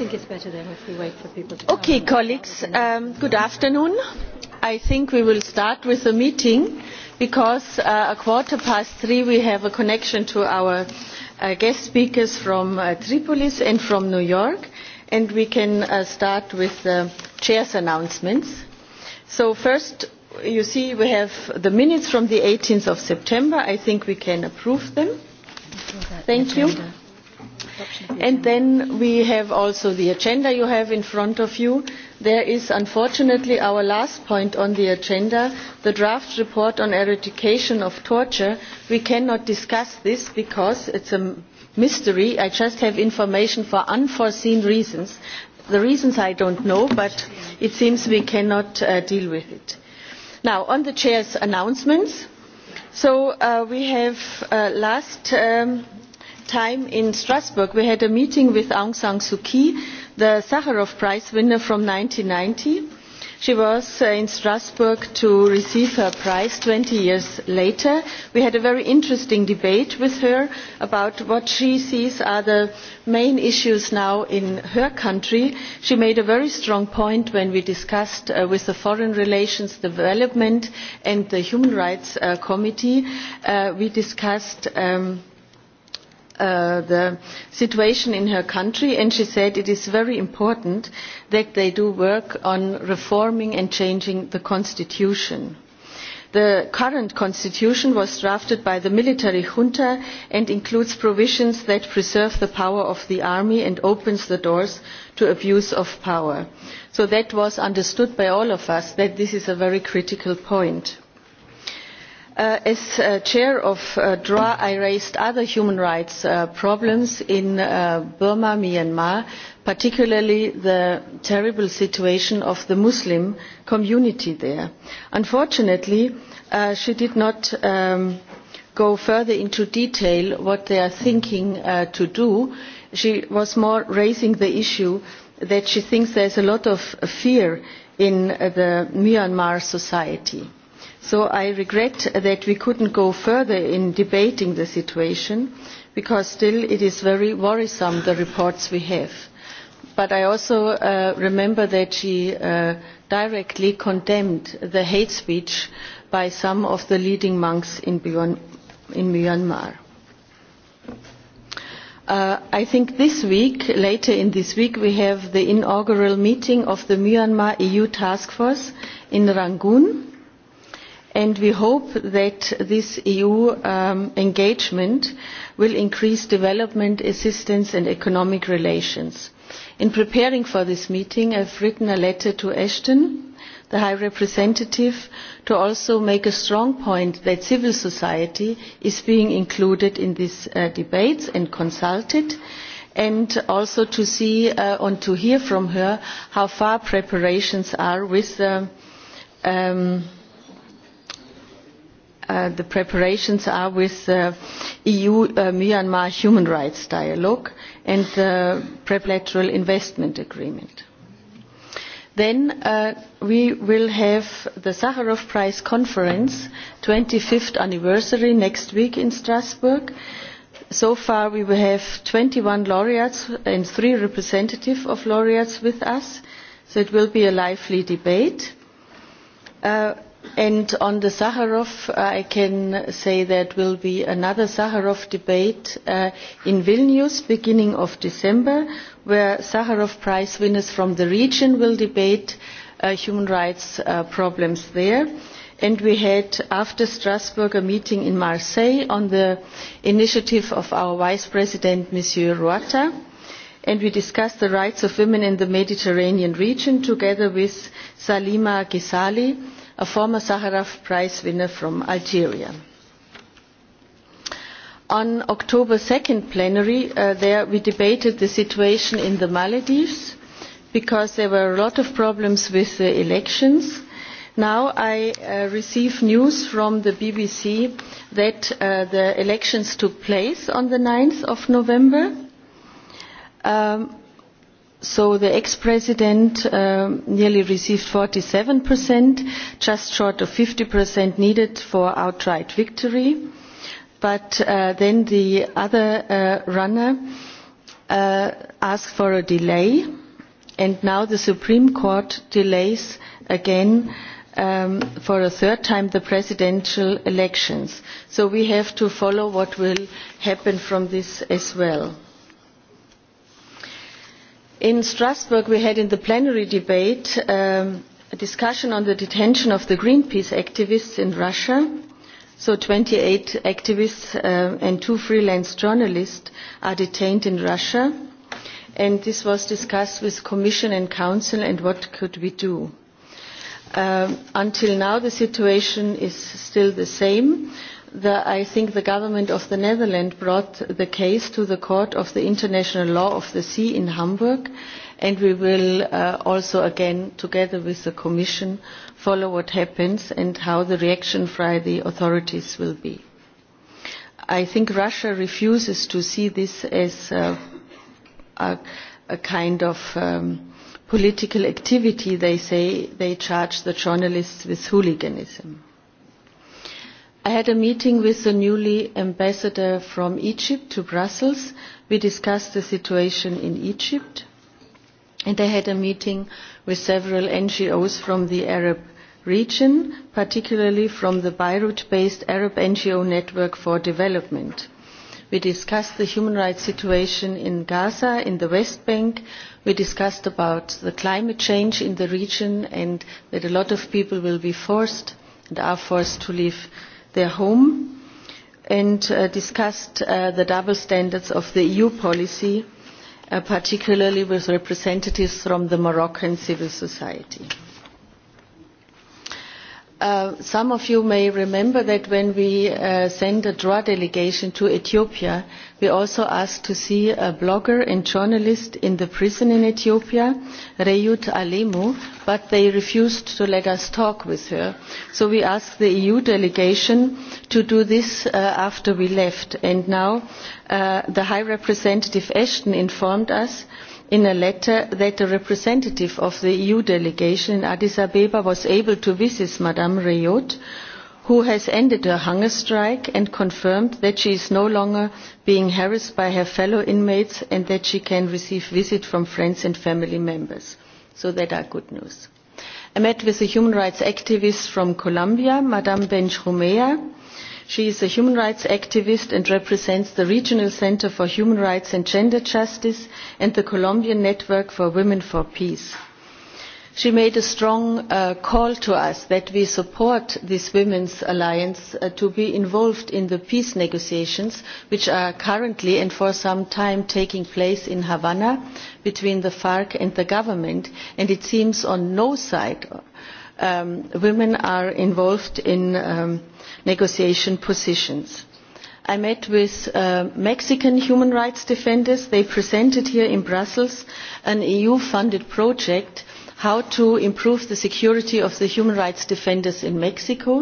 Okay, colleagues, um, good afternoon. I think we will start with the meeting because uh, a quarter past three we have a connection to our uh, guest speakers from uh, Tripolis and from New York, and we can uh, start with the uh, chair's announcements. So first, you see we have the minutes from the 18th of September. I think we can approve them. Thank you. Agenda and then we have also the agenda you have in front of you. there is unfortunately our last point on the agenda the draft report on eradication of torture. we cannot discuss this because it is a mystery. i just have information for unforeseen reasons. the reasons i do not know but it seems we cannot uh, deal with it. now on the chair's announcements. so uh, we have uh, last um, time in strasbourg we had a meeting with aung san suu kyi the sakharov prize winner from one thousand nine hundred and ninety she was uh, in strasbourg to receive her prize twenty years later. we had a very interesting debate with her about what she sees are the main issues now in her country. she made a very strong point when we discussed uh, with the foreign relations development and the human rights uh, committee uh, we discussed um, uh, the situation in her country and she said it is very important that they do work on reforming and changing the constitution. The current constitution was drafted by the military junta and includes provisions that preserve the power of the army and opens the doors to abuse of power. So that was understood by all of us that this is a very critical point Uh, as uh, chair of uh, DRA, I raised other human rights uh, problems in uh, Burma, Myanmar, particularly the terrible situation of the Muslim community there. Unfortunately, uh, she did not um, go further into detail what they are thinking uh, to do. She was more raising the issue that she thinks there is a lot of fear in uh, the Myanmar society. Uh, so i regret that we could not go further in debating the situation because still it is very worrisome the reports we have but i also uh, remember that she uh, directly condemned the hate speech by some of the leading monks in, Byon in myanmar. Uh, i think this week later in this week we have the inaugural meeting of the myanmar eu task force in rangoon and we hope that this eu um, engagement will increase development assistance and economic relations. in preparing for this meeting i have written a letter to ashton the high representative to also make a strong point that civil society is being included in these uh, debates and consulted and also to see uh, and to hear from her how far preparations are with the um, um Uh, the preparations are with the uh, eu uh, myanmar human rights dialogue and the bilateral investment agreement. then uh, we will have the sakharov prize conference twenty fifth anniversary next week in strasbourg. so far we will have twenty one laureates and three representatives of laureates with us so it will be a lively debate. Uh, And on the Sakharov, I can say that will be another Sakharov debate uh, in Vilnius, beginning of December, where Sakharov Prize winners from the region will debate uh, human rights uh, problems there. And we had, after Strasbourg, a meeting in Marseille on the initiative of our Vice President, Monsieur Ruata and we discussed the rights of women in the mediterranean region together with salima ghezali a former Sakharov Prize winner from Algeria. On October 2nd plenary, uh, there we debated the situation in the Maldives because there were a lot of problems with the elections. Now I uh, receive news from the BBC that uh, the elections took place on the 9th of November. Um, so the ex president um, uh, nearly received forty seven just short of fifty needed for outright victory but uh, then the other uh, runner uh, asked for a delay and now the supreme court delays again um, for a third time the presidential elections so we have to follow what will happen from this as well in strasbourg we had in the plenary debate um, a discussion on the detention of the greenpeace activists in russia so twenty eight activists uh, and two freelance journalists are detained in russia and this was discussed with the commission and council and what could we do. Um, until now the situation is still the same. The, I think the government of the Netherlands brought the case to the Court of the International Law of the Sea in Hamburg and we will uh, also again together with the Commission follow what happens and how the reaction from the authorities will be. I think Russia refuses to see this as a, uh, a, a kind of um, political activity, they say they charge the journalists with hooliganism. I had a meeting with the newly ambassador from Egypt to Brussels. We discussed the situation in Egypt. And I had a meeting with several NGOs from the Arab region, particularly from the Beirut-based Arab NGO Network for Development we discussed the human rights situation in gaza in the west bank we discussed about the climate change in the region and that a lot of people will be forced and are forced to leave their home and uh, discussed uh, the double standards of the eu policy uh, particularly with representatives from the moroccan civil society. Uh, some of you may remember that when we uh, sent a draw delegation to Ethiopia, we also asked to see a blogger and journalist in the prison in Ethiopia, Reyut Alemu, but they refused to let us talk with her. So we asked the EU delegation to do this uh, after we left. And now uh, the High Representative Ashton informed us uh, in a letter that a representative of the eu delegation in addis ababa was able to visit ms riot who has ended her hunger strike and confirmed that she is no longer being harassed by her fellow inmates and that she can receive visits from friends and family members. so that is good news. i met with a human rights activist from colombia ms benjumea She is a human rights activist and represents the Regional Center for Human Rights and Gender Justice and the Colombian Network for Women for Peace. She made a strong uh, call to us that we support this Women's Alliance uh, to be involved in the peace negotiations which are currently and for some time taking place in Havana between the FARC and the government and it seems on no side um, women are involved in um, negotiation positions. i met with uh, mexican human rights defenders. they presented here in brussels an eu funded project how to improve the security of the human rights defenders in mexico.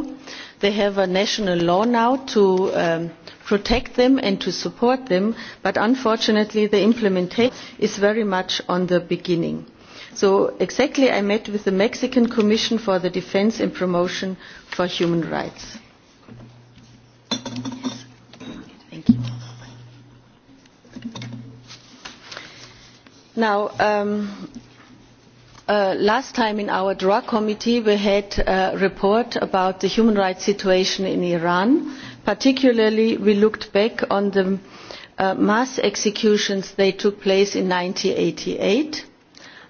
they have a national law now to um, protect them and to support them but unfortunately the implementation is very much at the beginning. so exactly i met with the mexican commission for the defence and promotion of human rights Thank you. Now, um, uh, last time in our DRA committee, we had a report about the human rights situation in Iran. Particularly, we looked back on the uh, mass executions that took place in 1988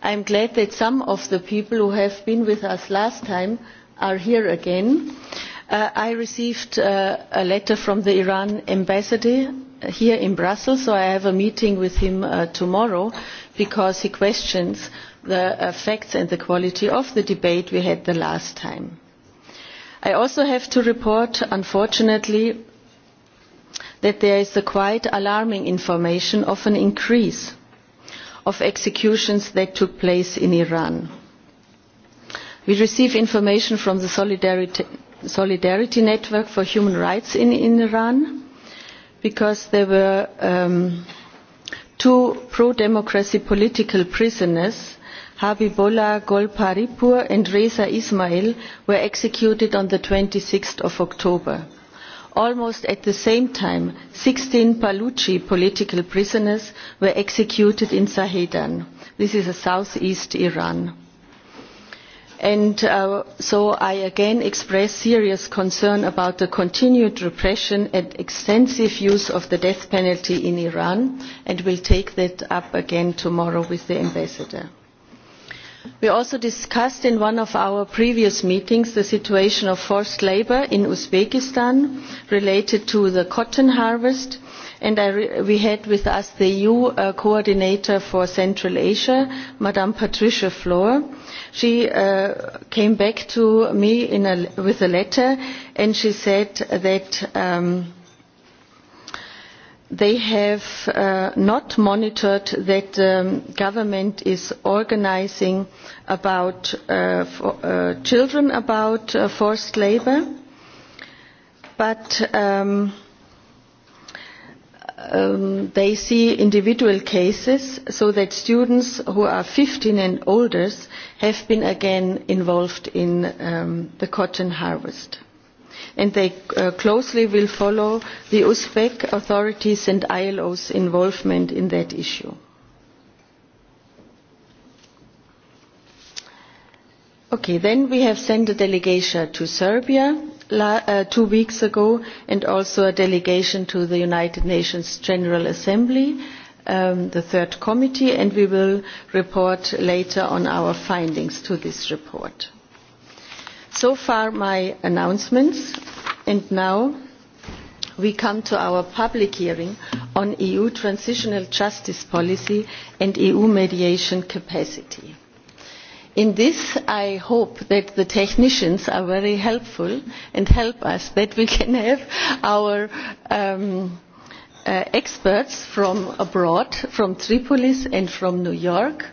i am glad that some of the people who have been with us last time are here again. Uh, I received uh, a letter from the Iran ambassador here in Brussels, so I have a meeting with him uh, tomorrow because he questions the uh, facts and the quality of the debate we had the last time. I also have to report, unfortunately, that there is a quite alarming information of an increase of executions that took place in Iran. We receive information from the Solidarity solidarity network for human rights in, in Iran because there were um, two pro-democracy political prisoners, Habibullah Golparipur and Reza Ismail, were executed on the 26th of October. Almost at the same time, 16 Baluchi political prisoners were executed in Zahedan. This is a southeast Iran and uh, so i again express serious concern about the continued repression and extensive use of the death penalty in iran and will take that up again tomorrow with the ambassador. we also discussed in one of our previous meetings the situation of forced labour in uzbekistan related to the cotton harvest and we had with us the eu uh, coordinator for central asia ms patricia flohr she uh, came back to me in a, with a letter and she said that um, they have uh, not monitored that the um, government is organising about uh, for, uh, children about uh, forced labour but um, um, they see individual cases so that students who are 15 and older have been again involved in um, the cotton harvest. And they uh, closely will follow the Uzbek authorities and ILO's involvement in that issue. Okay, then we have sent a delegation to Serbia uh, two weeks ago and also a delegation to the united nations general assembly um, the third committee and we will report later on our findings to this report. so far my announcements and now we come to our public hearing on eu transitional justice policy and eu mediation capacity in this i hope that the technicians are very helpful and help us that we can have our um, uh, experts from abroad from tripolis and from new york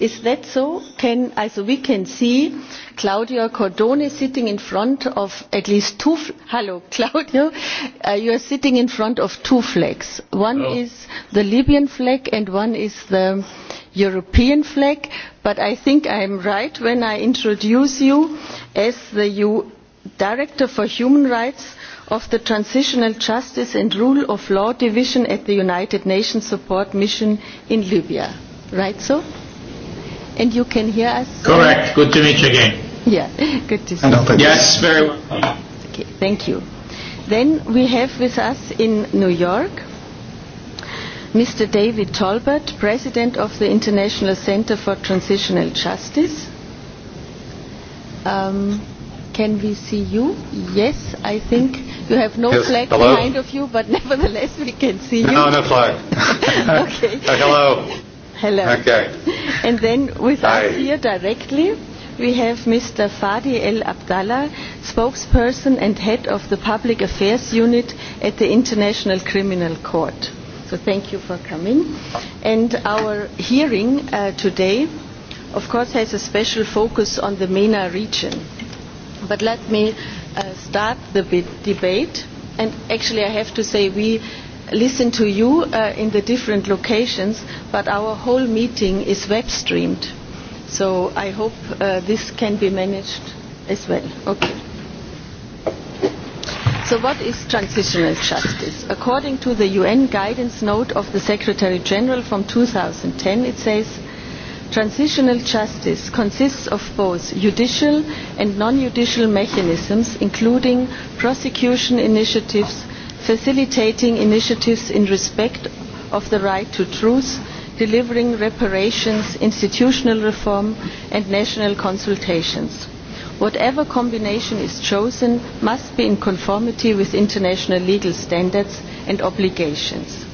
is that so? Can, also we can see claudio cordone sitting in front of at least two hello claudio uh, you are sitting in front of two flags one hello. Oh. is the libyan flag and one is the european flag but i think i am right when i introduce you as the U director for human rights of the transitional justice and rule of law division at the united nations support mission in libya right so and you can hear us correct good to meet you again yeah good to see you yes very well okay thank you then we have with us in new york Mr. David Tolbert, President of the International Center for Transitional Justice. Um, can we see you? Yes, I think you have no yes, flag hello. behind of you, but nevertheless we can see no, you. No, no flag. okay. Uh, hello. Hello. Okay. And then with Hi. us here directly, we have Mr. Fadi El Abdallah, spokesperson and head of the Public Affairs Unit at the International Criminal Court. So thank you for coming. And our hearing uh, today, of course, has a special focus on the MENA region. But let me uh, start the debate. And actually, I have to say, we listen to you uh, in the different locations, but our whole meeting is web streamed. So I hope uh, this can be managed as well. Okay so what is transitional justice? according to the un guidance note of the secretary general from two thousand and ten it says transitional justice consists of both judicial and non judicial mechanisms including prosecution initiatives facilitating initiatives in respect of the right to truth delivering reparations institutional reform and national consultations whatever combination is chosen must be in conformity with international legal standards and obligations.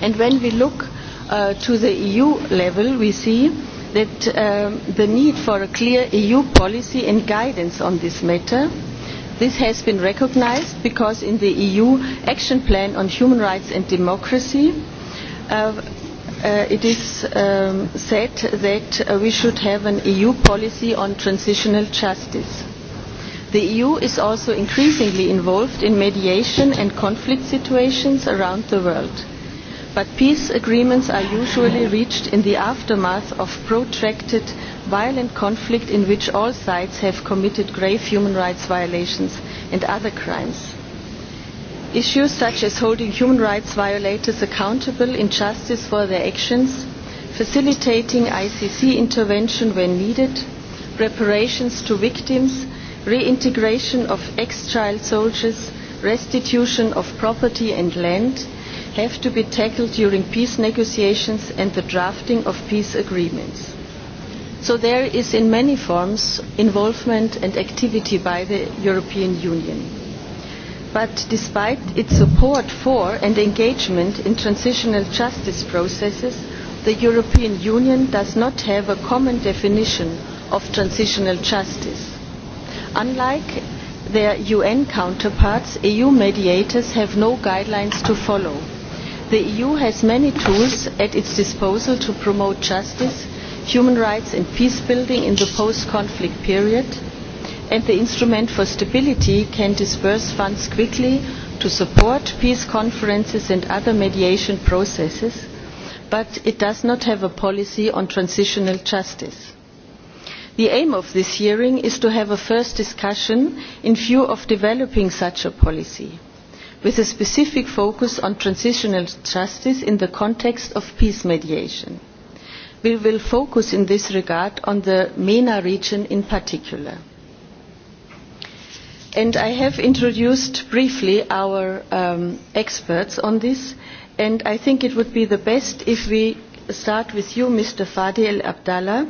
And when we look uh, to the EU level, we see that um, the need for a clear EU policy and guidance on this matter. This has been recognized because in the EU Action Plan on Human Rights and Democracy, uh, uh, it is um, said that uh, we should have an EU policy on transitional justice. The EU is also increasingly involved in mediation and conflict situations around the world. But peace agreements are usually reached in the aftermath of protracted violent conflict in which all sides have committed grave human rights violations and other crimes Issues such as holding human rights violators accountable in justice for their actions, facilitating ICC intervention when needed, reparations to victims, reintegration of exiled soldiers, restitution of property and land have to be tackled during peace negotiations and the drafting of peace agreements. So there is in many forms involvement and activity by the European Union but despite its support for and engagement in transitional justice processes the european union does not have a common definition of transitional justice. unlike their un counterparts eu mediators have no guidelines to follow. the eu has many tools at its disposal to promote justice human rights and peace building in the post conflict period and the instrument for stability can disburse funds quickly to support peace conferences and other mediation processes but it does not have a policy on transitional justice. the aim of this hearing is to have a first discussion in view of developing such a policy with a specific focus on transitional justice in the context of peace mediation. we will focus in this regard on the mena region in particular and I have introduced briefly our um, experts on this, and I think it would be the best if we start with you, Mr. Fadi El Abdallah,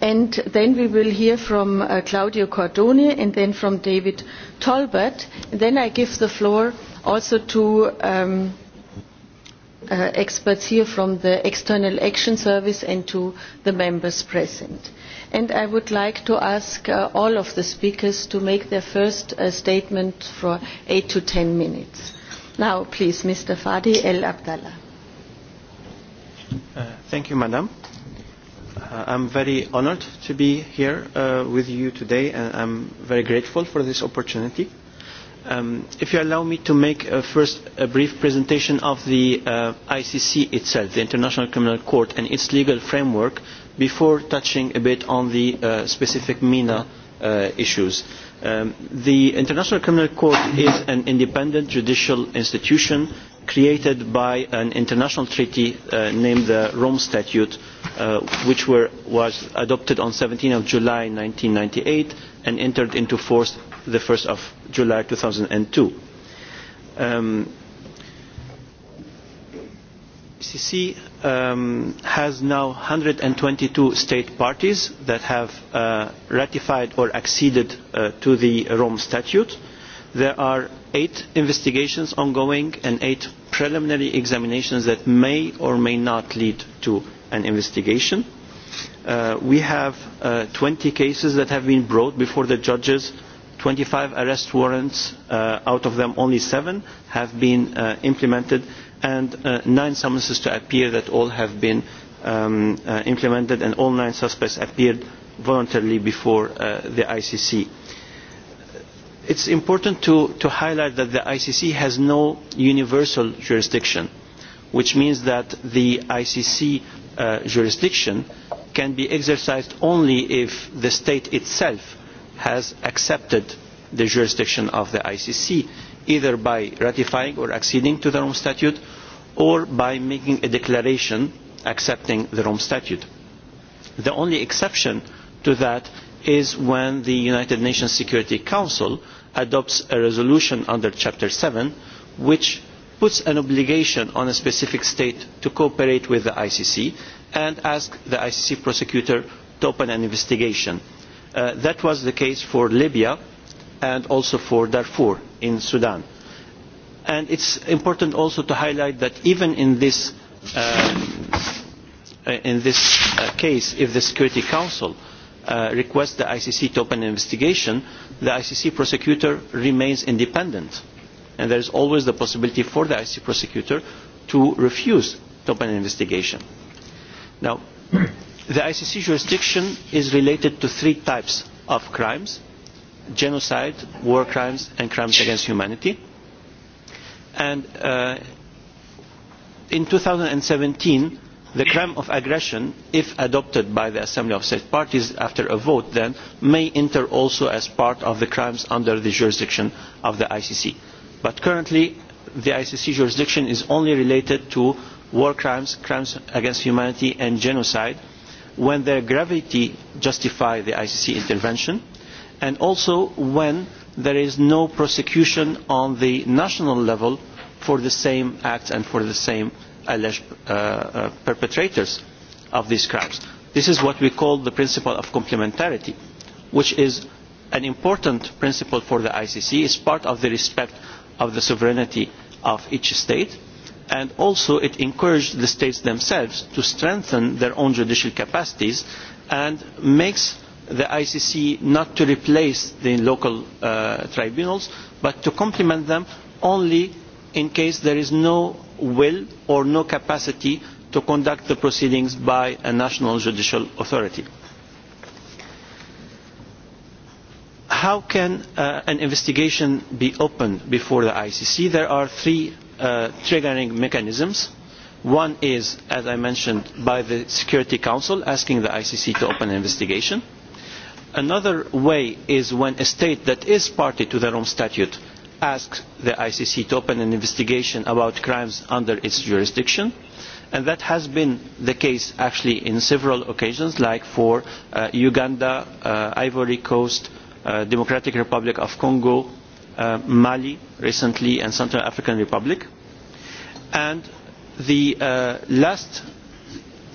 and then we will hear from uh, Claudio Cordone and then from David Tolbert. And then I give the floor also to um, uh, experts here from the External Action Service and to the members present and I would like to ask uh, all of the speakers to make their first uh, statement for 8 to 10 minutes. Now, please, Mr. Fadi El Abdallah. Uh, thank you, Madam. Uh, I'm very honored to be here uh, with you today, and I'm very grateful for this opportunity. Um, if you allow me to make uh, first a brief presentation of the uh, ICC itself, the International Criminal Court, and its legal framework before touching a bit on the uh, specific MENA uh, issues. Um, the International Criminal Court is an independent judicial institution created by an international treaty uh, named the Rome Statute, uh, which were, was adopted on 17 of July 1998 and entered into force the 1st of July 2002. Um, CC um, has now 122 state parties that have uh, ratified or acceded uh, to the Rome Statute. There are eight investigations ongoing and eight preliminary examinations that may or may not lead to an investigation. Uh, we have uh, 20 cases that have been brought before the judges, 25 arrest warrants, uh, out of them only seven have been uh, implemented, and uh, nine summonses to appear that all have been um, uh, implemented and all nine suspects appeared voluntarily before uh, the ICC. It's important to, to highlight that the ICC has no universal jurisdiction, which means that the ICC uh, jurisdiction can be exercised only if the state itself has accepted the jurisdiction of the ICC, either by ratifying or acceding to the Rome Statute or by making a declaration accepting the Rome Statute. The only exception to that is when the United Nations Security Council adopts a resolution under Chapter 7 which puts an obligation on a specific state to cooperate with the ICC and asks the ICC prosecutor to open an investigation. Uh, that was the case for Libya and also for Darfur in Sudan and it is important also to highlight that even in this, um, uh, in this uh, case if the security council uh, requests the icc to open an investigation the icc prosecutor remains independent and there is always the possibility for the icc prosecutor to refuse to open an investigation. now the icc jurisdiction is related to three types of crimes genocide war crimes and crimes against humanity and uh, in 2017 the crime of aggression if adopted by the assembly of state parties after a vote then may enter also as part of the crimes under the jurisdiction of the icc but currently the icc jurisdiction is only related to war crimes crimes against humanity and genocide when their gravity justifies the icc intervention and also when there is no prosecution on the national level for the same acts and for the same alleged uh, uh, perpetrators of these crimes. This is what we call the principle of complementarity, which is an important principle for the ICC. It's part of the respect of the sovereignty of each state. And also it encouraged the states themselves to strengthen their own judicial capacities and makes the ICC not to replace the local uh, tribunals, but to complement them only in case there is no will or no capacity to conduct the proceedings by a national judicial authority. How can uh, an investigation be opened before the ICC? There are three uh, triggering mechanisms. One is, as I mentioned, by the Security Council asking the ICC to open an investigation. Uh, Another way is when a state that is party to the Rome Statute asks the ICC to open an investigation about crimes under its jurisdiction. And that has been the case actually in several occasions, like for uh, Uganda, uh, Ivory Coast, uh, Democratic Republic of Congo, uh, Mali recently, and Central African Republic. And the uh, last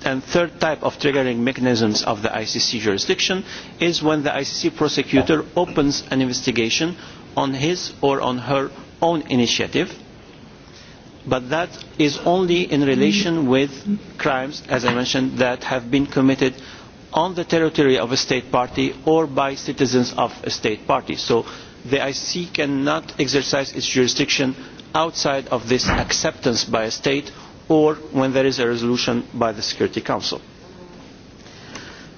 and third type of triggering mechanisms of the ICC jurisdiction is when the ICC prosecutor opens an investigation on his or on her own initiative but that is only in relation with crimes, as I mentioned, that have been committed on the territory of a state party or by citizens of a state party. So the ICC cannot exercise its jurisdiction outside of this acceptance by a state or when there is a resolution by the Security Council.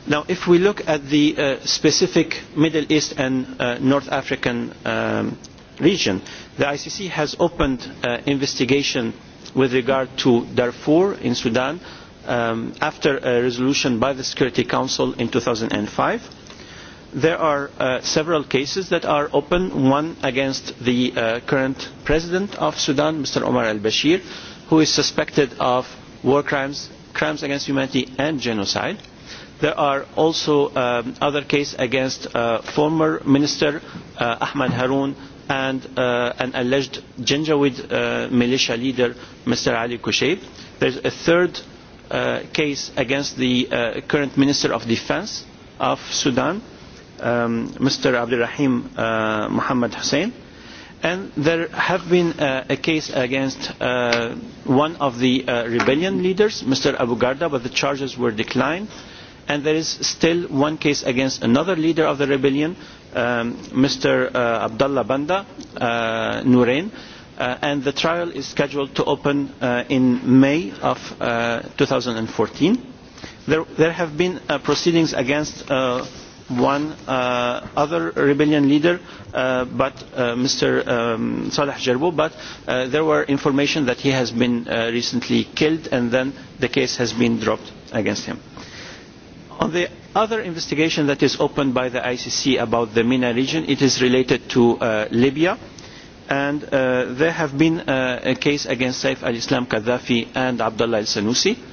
Now, if we look at the uh, specific Middle East and uh, North African um, region, the ICC has opened uh, investigation with regard to Darfur in Sudan um, after a resolution by the Security Council in 2005 there are uh, several cases that are open, one against the uh, current president of Sudan, Mr. Omar al-Bashir, who is suspected of war crimes, crimes against humanity and genocide. There are also um, other cases against uh, former Minister uh, Ahmad Haroun and uh, an alleged Janjaweed uh, militia leader, Mr. Ali Kushaib. There's a third uh, case against the uh, current Minister of Defense of Sudan, um, Mr. Abdurrahim uh, Mohammed Hussein. Uh, and there have been uh, a case against uh, one of the uh, rebellion leaders, Mr. Abu Garda, but the charges were declined. And there is still one case against another leader of the rebellion, um, Mr. Uh, Abdullah Banda uh, Nurein, uh, and the trial is scheduled to open uh, in May of uh, 2014. There, there have been uh, proceedings against uh, one uh, other rebellion leader, uh, but uh, Mr. Um, Salah Jarbo, but uh, there were information that he has been uh, recently killed and then the case has been dropped against him. On the other investigation that is opened by the ICC about the MENA region, it is related to uh, Libya. And uh, there have been uh, a case against Saif al-Islam Gaddafi and Abdullah al-Sanusi. Uh,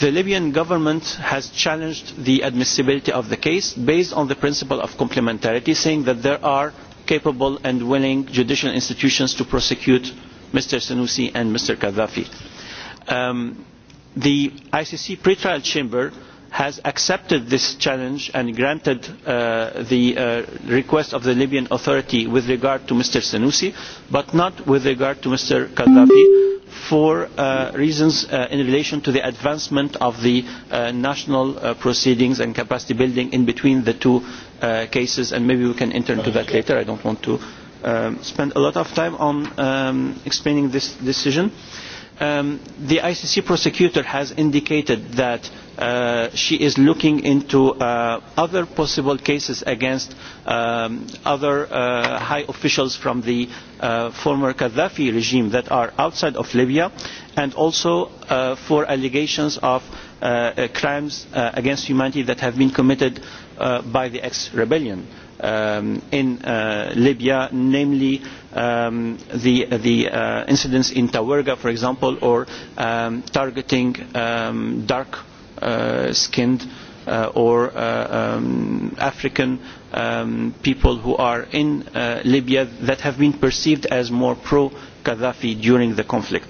the Libyan government has challenged the admissibility of the case based on the principle of complementarity, saying that there are capable and willing judicial institutions to prosecute Mr. Senussi and Mr. Gaddafi. Um, the ICC pretrial chamber has accepted this challenge and granted uh, the uh, request of the Libyan authority with regard to Mr. Senussi, but not with regard to Mr. Gaddafi for uh, reasons uh, in relation to the advancement of the uh, national uh, proceedings and capacity building in between the two uh, cases, and maybe we can enter into that later. I don't want to um, spend a lot of time on um, explaining this decision. Uh, um, the ICC prosecutor has indicated that uh, she is looking into uh, other possible cases against um, other uh, high officials from the uh, former Gaddafi regime that are outside of Libya and also uh, for allegations of uh, crimes uh, against humanity that have been committed uh, by the ex-rebellion. Uh, um, in uh, Libya, namely um, the, the uh, incidents in Tawerga, for example, or um, targeting um, dark uh, skinned uh, or uh, um, African um, people who are in uh, Libya that have been perceived as more pro-Gaddafi during the conflict.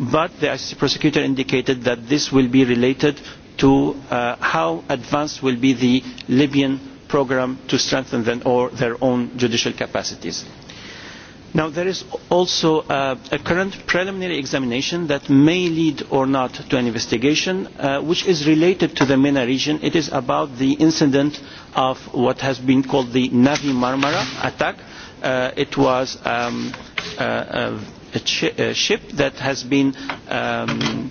But the ICC prosecutor indicated that this will be related to uh, how advanced will be the Libyan programme to strengthen them or their own judicial capacities. Now, there is also uh, a current preliminary examination that may lead or not to an investigation, uh, which is related to the MENA region. It is about the incident of what has been called the Navi Marmara attack. Uh, it was um, uh, uh a, a, sh a ship that has been um,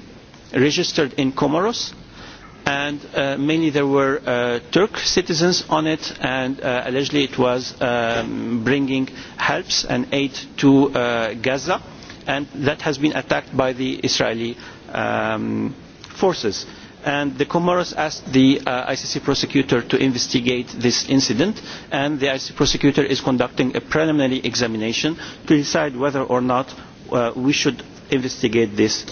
registered in Comoros, uh, and uh, mainly there were uh, Turk citizens on it and uh, allegedly it was um, bringing helps and aid to uh, Gaza and that has been attacked by the Israeli um, forces. And the Comoros asked the uh, ICC prosecutor to investigate this incident and the ICC prosecutor is conducting a preliminary examination to decide whether or not uh, we should investigate this.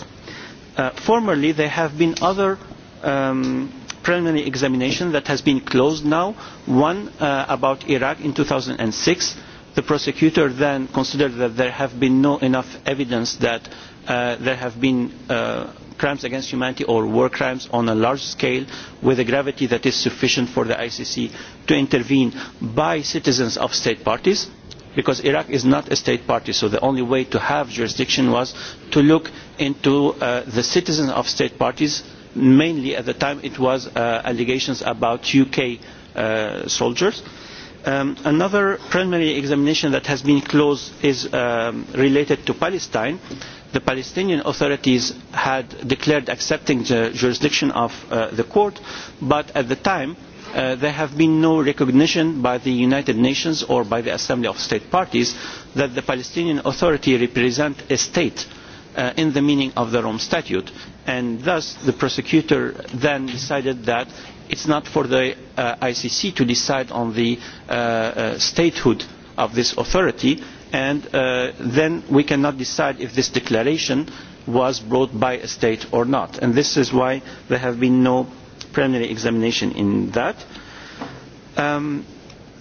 Uh, formerly there have been other um, preliminary examination that has been closed now, one uh, about Iraq in 2006. The prosecutor then considered that there have been no enough evidence that uh, there have been uh, crimes against humanity or war crimes on a large scale with a gravity that is sufficient for the ICC to intervene by citizens of state parties because Iraq is not a state party so the only way to have jurisdiction was to look into uh, the citizens of state parties mainly at the time it was uh, allegations about UK uh, soldiers. Um, another preliminary examination that has been closed is um, related to Palestine. The Palestinian authorities had declared accepting the jurisdiction of uh, the court, but at the time uh, there have been no recognition by the United Nations or by the Assembly of State Parties that the Palestinian Authority represent a state uh, in the meaning of the Rome Statute and thus the prosecutor then decided that it is not for the uh, icc to decide on the uh, uh, statehood of this authority and uh, then we cannot decide if this declaration was brought by a state or not and this is why there have been no preliminary examination in that. Um,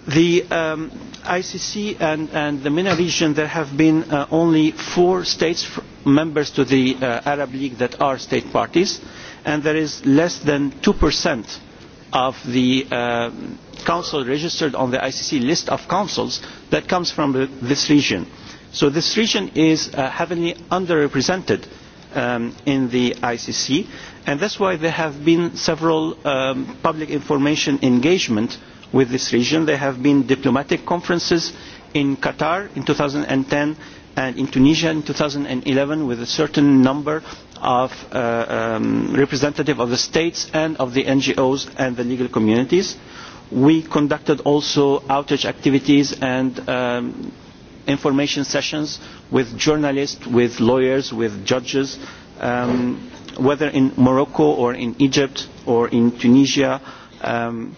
the um, icc and, and the mena region there have been uh, only four states members to the uh, Arab League that are state parties, and there is less than 2% of the uh, council registered on the ICC list of councils that comes from the, this region. So this region is uh, heavily underrepresented um, in the ICC, and that's why there have been several um, public information engagement with this region. There have been diplomatic conferences in Qatar in 2010 and in Tunisia in 2011 with a certain number of uh, um, representative of the states and of the NGOs and the legal communities. We conducted also outreach activities and um, information sessions with journalists, with lawyers, with judges, um, whether in Morocco or in Egypt or in Tunisia. Um,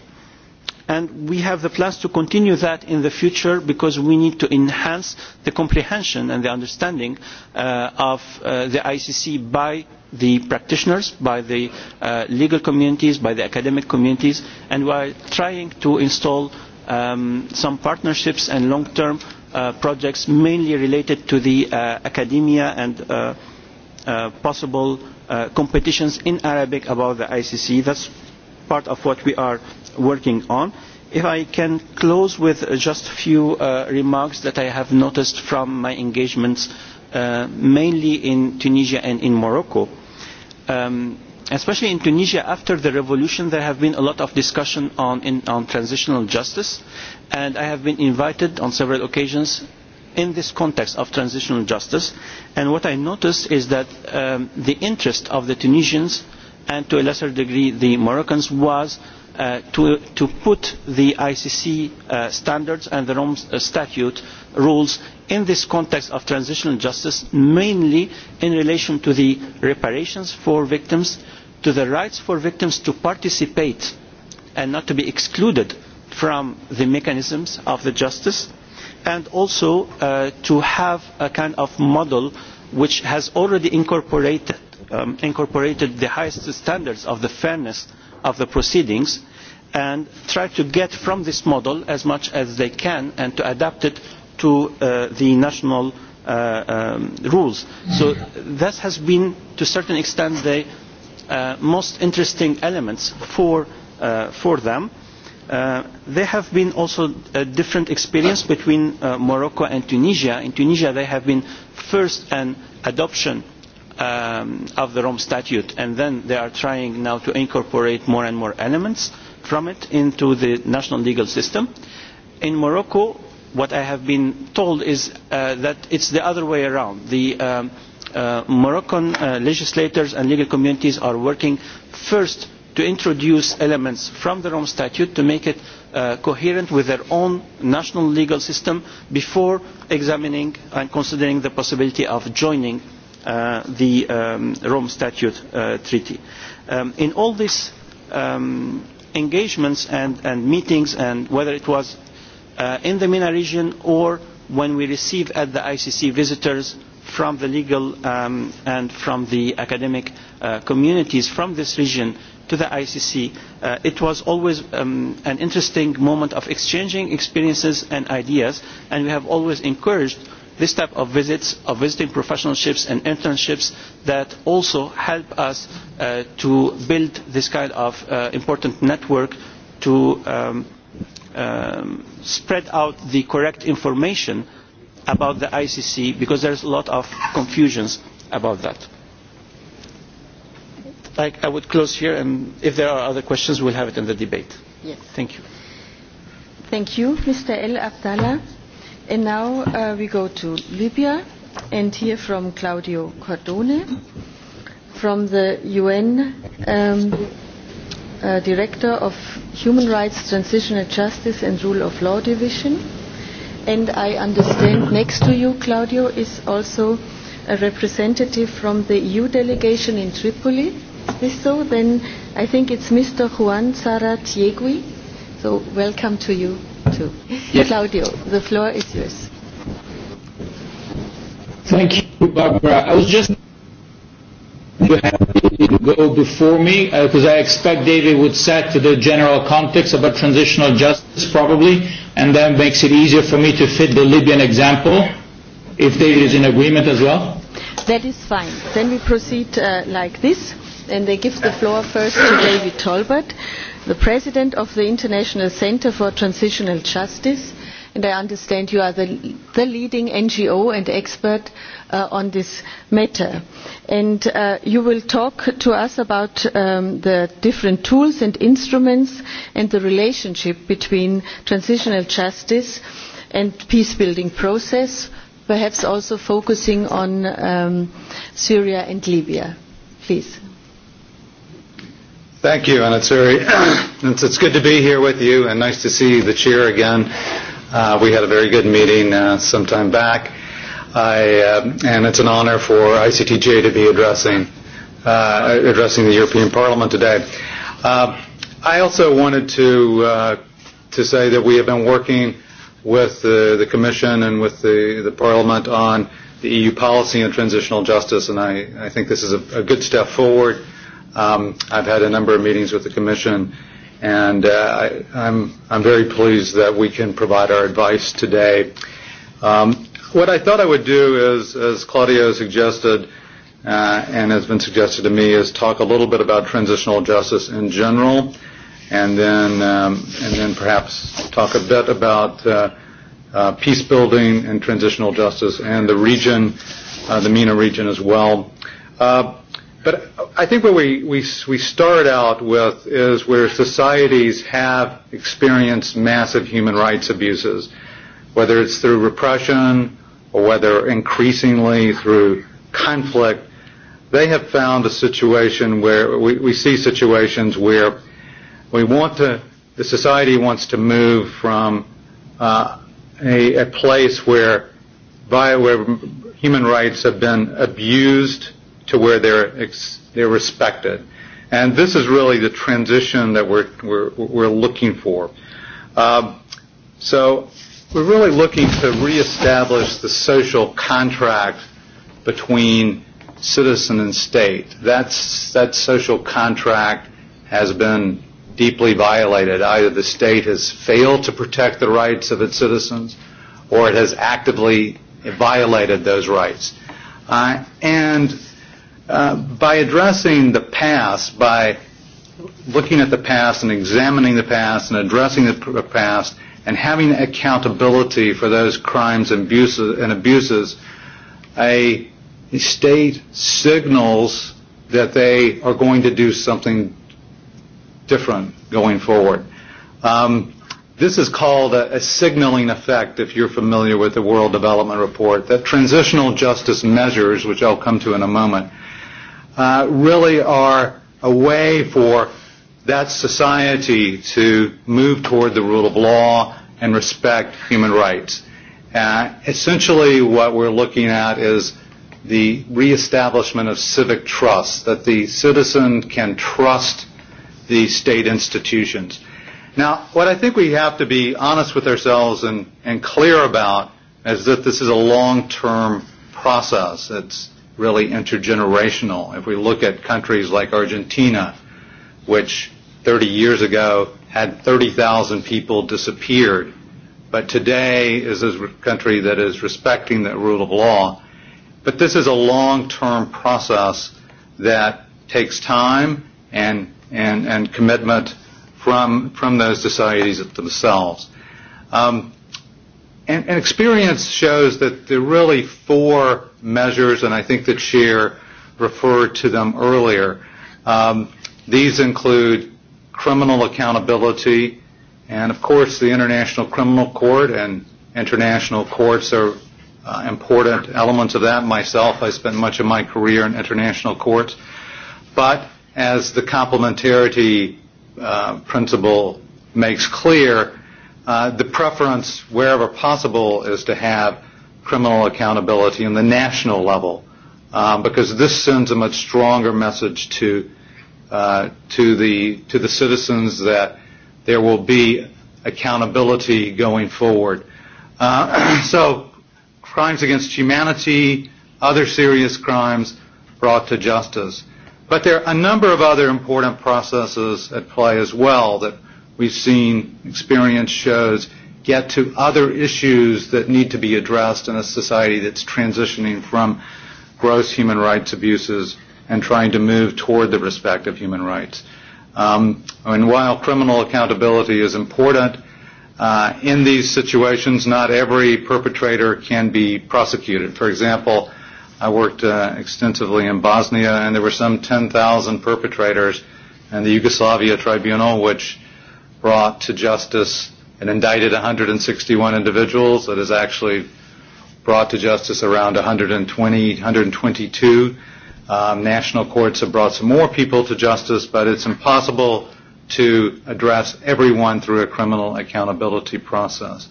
and we have the plans to continue that in the future because we need to enhance the comprehension and the understanding uh, of uh, the ICC by the practitioners, by the uh, legal communities, by the academic communities, and we are trying to install um, some partnerships and long-term uh, projects mainly related to the uh, academia and uh, uh, possible uh, competitions in Arabic about the ICC. That's part of what we are uh, working on. If I can close with just a few uh, remarks that I have noticed from my engagements uh, mainly in Tunisia and in Morocco. Um, especially in Tunisia after the revolution there have been a lot of discussion on, in, on transitional justice and I have been invited on several occasions in this context of transitional justice and what I noticed is that um, the interest of the Tunisians and to a lesser degree the Moroccans was uh, uh, to, to put the ICC uh, standards and the Rome uh, Statute rules in this context of transitional justice, mainly in relation to the reparations for victims, to the rights for victims to participate and not to be excluded from the mechanisms of the justice, and also uh, to have a kind of model which has already incorporated, um, incorporated the highest standards of the fairness of the proceedings and try to get from this model as much as they can and to adapt it to uh, the national uh, um, rules. So this has been, to a certain extent, the uh, most interesting elements for, uh, for them. Uh, there have been also a uh, different experience between uh, Morocco and Tunisia. In Tunisia, there have been first an adoption um, of the Rome Statute, and then they are trying now to incorporate more and more elements. Uh, from it into the national legal system. In Morocco, what I have been told is uh, that it's the other way around. The um, uh, Moroccan uh, legislators and legal communities are working first to introduce elements from the Rome Statute to make it uh, coherent with their own national legal system before examining and considering the possibility of joining uh, the um, Rome Statute uh, Treaty. Um, in all this um, engagements and, and meetings, and whether it was uh, in the MENA region or when we receive at the ICC visitors from the legal um, and from the academic uh, communities from this region to the ICC. Uh, it was always um, an interesting moment of exchanging experiences and ideas, and we have always encouraged uh, this type of visits, of visiting professionalships and internships that also help us uh, to build this kind of uh, important network to um, um, spread out the correct information about the ICC because there's a lot of confusions about that. I, I would close here and if there are other questions we'll have it in the debate. Yes. Thank you. Thank you. Mr. El Abdallah. And now uh, we go to Libya and hear from Claudio Cordone from the UN um, uh, Director of Human Rights, Transitional Justice and Rule of Law Division. And I understand next to you, Claudio, is also a representative from the EU delegation in Tripoli. Is this so? Then I think it's Mr. Juan Sara Tiegui. So welcome to you too. Yes. Claudio, the floor is yours. Thank you, Barbara. I was just you go before me because uh, I expect David would set the general context about transitional justice probably and that makes it easier for me to fit the Libyan example if David is in agreement as well. That is fine. Then we proceed uh, like this and they give the floor first to David Tolbert the president of the international centre for transitional justice and i understand you are the, the leading ngo and expert uh, on this matter. And, uh, you will talk to us about um, the different tools and instruments and the relationship between transitional justice and peace building process perhaps also focusing on um, syria and libya. please. Thank you, and it's very it's, it's good to be here with you, and nice to see the chair again. Uh, we had a very good meeting uh, some time back, I, uh, and it's an honour for ICTJ to be addressing uh, addressing the European Parliament today. Uh, I also wanted to uh, to say that we have been working with the, the Commission and with the, the Parliament on the EU policy on transitional justice, and I, I think this is a, a good step forward. Uh, Um, I've had a number of meetings with the commission, and uh, I, I'm, I'm very pleased that we can provide our advice today. Um, what I thought I would do is, as Claudio suggested, uh, and has been suggested to me, is talk a little bit about transitional justice in general, and then um, and then perhaps talk a bit about uh, uh, peace building and transitional justice and the region, uh, the MENA region as well. Uh, But I think what we, we, we start out with is where societies have experienced massive human rights abuses, whether it's through repression or whether increasingly through conflict, they have found a situation where we, we see situations where we want to, the society wants to move from uh, a, a place where, by, where human rights have been abused to where they're ex- they're respected. And this is really the transition that we're we're, we're looking for. Um, so we're really looking to reestablish the social contract between citizen and state. That's that social contract has been deeply violated. Either the state has failed to protect the rights of its citizens, or it has actively violated those rights. Uh, and Uh, by addressing the past, by looking at the past and examining the past and addressing the past and having accountability for those crimes and abuses, and abuses a state signals that they are going to do something different going forward. Um, this is called a, a signaling effect if you're familiar with the World Development Report, that transitional justice measures, which I'll come to in a moment, uh, really are a way for that society to move toward the rule of law and respect human rights. Uh, essentially, what we're looking at is the reestablishment of civic trust, that the citizen can trust the state institutions. Now, what I think we have to be honest with ourselves and, and clear about is that this is a long-term process. It's really intergenerational. If we look at countries like Argentina, which 30 years ago had 30,000 people disappeared, but today is a country that is respecting the rule of law. But this is a long-term process that takes time and, and, and commitment from, from those societies themselves. Um, and, and experience shows that there are really four measures, and I think that Shear referred to them earlier. Um, these include criminal accountability, and of course the International Criminal Court and international courts are uh, important elements of that. Myself, I spent much of my career in international courts, but as the complementarity uh, principle makes clear, Uh, the preference, wherever possible, is to have criminal accountability in the national level, um, because this sends a much stronger message to uh, to the to the citizens that there will be accountability going forward. Uh, so, crimes against humanity, other serious crimes brought to justice. But there are a number of other important processes at play as well that we've seen experience shows get to other issues that need to be addressed in a society that's transitioning from gross human rights abuses and trying to move toward the respect of human rights. Um, and while criminal accountability is important, uh, in these situations, not every perpetrator can be prosecuted. For example, I worked uh, extensively in Bosnia, and there were some 10,000 perpetrators, and the Yugoslavia Tribunal, which brought to justice and indicted 161 individuals. It has actually brought to justice around 120, 122. Um, national courts have brought some more people to justice, but it's impossible to address everyone through a criminal accountability process.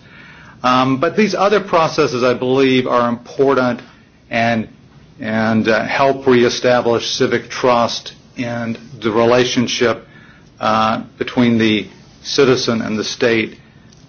Um, but these other processes, I believe, are important and and uh, help reestablish civic trust and the relationship uh, between the citizen and the state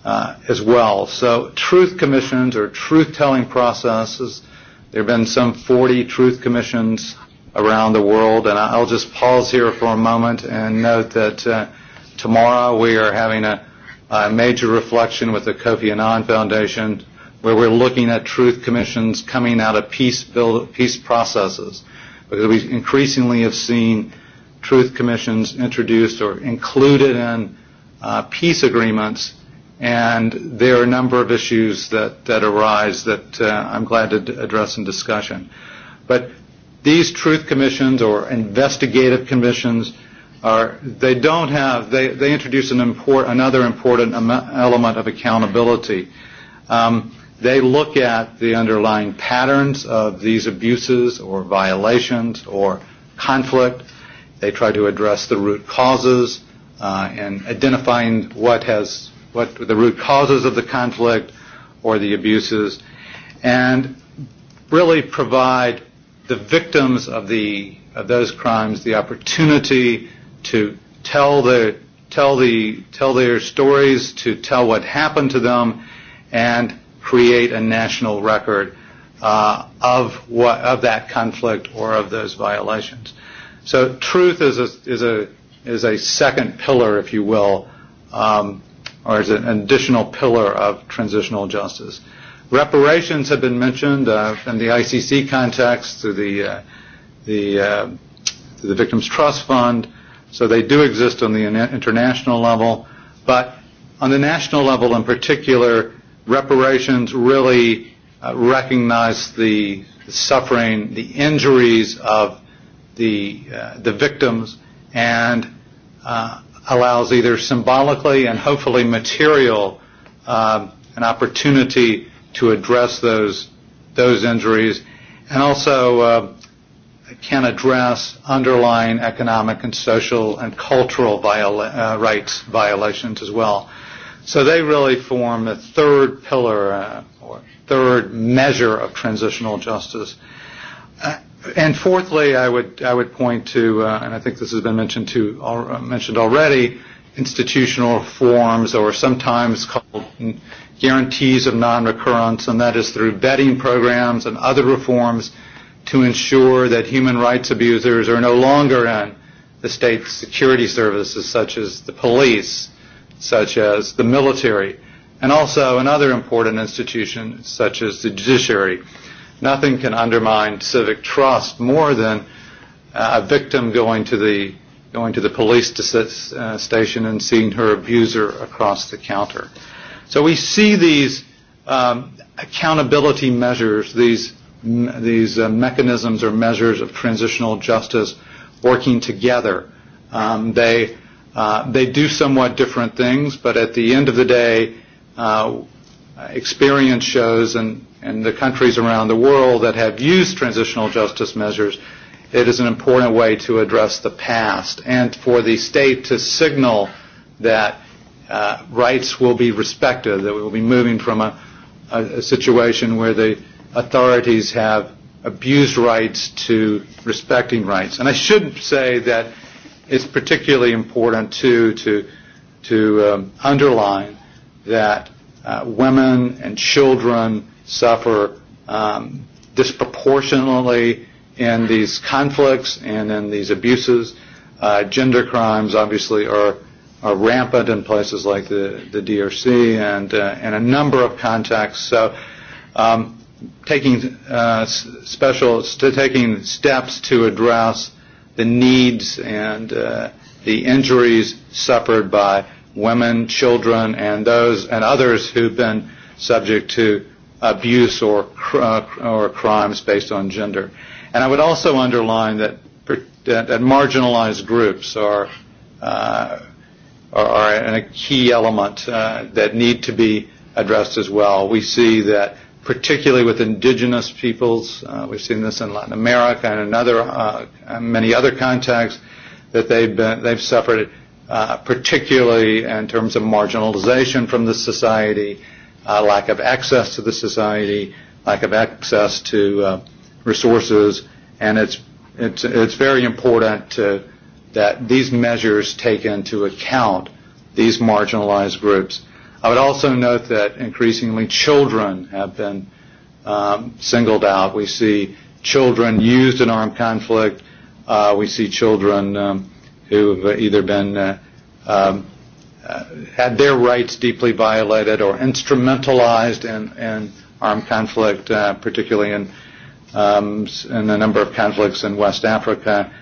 uh, as well. So truth commissions or truth-telling processes, there have been some 40 truth commissions around the world, and I'll just pause here for a moment and note that uh, tomorrow we are having a, a major reflection with the Kofi Annan Foundation where we're looking at truth commissions coming out of peace, build, peace processes because we increasingly have seen truth commissions introduced or included in uh, peace agreements. And there are a number of issues that, that arise that uh, I'm glad to d- address in discussion. But these truth commissions or investigative commissions are, they don't have, they, they introduce an import, another important am- element of accountability. Um, they look at the underlying patterns of these abuses or violations or conflict. They try to address the root causes uh, and identifying what has what the root causes of the conflict or the abuses, and really provide the victims of the of those crimes the opportunity to tell the tell the tell their stories, to tell what happened to them, and create a national record uh, of what of that conflict or of those violations. So truth is a is a is a second pillar, if you will, um, or is an additional pillar of transitional justice. Reparations have been mentioned uh, in the ICC context through the uh, the uh, through the Victims Trust Fund, so they do exist on the international level, but on the national level in particular, reparations really uh, recognize the, the suffering, the injuries of the uh, the victims and uh, allows either symbolically and hopefully material um, an opportunity to address those those injuries, and also uh, can address underlying economic and social and cultural viola- uh, rights violations as well. So they really form the third pillar uh, or third measure of transitional justice. Uh, And fourthly, I would, I would point to, uh, and I think this has been mentioned, to, uh, mentioned already, institutional reforms or sometimes called guarantees of non-recurrence, and that is through vetting programs and other reforms to ensure that human rights abusers are no longer in the state security services such as the police, such as the military, and also in other important institutions such as the judiciary. Uh, Nothing can undermine civic trust more than uh, a victim going to the going to the police to, uh, station and seeing her abuser across the counter. So we see these um, accountability measures, these m- these uh, mechanisms or measures of transitional justice working together. Um, they uh, they do somewhat different things, but at the end of the day, uh, experience shows and in the countries around the world that have used transitional justice measures, it is an important way to address the past and for the state to signal that uh, rights will be respected, that we will be moving from a, a, a situation where the authorities have abused rights to respecting rights. And I should say that it's particularly important too to to um, underline that uh, women and children suffer um, disproportionately in these conflicts and in these abuses. Uh, gender crimes obviously are, are rampant in places like the, the DRC and uh, in a number of contexts. So um, taking uh, special, st- taking steps to address the needs and uh, the injuries suffered by women, children, and those and others who've been subject to abuse or, uh, cr- or crimes based on gender. And I would also underline that, that, that marginalized groups are, uh, are, are a key element uh, that need to be addressed as well. We see that particularly with indigenous peoples, uh, we've seen this in Latin America and in other, uh, and many other contexts, that they've, been, they've suffered uh, particularly in terms of marginalization from the society uh, lack of access to the society, lack of access to uh, resources, and it's it's it's very important to, that these measures take into account these marginalized groups. I would also note that increasingly children have been um, singled out. We see children used in armed conflict. Uh, we see children um, who have either been uh, um, uh, had their rights deeply violated or instrumentalized in, in armed conflict, uh, particularly in, um, in a number of conflicts in West Africa.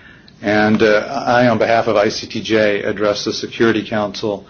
And uh, I, on behalf of ICTJ, addressed the Security Council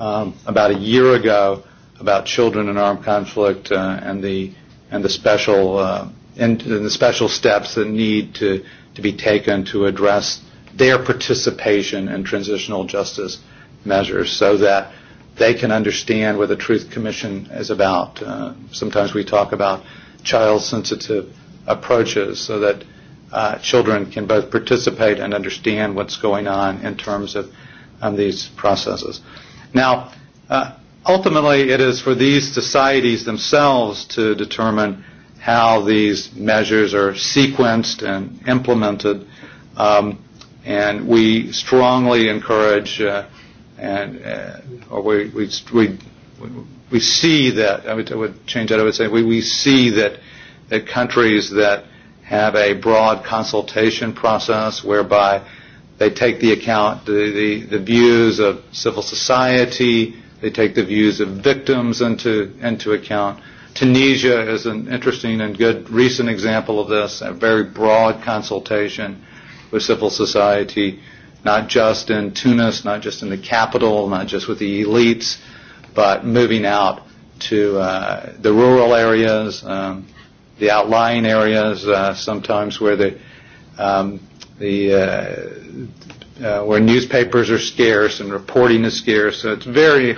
um, about a year ago about children in armed conflict uh, and the and the special uh, and, and the special steps that need to to be taken to address their participation in transitional justice uh, measures so that they can understand what the Truth Commission is about. Uh, sometimes we talk about child-sensitive approaches so that uh, children can both participate and understand what's going on in terms of um, these processes. Now, uh, ultimately, it is for these societies themselves to determine how these measures are sequenced and implemented. Um, and we strongly encourage uh, and uh, or we we we we see that I would, I would change that I would say we, we see that that countries that have a broad consultation process whereby they take the account the, the, the views of civil society, they take the views of victims into into account. Tunisia is an interesting and good recent example of this, a very broad consultation with civil society. Uh, not just in Tunis, not just in the capital, not just with the elites, but moving out to uh, the rural areas, um, the outlying areas, uh, sometimes where the um, the uh, uh, where newspapers are scarce and reporting is scarce. So it's very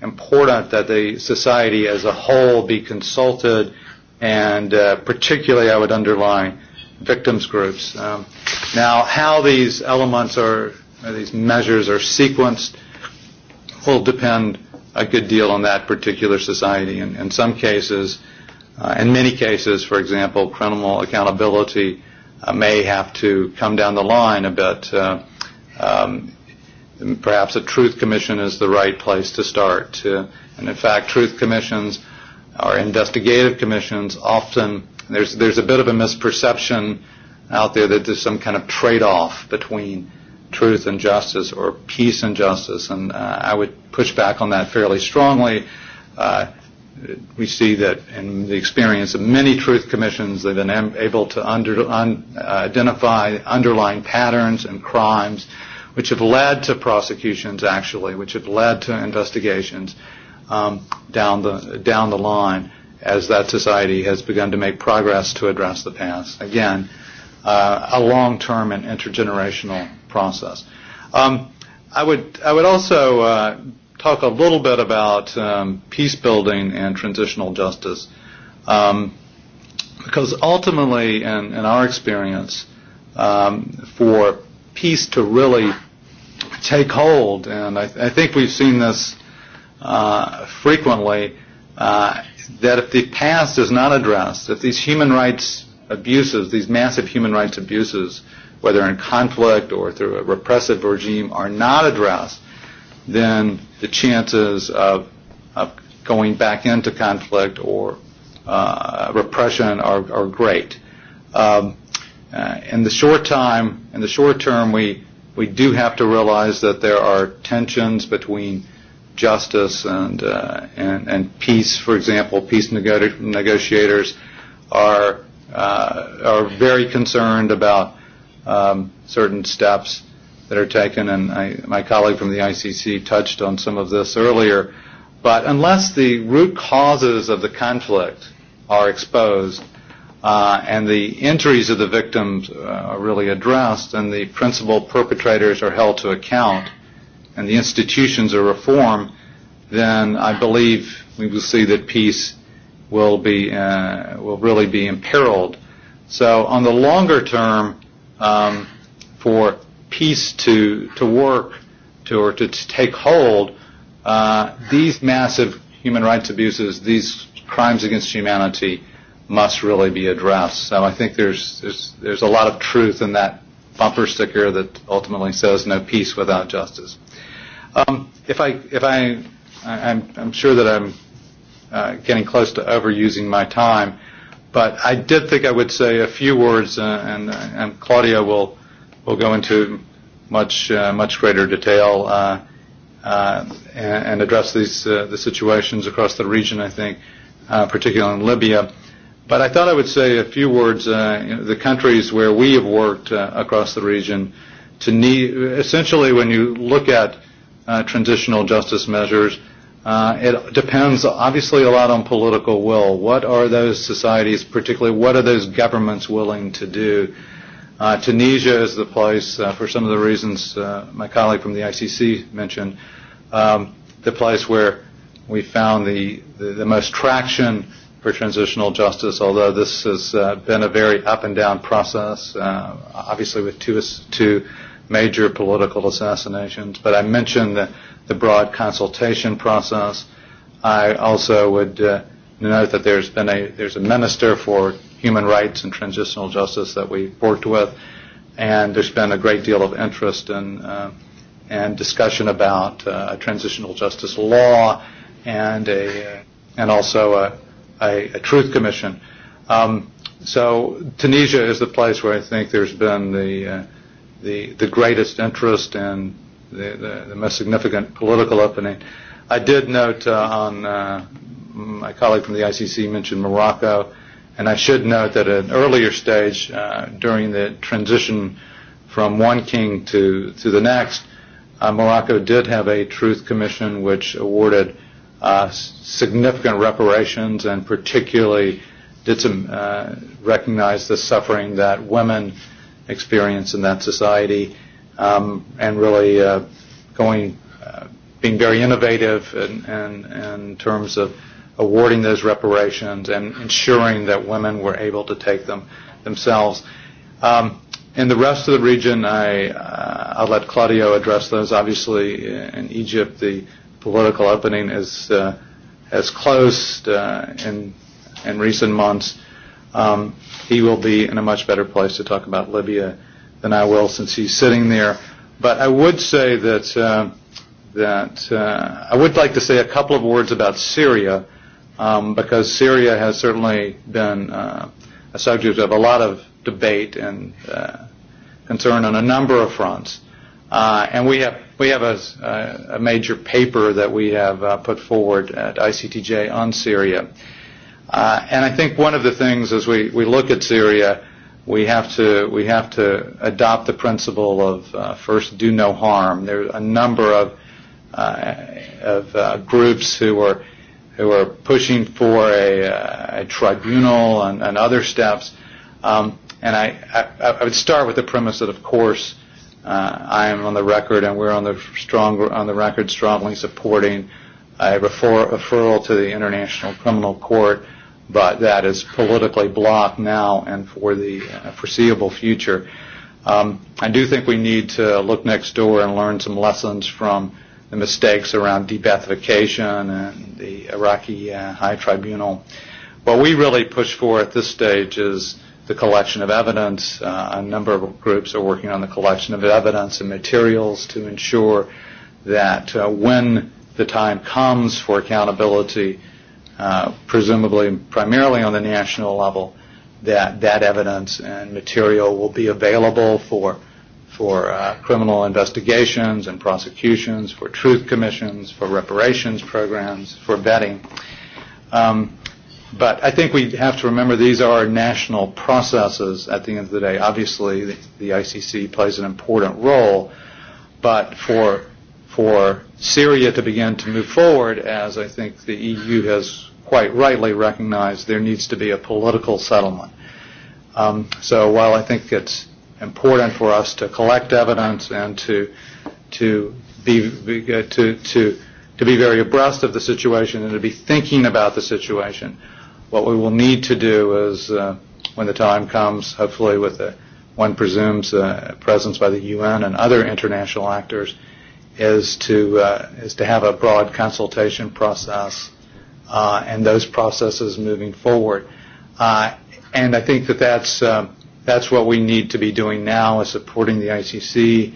important that the society as a whole be consulted, and uh, particularly I would underline victims groups. Um, now, how these elements are, or these measures are sequenced will depend a good deal on that particular society. In, in some cases, uh, in many cases, for example, criminal accountability uh, may have to come down the line a bit. Uh, um, perhaps a truth commission is the right place to start. Uh, and in fact, truth commissions or investigative commissions often And there's there's a bit of a misperception out there that there's some kind of trade-off between truth and justice or peace and justice, and uh, I would push back on that fairly strongly. Uh, we see that in the experience of many truth commissions, they've been am- able to under, un- identify underlying patterns and crimes which have led to prosecutions actually, which have led to investigations um, down the down the line as that society has begun to make progress to address the past. Again, uh, a long-term and intergenerational process. Um, I would I would also uh, talk a little bit about um, peace building and transitional justice, um, because ultimately, in, in our experience, um, for peace to really take hold, and I, I think we've seen this uh, frequently. Uh, that if the past is not addressed, if these human rights abuses, these massive human rights abuses, whether in conflict or through a repressive regime, are not addressed, then the chances of, of going back into conflict or uh, repression are, are great. Um, uh, in the short time, in the short term, we we do have to realize that there are tensions between justice and, uh, and, and peace, for example, peace nego- negotiators are, uh, are very concerned about um, certain steps that are taken, and I, my colleague from the ICC touched on some of this earlier. But unless the root causes of the conflict are exposed, uh, and the injuries of the victims uh, are really addressed, and the principal perpetrators are held to account, uh, and the institutions are reformed, then I believe we will see that peace will be uh, will really be imperiled. So on the longer term, um, for peace to to work to or to, to take hold, uh, these massive human rights abuses, these crimes against humanity, must really be addressed. So I think there's there's there's a lot of truth in that bumper sticker that ultimately says no peace without justice. Um, if I, if I, I I'm, I'm sure that I'm uh, getting close to overusing my time, but I did think I would say a few words, uh, and, uh, and Claudia will will go into much uh, much greater detail uh, uh, and, and address these uh, the situations across the region. I think, uh, particularly in Libya. But I thought I would say a few words. Uh, you know, the countries where we have worked uh, across the region to need, essentially, when you look at uh, uh, transitional justice measures. Uh, it depends obviously a lot on political will. What are those societies, particularly what are those governments willing to do? Uh, Tunisia is the place, uh, for some of the reasons uh, my colleague from the ICC mentioned, um, the place where we found the, the, the most traction for transitional justice, although this has uh, been a very up and down process, uh, obviously with two, two uh, major political assassinations. But I mentioned the, the broad consultation process. I also would uh, note that there's been a there's a minister for human rights and transitional justice that we worked with, and there's been a great deal of interest and in, uh, and discussion about uh, a transitional justice law and a uh, and also a, a, a truth commission. Um, so Tunisia is the place where I think there's been the uh, the, the greatest interest and the, the, the most significant political opening. I did note uh, on uh, my colleague from the ICC mentioned Morocco, and I should note that at an earlier stage uh, during the transition from one king to, to the next, uh, Morocco did have a truth commission which awarded uh, significant reparations and particularly did some uh, recognize the suffering that women uh, experience in that society, um, and really uh, going, uh, being very innovative in, in, in terms of awarding those reparations and ensuring that women were able to take them themselves. Um, in the rest of the region, I, uh, I'll let Claudio address those. Obviously, uh, in Egypt, the political opening is uh, has closed uh, in in recent months. Um, he will be in a much better place to talk about Libya than I will since he's sitting there. But I would say that, uh, that uh, I would like to say a couple of words about Syria um, because Syria has certainly been uh, a subject of a lot of debate and uh, concern on a number of fronts. Uh, and we have we have a, a major paper that we have uh, put forward at ICTJ on Syria. Uh, Uh, and I think one of the things as we, we look at Syria, we have to we have to adopt the principle of uh, first do no harm. There are a number of uh, of uh, groups who are who are pushing for a, uh, a tribunal and, and other steps. Um, and I, I, I would start with the premise that, of course, uh, I am on the record, and we're on the strong on the record strongly supporting a refer, referral to the International Criminal Court. Uh, but that is politically blocked now and for the foreseeable future. Um, I do think we need to look next door and learn some lessons from the mistakes around debathification and the Iraqi uh, High Tribunal. What we really push for at this stage is the collection of evidence. Uh, a number of groups are working on the collection of evidence and materials to ensure that uh, when the time comes for accountability, uh, uh, presumably primarily on the national level, that that evidence and material will be available for for uh, criminal investigations and prosecutions, for truth commissions, for reparations programs, for vetting. Um, but I think we have to remember these are national processes at the end of the day. Obviously, the, the ICC plays an important role, but for for Syria to begin to move forward, as I think the EU has quite rightly recognized there needs to be a political settlement. Um, so while I think it's important for us to collect evidence and to to be, be uh, to to to be very abreast of the situation and to be thinking about the situation, what we will need to do is, uh, when the time comes, hopefully with the one presumes uh, presence by the UN and other international actors, is to uh, is to have a broad consultation process uh, and those processes moving forward. Uh, and I think that that's, uh, that's what we need to be doing now is supporting the ICC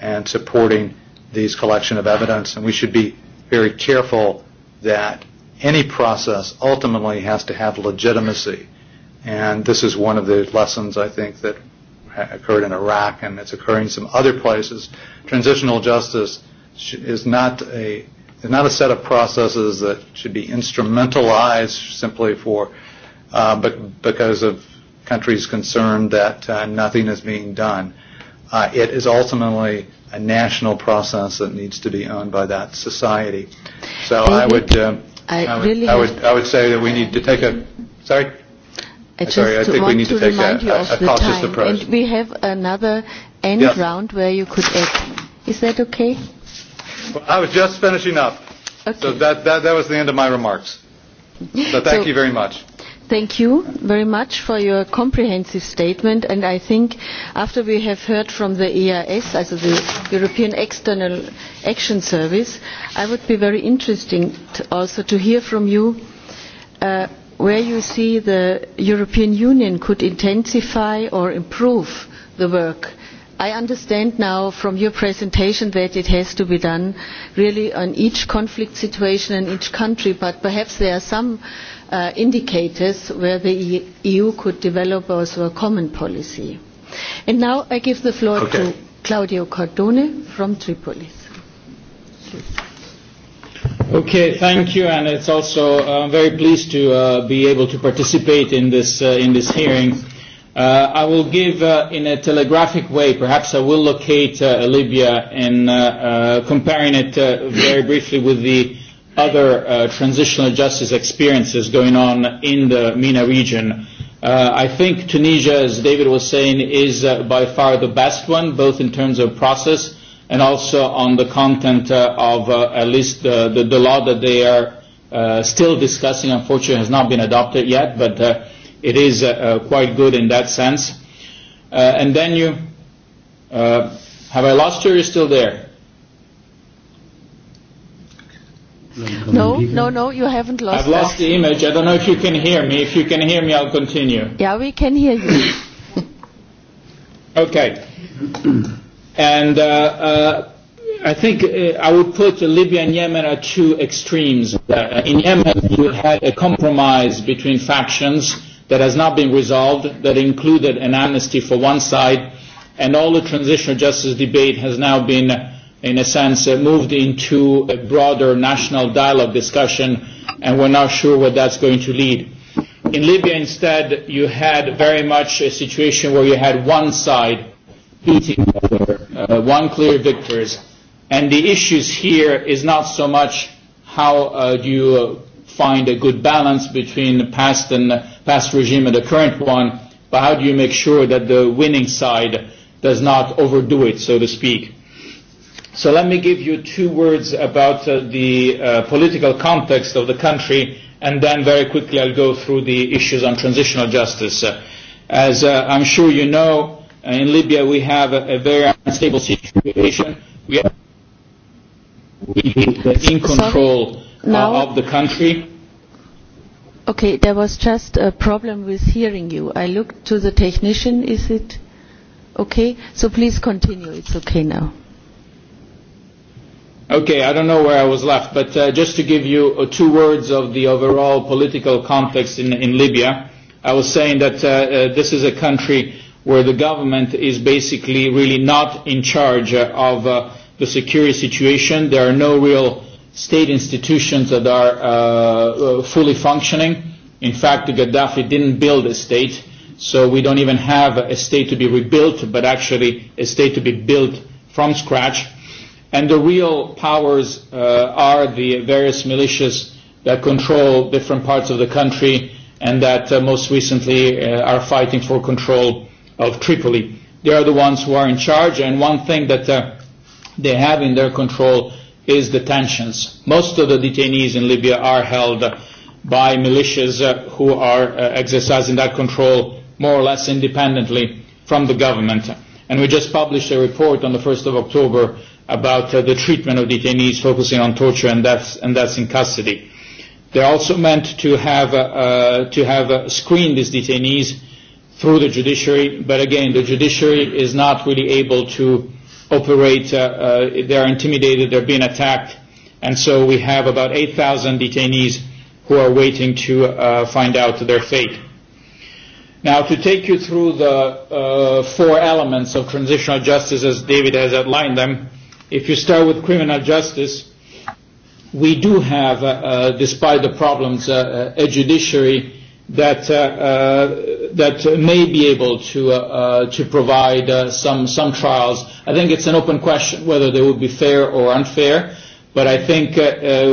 and supporting these collection of evidence. And we should be very careful that any process ultimately has to have legitimacy. And this is one of the lessons I think that occurred in Iraq and it's occurring in some other places. Transitional justice sh- is not a is not a set of processes that should be instrumentalized simply for, uh, but because of countries concerned that uh, nothing is being done. Uh, it is ultimately a national process that needs to be owned by that society. So David, I would, uh, I, I would, really I would, I would, I would say that we need to take a, sorry. I just Sorry, I think want we need to, to take remind a, you of a, a the cautious time. approach. And we have another end yes. round where you could add. Is that okay? I was just finishing up. Okay. So that, that, that was the end of my remarks. So thank so, you very much. Thank you very much for your comprehensive statement. And I think after we have heard from the EIS, also the European External Action Service, I would be very interested also to hear from you uh, where you see the European Union could intensify or improve the work I understand now from your presentation that it has to be done really on each conflict situation in each country, but perhaps there are some uh, indicators where the EU e could develop also a common policy. And now I give the floor okay. to Claudio Cardone from Tripolis. Please. Okay, thank you, and it's also uh, I'm uh, very pleased to uh, be able to participate in this uh, in this hearing. Uh, I will give uh, in a telegraphic way, perhaps I will locate uh, Libya and uh, uh, comparing it uh, very briefly with the other uh, transitional justice experiences going on in the MENA region. Uh, I think Tunisia, as David was saying, is uh, by far the best one, both in terms of process and also on the content uh, of uh, at least the, the, the law that they are uh, still discussing. Unfortunately, has not been adopted yet, but uh, it is uh, uh, quite good in that sense. Uh, and then you, uh, have I lost you? You're still there. No, no, no, you haven't lost. I've lost us. the image. I don't know if you can hear me. If you can hear me, I'll continue. Yeah, we can hear you. okay. And uh, uh, I think uh, I would put Libya and Yemen at two extremes. Uh, in Yemen, you had a compromise between factions that has not been resolved, that included an amnesty for one side, and all the transitional justice debate has now been, in a sense, uh, moved into a broader national dialogue discussion, and we're not sure where that's going to lead. In Libya, instead, you had very much a situation where you had one side beating the other, uh, one clear victors, and the issues here is not so much how uh, do you uh, find a good balance between the past and past regime and the current one, but how do you make sure that the winning side does not overdo it, so to speak? So let me give you two words about uh, the uh, political context of the country, and then very quickly I'll go through the issues on transitional justice. Uh, as uh, I'm sure you know, uh, in Libya we have a, a very unstable situation. We have in control. Sorry now, of the country? Okay, there was just a problem with hearing you. I looked to the technician. Is it okay? So please continue. It's okay now. Okay, I don't know where I was left, but uh, just to give you uh, two words of the overall political context in, in Libya, I was saying that uh, uh, this is a country where the government is basically really not in charge uh, of uh, the security situation. There are no real state institutions that are uh, uh, fully functioning. In fact, Gaddafi didn't build a state, so we don't even have a state to be rebuilt, but actually a state to be built from scratch. And the real powers uh, are the various militias that control different parts of the country and that uh, most recently uh, are fighting for control of Tripoli. They are the ones who are in charge, and one thing that uh, they have in their control is detentions. Most of the detainees in Libya are held by militias uh, who are uh, exercising that control more or less independently from the government. And we just published a report on the 1st of October about uh, the treatment of detainees focusing on torture and deaths, and deaths in custody. They're also meant to have, uh, uh, to have uh, screened these detainees through the judiciary, but again, the judiciary is not really able to uh, operate, uh, uh, they're intimidated, they're being attacked. And so we have about 8,000 detainees who are waiting to uh, find out their fate. Now, to take you through the uh, four elements of transitional justice as David has outlined them, if you start with criminal justice, we do have, uh, uh, despite the problems, uh, uh a judiciary that uh, uh, that may be able to uh, uh, to provide uh, some some trials. I think it's an open question whether they would be fair or unfair, but I think uh,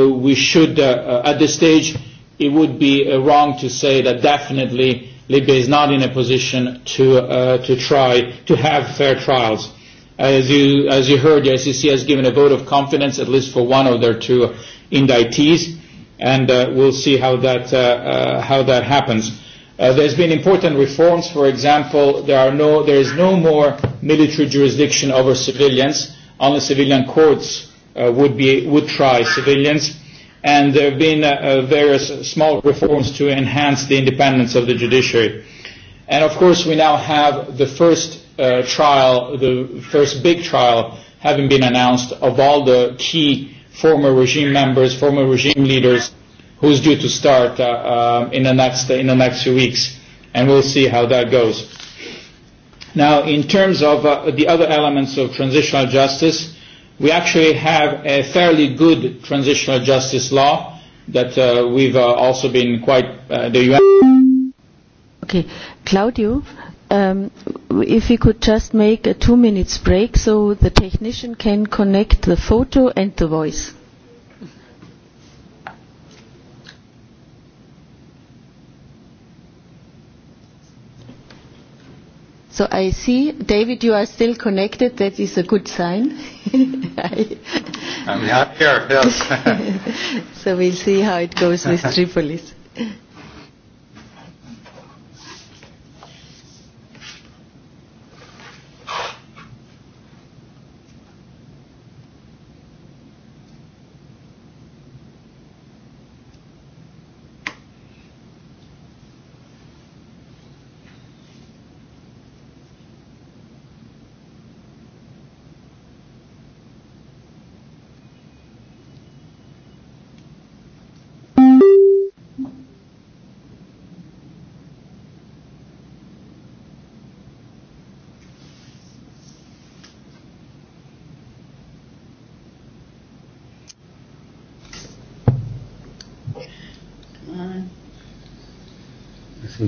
uh, we should uh, uh, at this stage. It would be uh, wrong to say that definitely Libya is not in a position to uh, to try to have fair trials. As you as you heard, the ICC has given a vote of confidence at least for one of their two indictees and uh, we'll see how that, uh, uh, how that happens. Uh, there's been important reforms. For example, there, are no, there is no more military jurisdiction over civilians, only civilian courts uh, would, be, would try civilians. And there have been uh, uh various small reforms to enhance the independence of the judiciary. And of course, we now have the first uh, trial, the first big trial having been announced of all the key former regime members, former regime leaders, who's due to start uh, um, in the next uh, in the next few weeks, and we'll see how that goes. Now, in terms of uh, the other elements of transitional justice, we actually have a fairly good transitional justice law that uh, we've uh, also been quite uh, the UN. Okay, Claudio. Um, if we could just make a two minutes break so the technician can connect the photo and the voice. So I see, David, you are still connected. That is a good sign. I'm here, yes. so we'll see how it goes with Tripolis.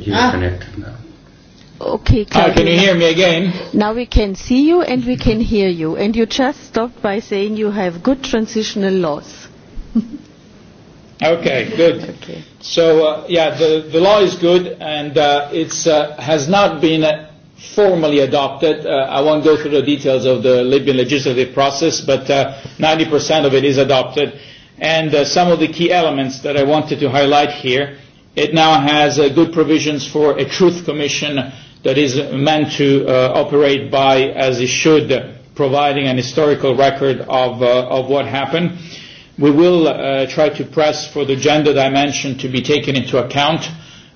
You ah. connected now. Okay, Claudia. Ah, can you hear me again? Now we can see you and we can hear you. And you just stopped by saying you have good transitional laws. okay, good. Okay. So, uh, yeah, the, the law is good and uh, it uh, has not been uh, formally adopted. Uh, I won't go through the details of the Libyan legislative process, but uh, 90% of it is adopted. And uh, some of the key elements that I wanted to highlight here It now has uh, good provisions for a truth commission that is meant to uh, operate by, as it should, providing an historical record of, uh, of what happened. We will uh, try to press for the gender dimension to be taken into account.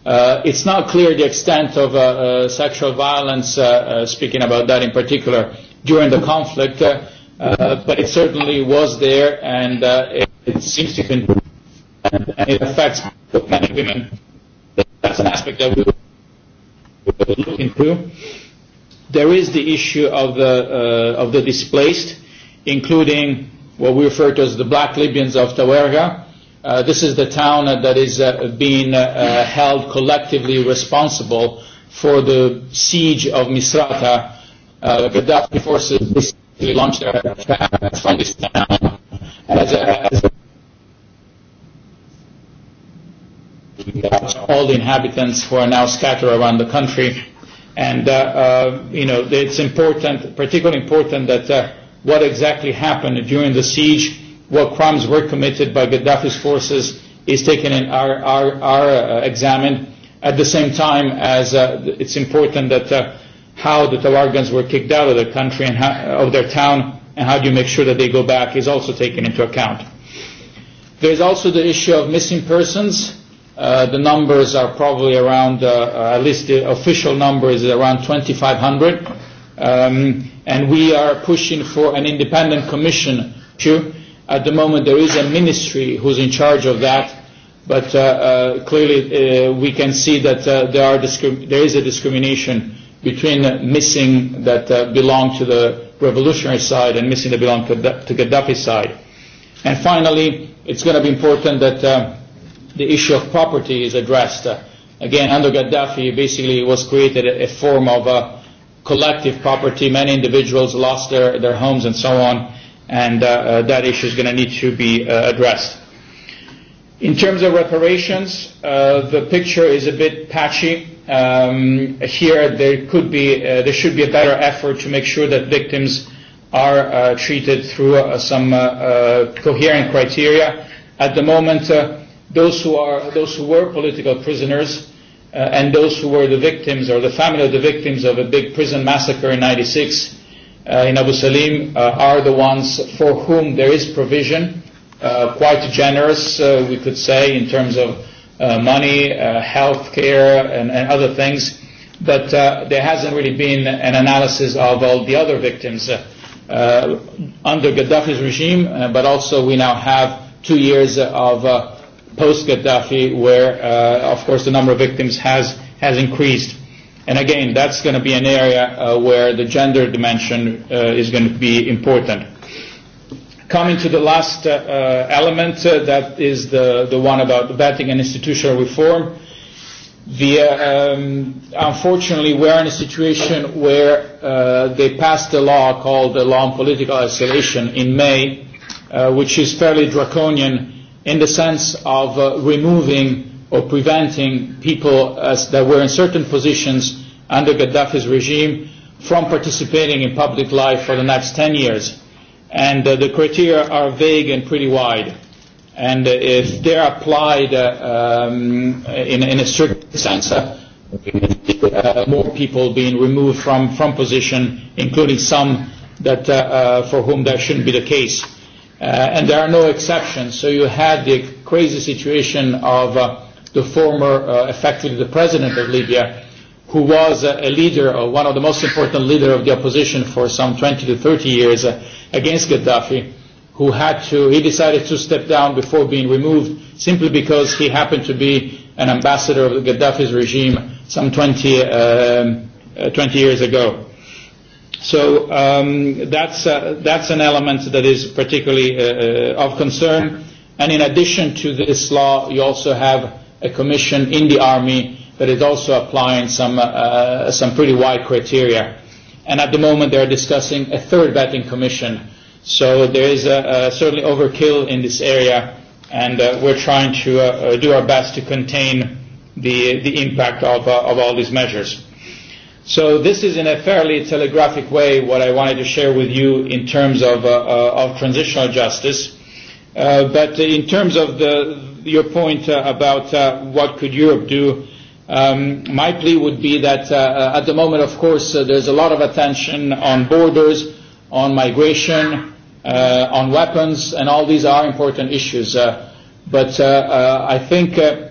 Uh, it's not clear the extent of uh, uh, sexual violence, uh, uh, speaking about that in particular, during the conflict, uh, uh, but it certainly was there and uh, it, it seems to continue and, and it affects both men and women. That's an aspect that we will look into. There is the issue of the, uh, of the displaced, including what we refer to as the black Libyans of Tawerga. Uh, this is the town uh, that is uh, being uh, held collectively responsible for the siege of Misrata. Uh, Gaddafi forces basically launched their attacks from this town as a, as a all the inhabitants who are now scattered around the country. And, uh, uh, you know, it's important, particularly important that uh, what exactly happened during the siege, what crimes were committed by Gaddafi's forces is taken and are, are, are uh, examined. At the same time as uh, it's important that uh, how the Tawargans were kicked out of the country and how, of their town and how do you make sure that they go back is also taken into account. There's also the issue of missing persons Uh, the numbers are probably around, uh, uh, at least the official number is around 2,500. Um, and we are pushing for an independent commission. At the moment, there is a ministry who's in charge of that, but uh, uh, clearly uh, we can see that uh, there, are discrim- there is a discrimination between uh, missing that uh, belong to the revolutionary side and missing that belong to, to Gaddafi side. And finally, it's going to be important that uh, the issue of property is addressed. Uh, again, under Gaddafi, basically was created a, a form of uh, collective property. Many individuals lost their, their homes and so on, and uh, uh, that issue is going to need to be uh, addressed. In terms of reparations, uh, the picture is a bit patchy. Um, here, there could be, uh, there should be a better effort to make sure that victims are uh, treated through uh, some uh, uh, coherent criteria. At the moment, uh, those who are those who were political prisoners uh, and those who were the victims or the family of the victims of a big prison massacre in 96 uh, in Abu Salim uh, are the ones for whom there is provision uh, quite generous uh, we could say in terms of uh, money uh, health care and, and other things but uh, there hasn't really been an analysis of all the other victims uh, uh, under Gaddafi's regime uh, but also we now have two years of uh, post-Gaddafi, where, uh, of course, the number of victims has, has increased. And again, that's going to be an area uh, where the gender dimension uh, is going to be important. Coming to the last uh, uh, element, uh, that is the, the one about vetting and institutional reform. The, uh, um, unfortunately, we're in a situation where uh, they passed a law called the Law on Political Isolation in May, uh, which is fairly draconian in the sense of uh, removing or preventing people as, that were in certain positions under Gaddafi's regime from participating in public life for the next 10 years. And uh, the criteria are vague and pretty wide. And uh, if they're applied uh, um, in, in a certain sense, uh, uh, more people being removed from, from position, including some that, uh, uh, for whom that shouldn't be the case. Uh, uh, and there are no exceptions. So you had the crazy situation of uh, the former, uh, effectively the president of Libya, who was uh, a leader, or uh, one of the most important leader of the opposition for some 20 to 30 years uh, against Gaddafi, who had to, he decided to step down before being removed simply because he happened to be an ambassador of Gaddafi's regime some 20, um, uh, 20 years ago. So um, that's, uh, that's an element that is particularly uh, uh, of concern. And in addition to this law, you also have a commission in the army that is also applying some, uh, uh some pretty wide criteria. And at the moment, they are discussing a third vetting commission. So there is a, a certainly overkill in this area, and uh, we're trying to uh, uh do our best to contain the, the impact of, uh, of all these measures. So this is in a fairly telegraphic way what I wanted to share with you in terms of, uh, uh, of transitional justice. Uh, but in terms of the, your point uh, about uh, what could Europe do, um, my plea would be that uh, uh at the moment, of course, uh, there's a lot of attention on borders, on migration, uh, on weapons, and all these are important issues. Uh, but uh, uh, I think uh,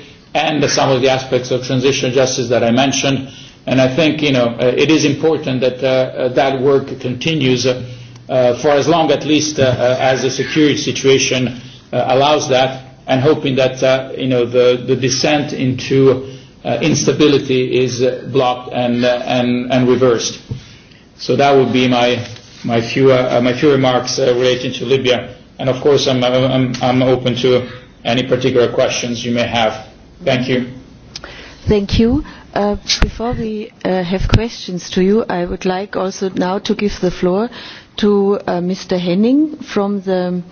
and the, some of the aspects of transitional justice that I mentioned. And I think you know uh, it is important that uh, uh, that work continues uh, uh, for as long, at least, uh, uh, as the security situation uh, allows that, and hoping that uh, you know the, the descent into uh, instability is uh, blocked and, uh, and, and reversed. So that would be my, my, few, uh, uh my few remarks uh, relating to Libya. And of course, I'm, I'm, I'm open to any particular questions you may have. Thank you. Thank you. Uh, before we uh, have questions to you, I would like also now to give the floor to uh, Mr. Henning from the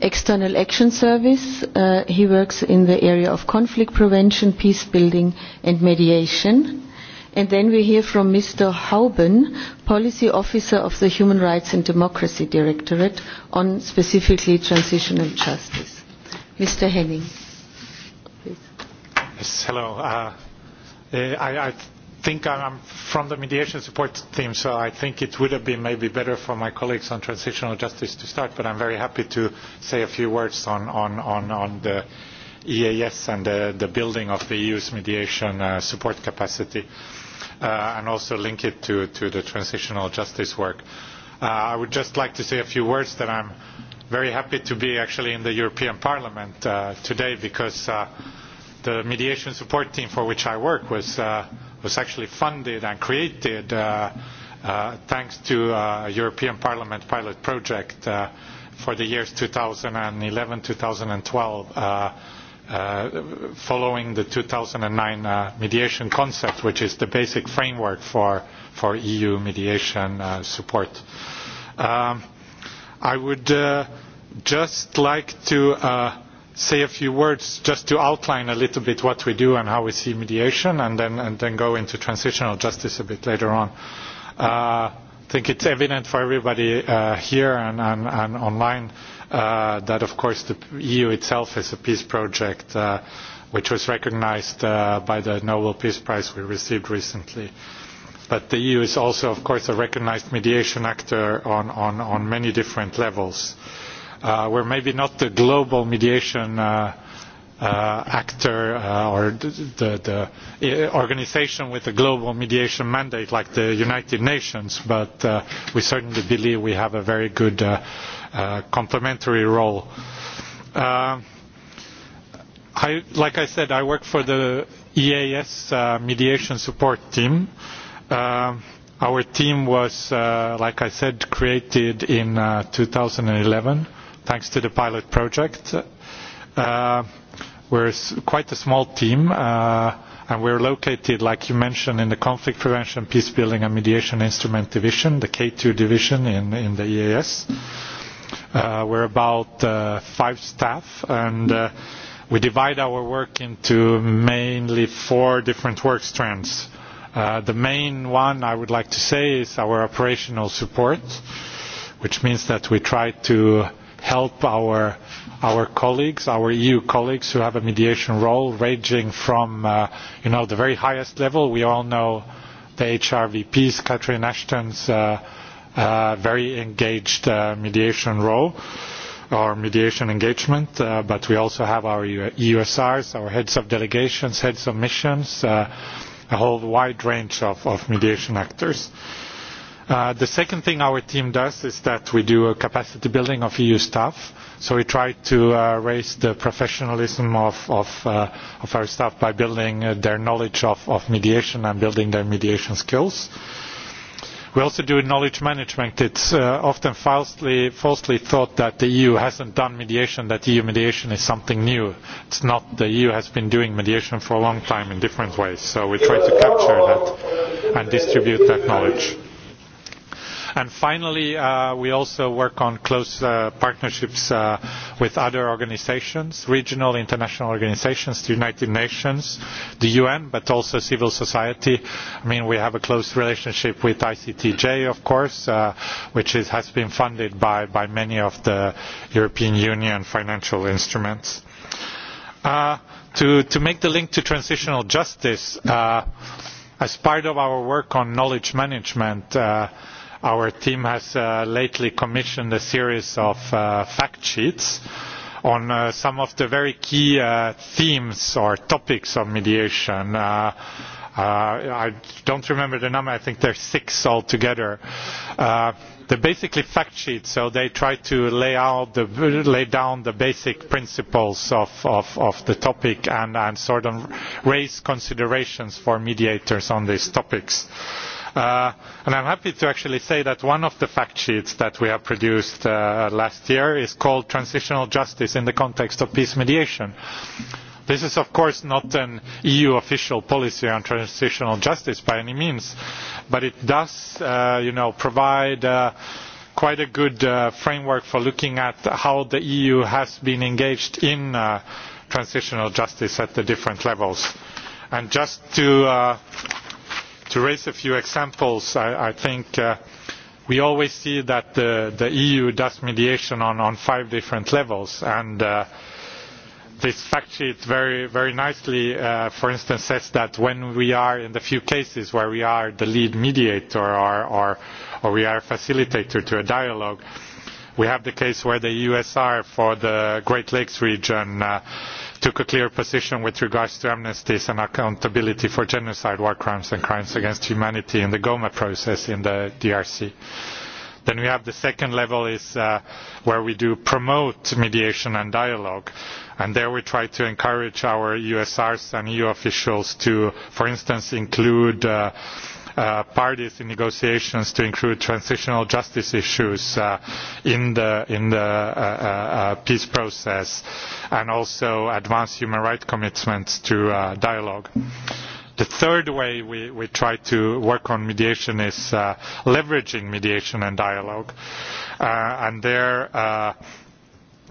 External Action Service. Uh, he works in the area of conflict prevention, peace building and mediation. And then we hear from Mr. Hauben, Policy Officer of the Human Rights and Democracy Directorate on specifically transitional justice. Mr. Henning. Yes, hello. Uh, uh, I, I think I'm from the mediation support team, so I think it would have been maybe better for my colleagues on transitional justice to start, but I'm very happy to say a few words on, on, on, on the EAS and the, the building of the EU's mediation uh, support capacity, uh, and also link it to, to the transitional justice work. Uh, I would just like to say a few words that I'm very happy to be actually in the European Parliament uh, today because uh, the mediation support team for which I work was, uh, was actually funded and created uh, uh, thanks to a uh, European Parliament pilot project uh, for the years 2011-2012 uh, uh, following the 2009 uh, mediation concept, which is the basic framework for, for EU mediation uh, support. Um, I would uh, just like to uh, say a few words just to outline a little bit what we do and how we see mediation and then, and then go into transitional justice a bit later on. Uh, I think it's evident for everybody uh, here and, and, and online uh, that, of course, the EU itself is a peace project uh, which was recognized uh, by the Nobel Peace Prize we received recently. But the EU is also, of course, a recognized mediation actor on, on, on many different levels. Uh, uh, we're maybe not the global mediation uh, uh, actor uh, or the, the uh, organization with a global mediation mandate like the United Nations, but uh, we certainly believe we have a very good uh, uh, complementary role. Uh, I, like I said, I work for the EAS uh, mediation support team. Uh, our team was, uh, like I said, created in uh, 2011 thanks to the pilot project. Uh, we're quite a small team, uh, and we're located, like you mentioned, in the Conflict Prevention, Peace Building and Mediation Instrument Division, the K2 division in, in the EAS. Uh, we're about uh, five staff, and uh, we divide our work into mainly four different work strands. Uh, the main one I would like to say is our operational support, which means that we try to uh, help our our colleagues, our EU colleagues who have a mediation role, ranging from uh, you know the very highest level. We all know the HRVPs, Catherine Ashton's uh, uh, very engaged uh, mediation role or mediation engagement, uh, but we also have our EUSRs, our heads of delegations, heads of missions, uh, a whole wide range of, of mediation actors. Uh, Uh, the second thing our team does is that we do a capacity building of EU staff. So we try to uh, raise the professionalism of, of, uh, of our staff by building uh, their knowledge of, of mediation and building their mediation skills. We also do knowledge management. It's uh, often falsely, falsely thought that the EU hasn't done mediation, that EU mediation is something new. It's not. The EU has been doing mediation for a long time in different ways. So we try to capture that and distribute that knowledge. Uh, And finally, uh, we also work on close uh, partnerships uh, with other organizations, regional, international organizations, the United Nations, the UN, but also civil society. I mean, we have a close relationship with ICTJ, of course, uh, which is, has been funded by, by many of the European Union financial instruments. Uh, to, to make the link to transitional justice, uh, as part of our work on knowledge management, uh, Our team has uh, lately commissioned a series of uh, fact sheets on uh, some of the very key uh, themes or topics of mediation. Uh, uh, I don't remember the number, I think there are six altogether. Uh, they're basically fact sheets, so they try to lay, out the, lay down the basic principles of, of, of the topic and, and sort of raise considerations for mediators on these topics. Uh, Uh, and I'm happy to actually say that one of the fact sheets that we have produced uh, last year is called Transitional Justice in the Context of Peace Mediation. This is of course not an EU official policy on transitional justice by any means, but it does uh, you know, provide uh, quite a good uh, framework for looking at how the EU has been engaged in uh, transitional justice at the different levels. And just to uh, to raise a few examples, I, I think uh, we always see that the, the EU does mediation on, on five different levels, and uh, this fact sheet very, very nicely, uh, for instance, says that when we are in the few cases where we are the lead mediator or, or, or we are a facilitator to a dialogue, we have the case where the USR for the Great Lakes region uh, took a clear position with regards to amnesties and accountability for genocide, war crimes and crimes against humanity in the Goma process in the DRC. Then we have the second level is uh, where we do promote mediation and dialogue. And there we try to encourage our USRs and EU officials to, for instance, include uh, uh, parties in negotiations to include transitional justice issues uh, in the, in the uh, uh, uh, peace process and also advance human rights commitments to uh, dialogue. The third way we, we try to work on mediation is uh, leveraging mediation and dialogue. Uh, and there, uh,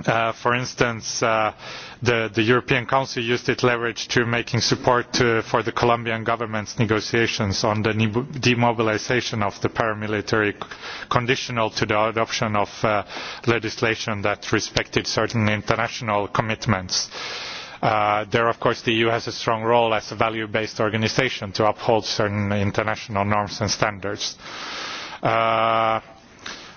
uh, for instance, uh, the, the European Council used its leverage to making support uh, for the Colombian government's negotiations on the demobilization of the paramilitary conditional to the adoption of uh, legislation that respected certain international commitments. Uh, there, of course, the EU has a strong role as a value-based organization to uphold certain international norms and standards. Uh,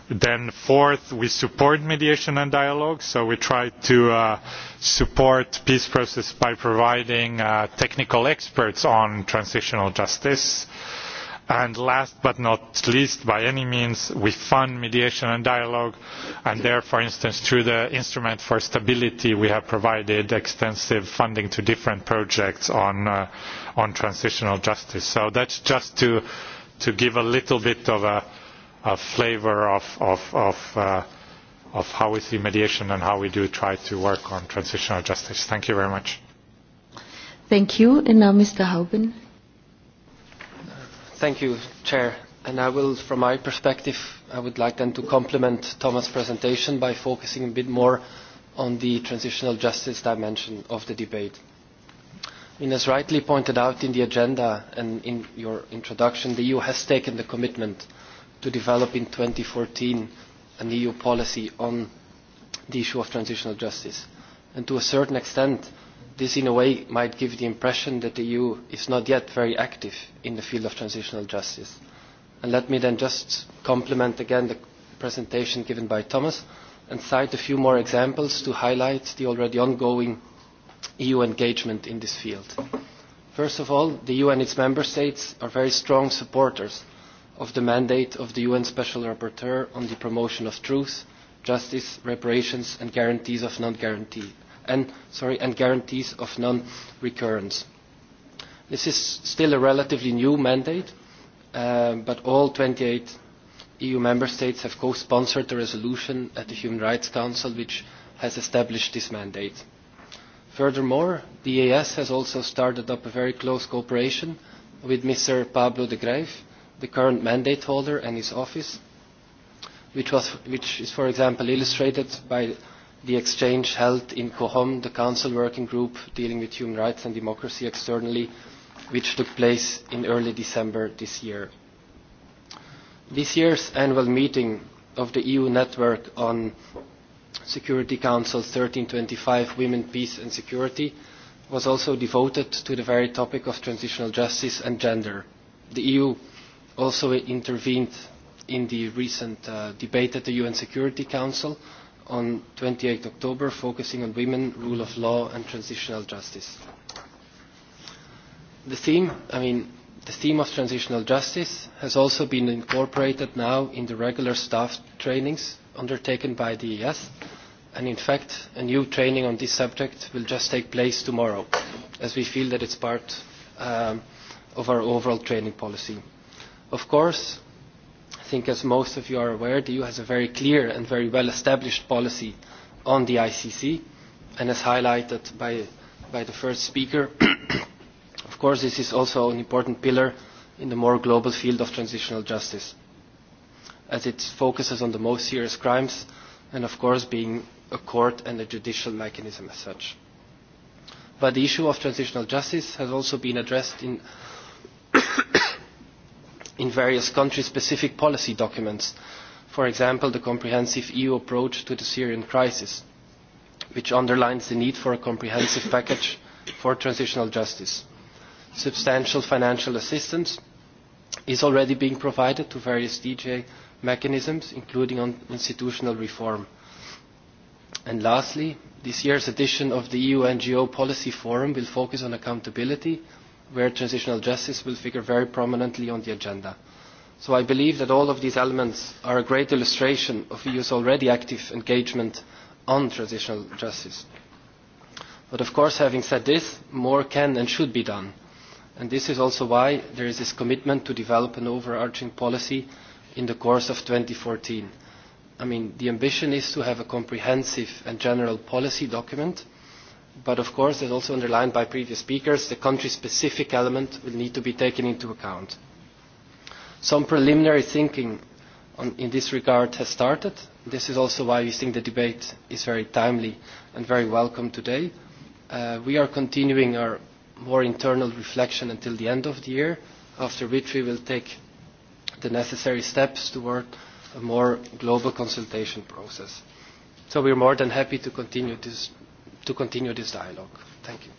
then fourth, we support mediation and dialogue, so we try to uh, support peace process by providing uh, technical experts on transitional justice. And last but not least, by any means, we fund mediation and dialogue, and there, for instance, through the Instrument for Stability, we have provided extensive funding to different projects on, uh, on transitional justice. So that's just to, to give a little bit of a, a flavor of, of, of uh, of how we see mediation and how we do try to work on transitional justice. Thank you very much. Thank you. And now Mr. Hauben. Thank you, Chair. And I will, from my perspective, I would like then to complement Thomas' presentation by focusing a bit more on the transitional justice dimension of the debate. I mean, as rightly pointed out in the agenda and in your introduction, the EU has taken the commitment to develop in 2014 an EU policy on the issue of transitional justice. And to a certain extent, this in a way might give the impression that the EU is not yet very active in the field of transitional justice. And let me then just complement again the presentation given by Thomas and cite a few more examples to highlight the already ongoing EU engagement in this field. First of all, the EU and its member states are very strong supporters of the mandate of the UN Special Rapporteur on the promotion of truth, justice, reparations and guarantees of non-guarantee and sorry and guarantees of non-recurrence. This is still a relatively new mandate, um, but all 28 EU member states have co-sponsored the resolution at the Human Rights Council, which has established this mandate. Furthermore, the EAS has also started up a very close cooperation with Mr. Pablo de Greve, the current mandate holder and his office, which, was, which is, for example, illustrated by the exchange held in COHOM, the Council Working Group dealing with human rights and democracy externally, which took place in early December this year. This year's annual meeting of the EU Network on Security Council 1325 Women, Peace and Security was also devoted to the very topic of transitional justice and gender. The EU also intervened in the recent uh, debate at the UN Security Council on 28 October, focusing on women, rule of law, and transitional justice. The theme, I mean, the theme of transitional justice has also been incorporated now in the regular staff trainings undertaken by the ES, and in fact, a new training on this subject will just take place tomorrow, as we feel that it's part um, of our overall training policy. Of course, I think as most of you are aware, the EU has a very clear and very well-established policy on the ICC, and as highlighted by, by the first speaker, of course this is also an important pillar in the more global field of transitional justice, as it focuses on the most serious crimes and of course being a court and a judicial mechanism as such. But the issue of transitional justice has also been addressed in in various country-specific policy documents, for example, the comprehensive EU approach to the Syrian crisis, which underlines the need for a comprehensive package for transitional justice. Substantial financial assistance is already being provided to various DJ mechanisms, including on institutional reform. And lastly, this year's edition of the EU NGO Policy Forum will focus on accountability, where transitional justice will figure very prominently on the agenda. So I believe that all of these elements are a great illustration of EU's e already active engagement on transitional justice. But of course, having said this, more can and should be done. And this is also why there is this commitment to develop an overarching policy in the course of 2014. I mean, the ambition is to have a comprehensive and general policy document but of course, as also underlined by previous speakers, the country-specific element will need to be taken into account. Some preliminary thinking on, in this regard has started. This is also why we think the debate is very timely and very welcome today. Uh, we are continuing our more internal reflection until the end of the year, after which we will take the necessary steps toward a more global consultation process. So we're more than happy to continue this to continue this dialogue. Thank you.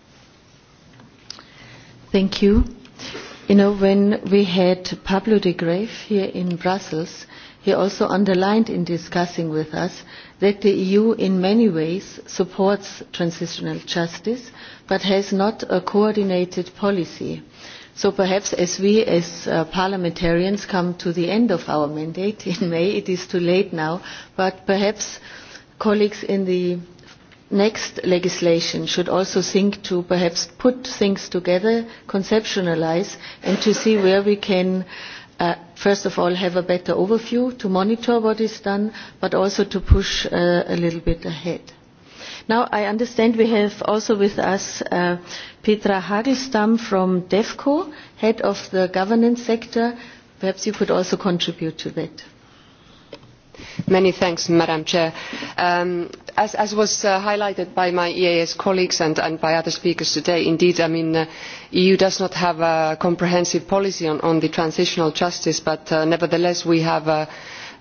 Thank you. You know, when we had Pablo de Grave here in Brussels, he also underlined in discussing with us that the EU in many ways supports transitional justice but has not a coordinated policy. So perhaps as we as uh, parliamentarians come to the end of our mandate in May, it is too late now, but perhaps colleagues in the next legislation should also think to perhaps put things together, conceptualize, and to see where we can, uh, first of all, have a better overview to monitor what is done, but also to push uh, a little bit ahead. Now, I understand we have also with us uh, Petra Hagelstam from DEFCO, head of the governance sector. Perhaps you could also contribute to that. Many thanks, Madam Chair. Um, as, as was uh, highlighted by my eeas colleagues and, and by other speakers today indeed the I mean, uh, eu does not have a comprehensive policy on, on transitional justice but uh, nevertheless we have a,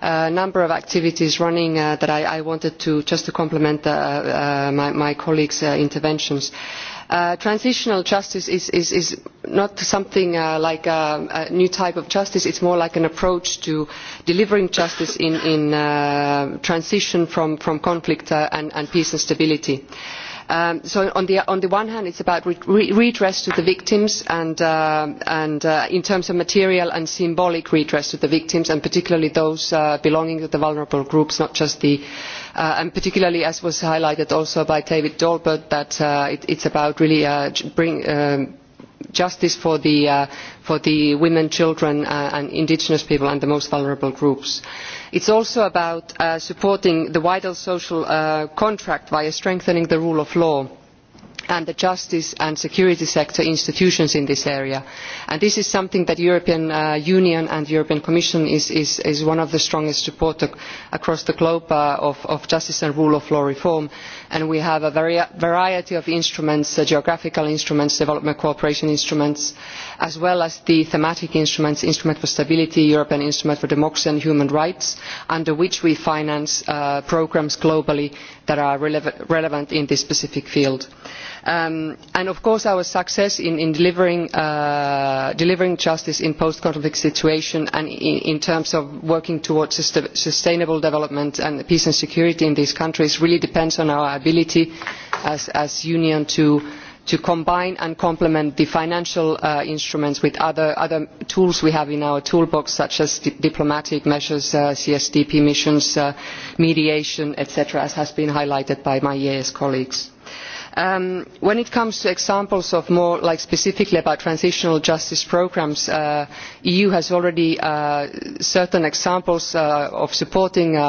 a number of activities running uh, that i, I wanted to just to complement uh, uh, my, my colleagues' interventions. Uh, transitional justice is, is, is not something uh, like a, a new type of justice, it's more like an approach to delivering justice in, in uh, transition from, from conflict uh, and, and peace and stability. Uh, Um, so on the, on the one hand it is about re redress to the victims and, uh, and uh, in terms of material and symbolic redress to the victims and particularly those uh, belonging to the vulnerable groups not just the uh, and particularly as was highlighted also by david daubert that uh, it is about really uh, bring, um, justice for the, uh, for the women, children uh, and indigenous people and the most vulnerable groups. It's also about uh, supporting the wider social uh, contract via strengthening the rule of law and the justice and security sector institutions in this area. And this is something that the European uh, Union and the European Commission is, is, is one of the strongest supporters across the globe uh, of, of justice and rule of law reform and we have a variety of instruments uh, geographical instruments development cooperation instruments as well as the thematic instruments instrument for stability european instrument for democracy and human rights under which we finance uh, programmes globally that are relev relevant in this specific field. Um, and of course our success in, in delivering, uh, delivering justice in post-conflict situation and in, in terms of working towards sust sustainable development and peace and security in these countries really depends on our ability as, as union to uh, to combine and complement the financial uh, instruments with other, other tools we have in our toolbox such as di diplomatic measures, uh, CSDP missions, uh, mediation, etc., as has been highlighted by my EAS colleagues. Um, when it comes to examples of more like specifically about transitional justice programs, uh, EU has already uh, certain examples uh, of supporting, uh,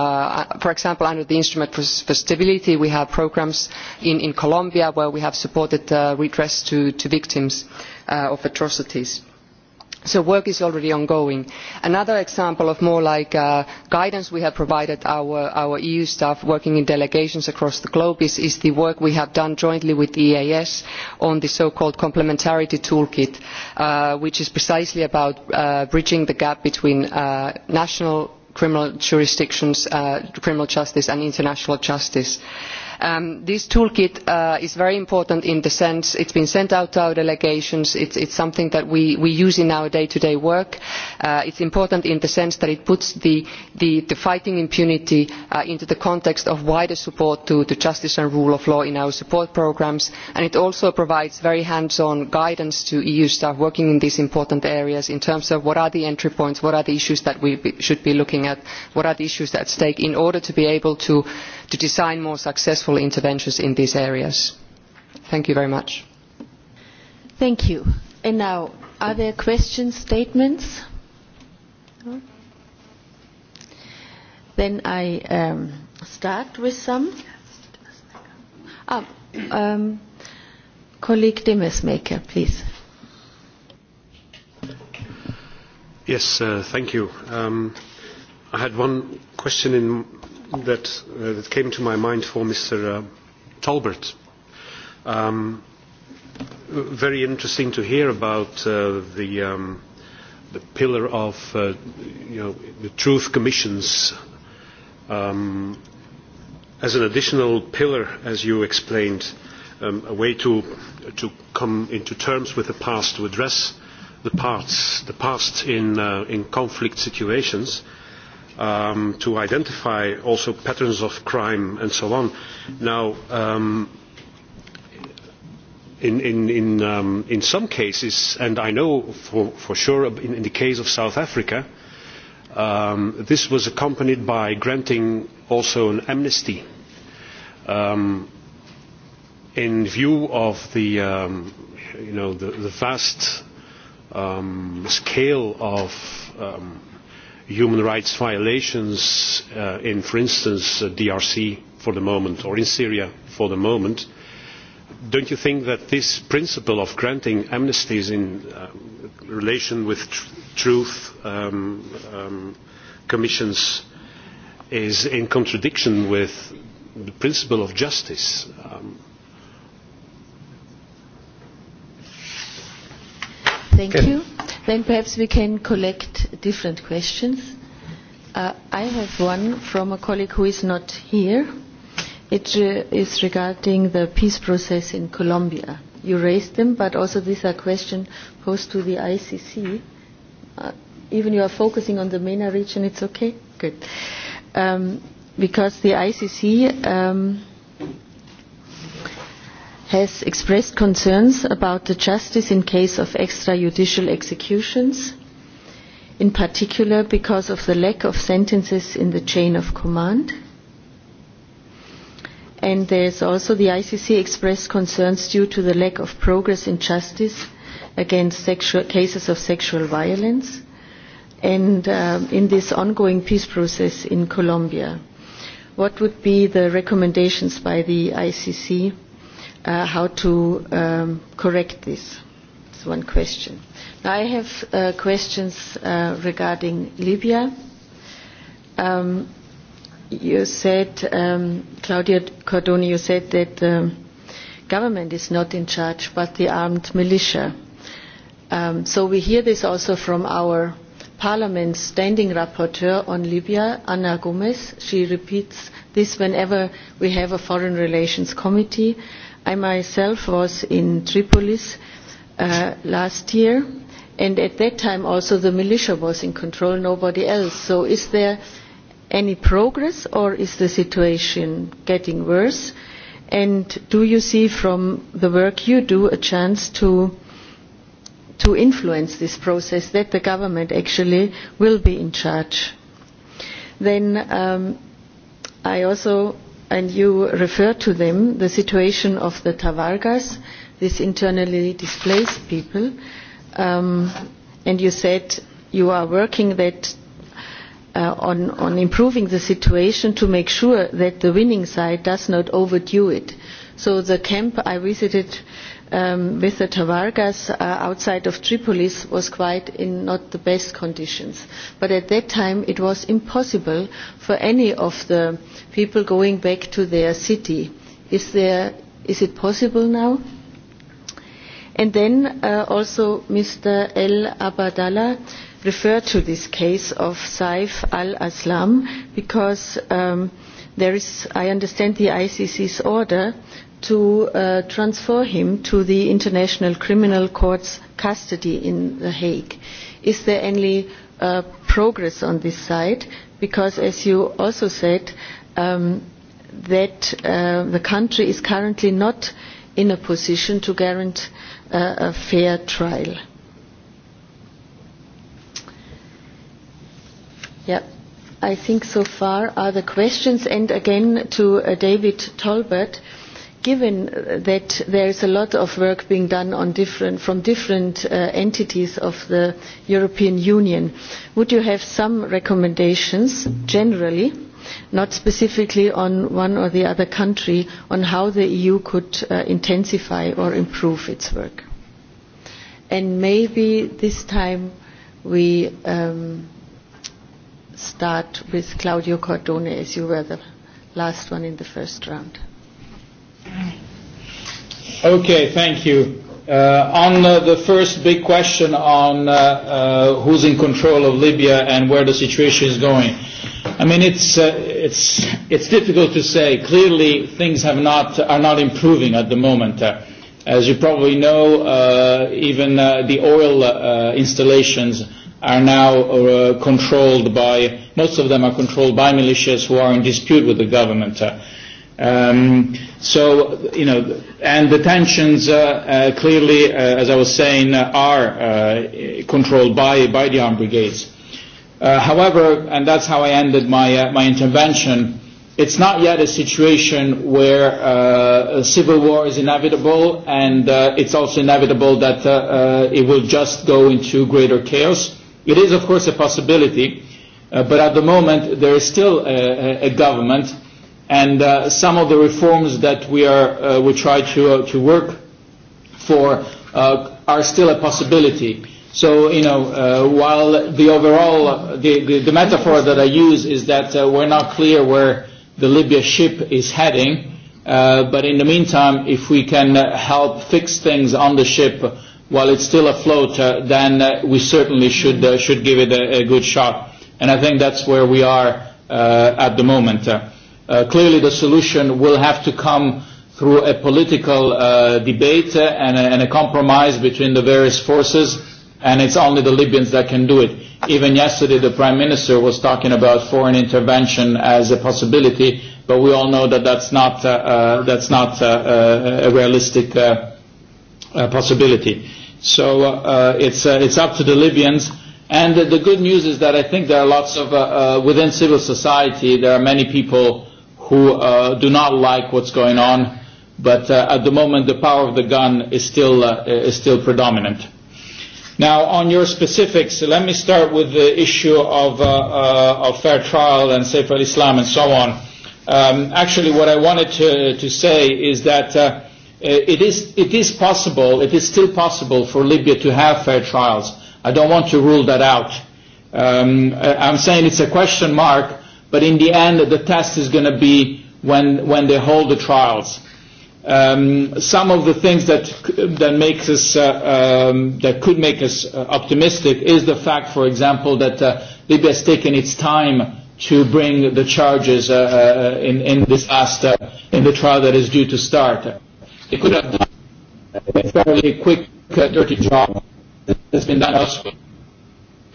uh for example, under the instrument for, for stability, we have programs in, in Colombia where we have supported uh, redress to, to victims uh, of atrocities. Uh, so work is already ongoing. another example of more like uh, guidance we have provided our, our eu staff working in delegations across the globe is, is the work we have done jointly with eas on the so called complementarity toolkit uh, which is precisely about uh, bridging the gap between uh, national criminal jurisdictions uh, criminal justice and international justice. Um, this toolkit uh, is very important in the sense it's been sent out to our delegations, it's, it's something that we, we use in our day-to-day -day work. Uh, it's important in the sense that it puts the, the, the fighting impunity uh, into the context of wider support to, to justice and rule of law in our support programs, and it also provides very hands-on guidance to EU staff working in these important areas in terms of what are the entry points, what are the issues that we be, should be looking at, what are the issues at stake in order to be able to, to design more successful successful interventions in these areas. Thank you very much. Thank you. And now, are there questions, statements? No? Then I um, start with some. Ah, um, colleague Demesmaker, please. Yes, uh, thank you. Um, I had one question in that, uh, that came to my mind for Mr. Uh, Talbert. Um, very interesting to hear about uh, the, um, the pillar of uh, you know, the truth commissions um, as an additional pillar, as you explained, um, a way to, to come into terms with the past, to address the, parts, the past in, uh, in conflict situations. Uh, um, to identify also patterns of crime and so on. Now, um, in, in, in, um, in some cases, and I know for, for sure in, in the case of South Africa, um, this was accompanied by granting also an amnesty um, in view of the, um, you know, the, the vast um, scale of um, human rights violations uh, in, for instance, uh, DRC for the moment, or in Syria for the moment, don't you think that this principle of granting amnesties in uh, relation with tr truth um, um, commissions is in contradiction with the principle of justice? Um, Thank okay. you. Then perhaps we can collect different questions. Uh, I have one from a colleague who is not here. It re is regarding the peace process in Colombia. You raised them, but also these are questions posed to the ICC. Uh, even you are focusing on the MENA region, it's okay? Good. Um, because the ICC um, has expressed concerns about the justice in case of extrajudicial executions, in particular because of the lack of sentences in the chain of command. And there's also the ICC expressed concerns due to the lack of progress in justice against sexual, cases of sexual violence and uh, in this ongoing peace process in Colombia. What would be the recommendations by the ICC uh, how to um, correct this. That's one question. Now I have uh, questions uh, regarding Libya. Um, you said, um, Claudia Cordoni, you said that the um, government is not in charge, but the armed militia. Um, so we hear this also from our Parliament's standing rapporteur on Libya, Ana Gomez. She repeats this whenever we have a Foreign Relations Committee. Uh, I myself was in Tripolis uh, last year, and at that time also the militia was in control, nobody else. So is there any progress or is the situation getting worse? And do you see from the work you do a chance to to influence this process that the government actually will be in charge? Then um, I also and you refer to them, the situation of the Tavargas, these internally displaced people, um, and you said you are working that uh, on, on improving the situation to make sure that the winning side does not overdo it. So the camp I visited uh, um, with the Tawargas uh, outside of Tripolis was quite in not the best conditions. But at that time it was impossible for any of the people going back to their city. Is, there, is it possible now? And then uh, also Mr. El Abadallah refer to this case of Saif al-Aslam because um, there is, I understand, the ICC's order to uh, transfer him to the International Criminal Court's custody in The Hague. Is there any uh, progress on this side? Because, as you also said, um, that uh, the country is currently not in a position to guarantee uh, a fair trial. Yeah. I think so far are the questions. And again to uh, David Tolbert. Uh, given that there is a lot of work being done different, from different uh, entities of the European Union, would you have some recommendations generally, not specifically on one or the other country, on how the EU could uh, intensify or improve its work? And maybe this time we um, start with Claudio Cordone, as you were the last one in the first round. Okay, thank you. Uh, on uh, the first big question on uh, uh, who's in control of Libya and where the situation is going, I mean it's uh, it's it's difficult to say. Clearly, things have not are not improving at the moment. Uh, as you probably know, uh, even uh, the oil uh, installations are now uh, controlled by most of them are controlled by militias who are in dispute with the government. Uh, Um, so, you know, and the tensions uh, uh, clearly, uh, as I was saying, uh, are uh, controlled by, by the armed brigades. Uh, however, and that's how I ended my, uh, my intervention, it's not yet a situation where uh, a civil war is inevitable, and uh, it's also inevitable that uh, uh, it will just go into greater chaos. It is, of course, a possibility, uh, but at the moment there is still a, a government and uh, some of the reforms that we are uh, we try to uh, to work for uh, are still a possibility. So you know, uh, while the overall uh, the, the the metaphor that I use is that uh, we're not clear where the Libya ship is heading, uh, but in the meantime, if we can uh, help fix things on the ship while it's still afloat, uh, then uh, we certainly should uh, should give it a, a good shot. And I think that's where we are uh, at the moment. Uh, Uh, clearly, the solution will have to come through a political uh, debate uh, and a, and a compromise between the various forces, and it's only the Libyans that can do it. Even yesterday, the Prime Minister was talking about foreign intervention as a possibility, but we all know that that's not, uh, uh, that's not uh, uh, a realistic uh, uh, possibility. So uh, uh it's, uh, it's up to the Libyans. And the, the good news is that I think there are lots of, uh, uh, within civil society, there are many people who uh, do not like what's going on, but uh, at the moment the power of the gun is still, uh, is still predominant. Now, on your specifics, let me start with the issue of, uh, uh, of fair trial and Saif al-Islam and so on. Um, actually, what I wanted to, to say is that uh, it, is, it is possible, it is still possible for Libya to have fair trials. I don't want to rule that out. Um, I'm saying it's a question mark But in the end, the test is going to be when, when they hold the trials. Um, some of the things that, that, makes us, uh, um, that could make us uh, optimistic is the fact, for example, that uh, Libya has taken its time to bring the charges uh, uh, in, in this last, uh, in the trial that is due to start. They could have done a fairly quick, uh, dirty job that has been done elsewhere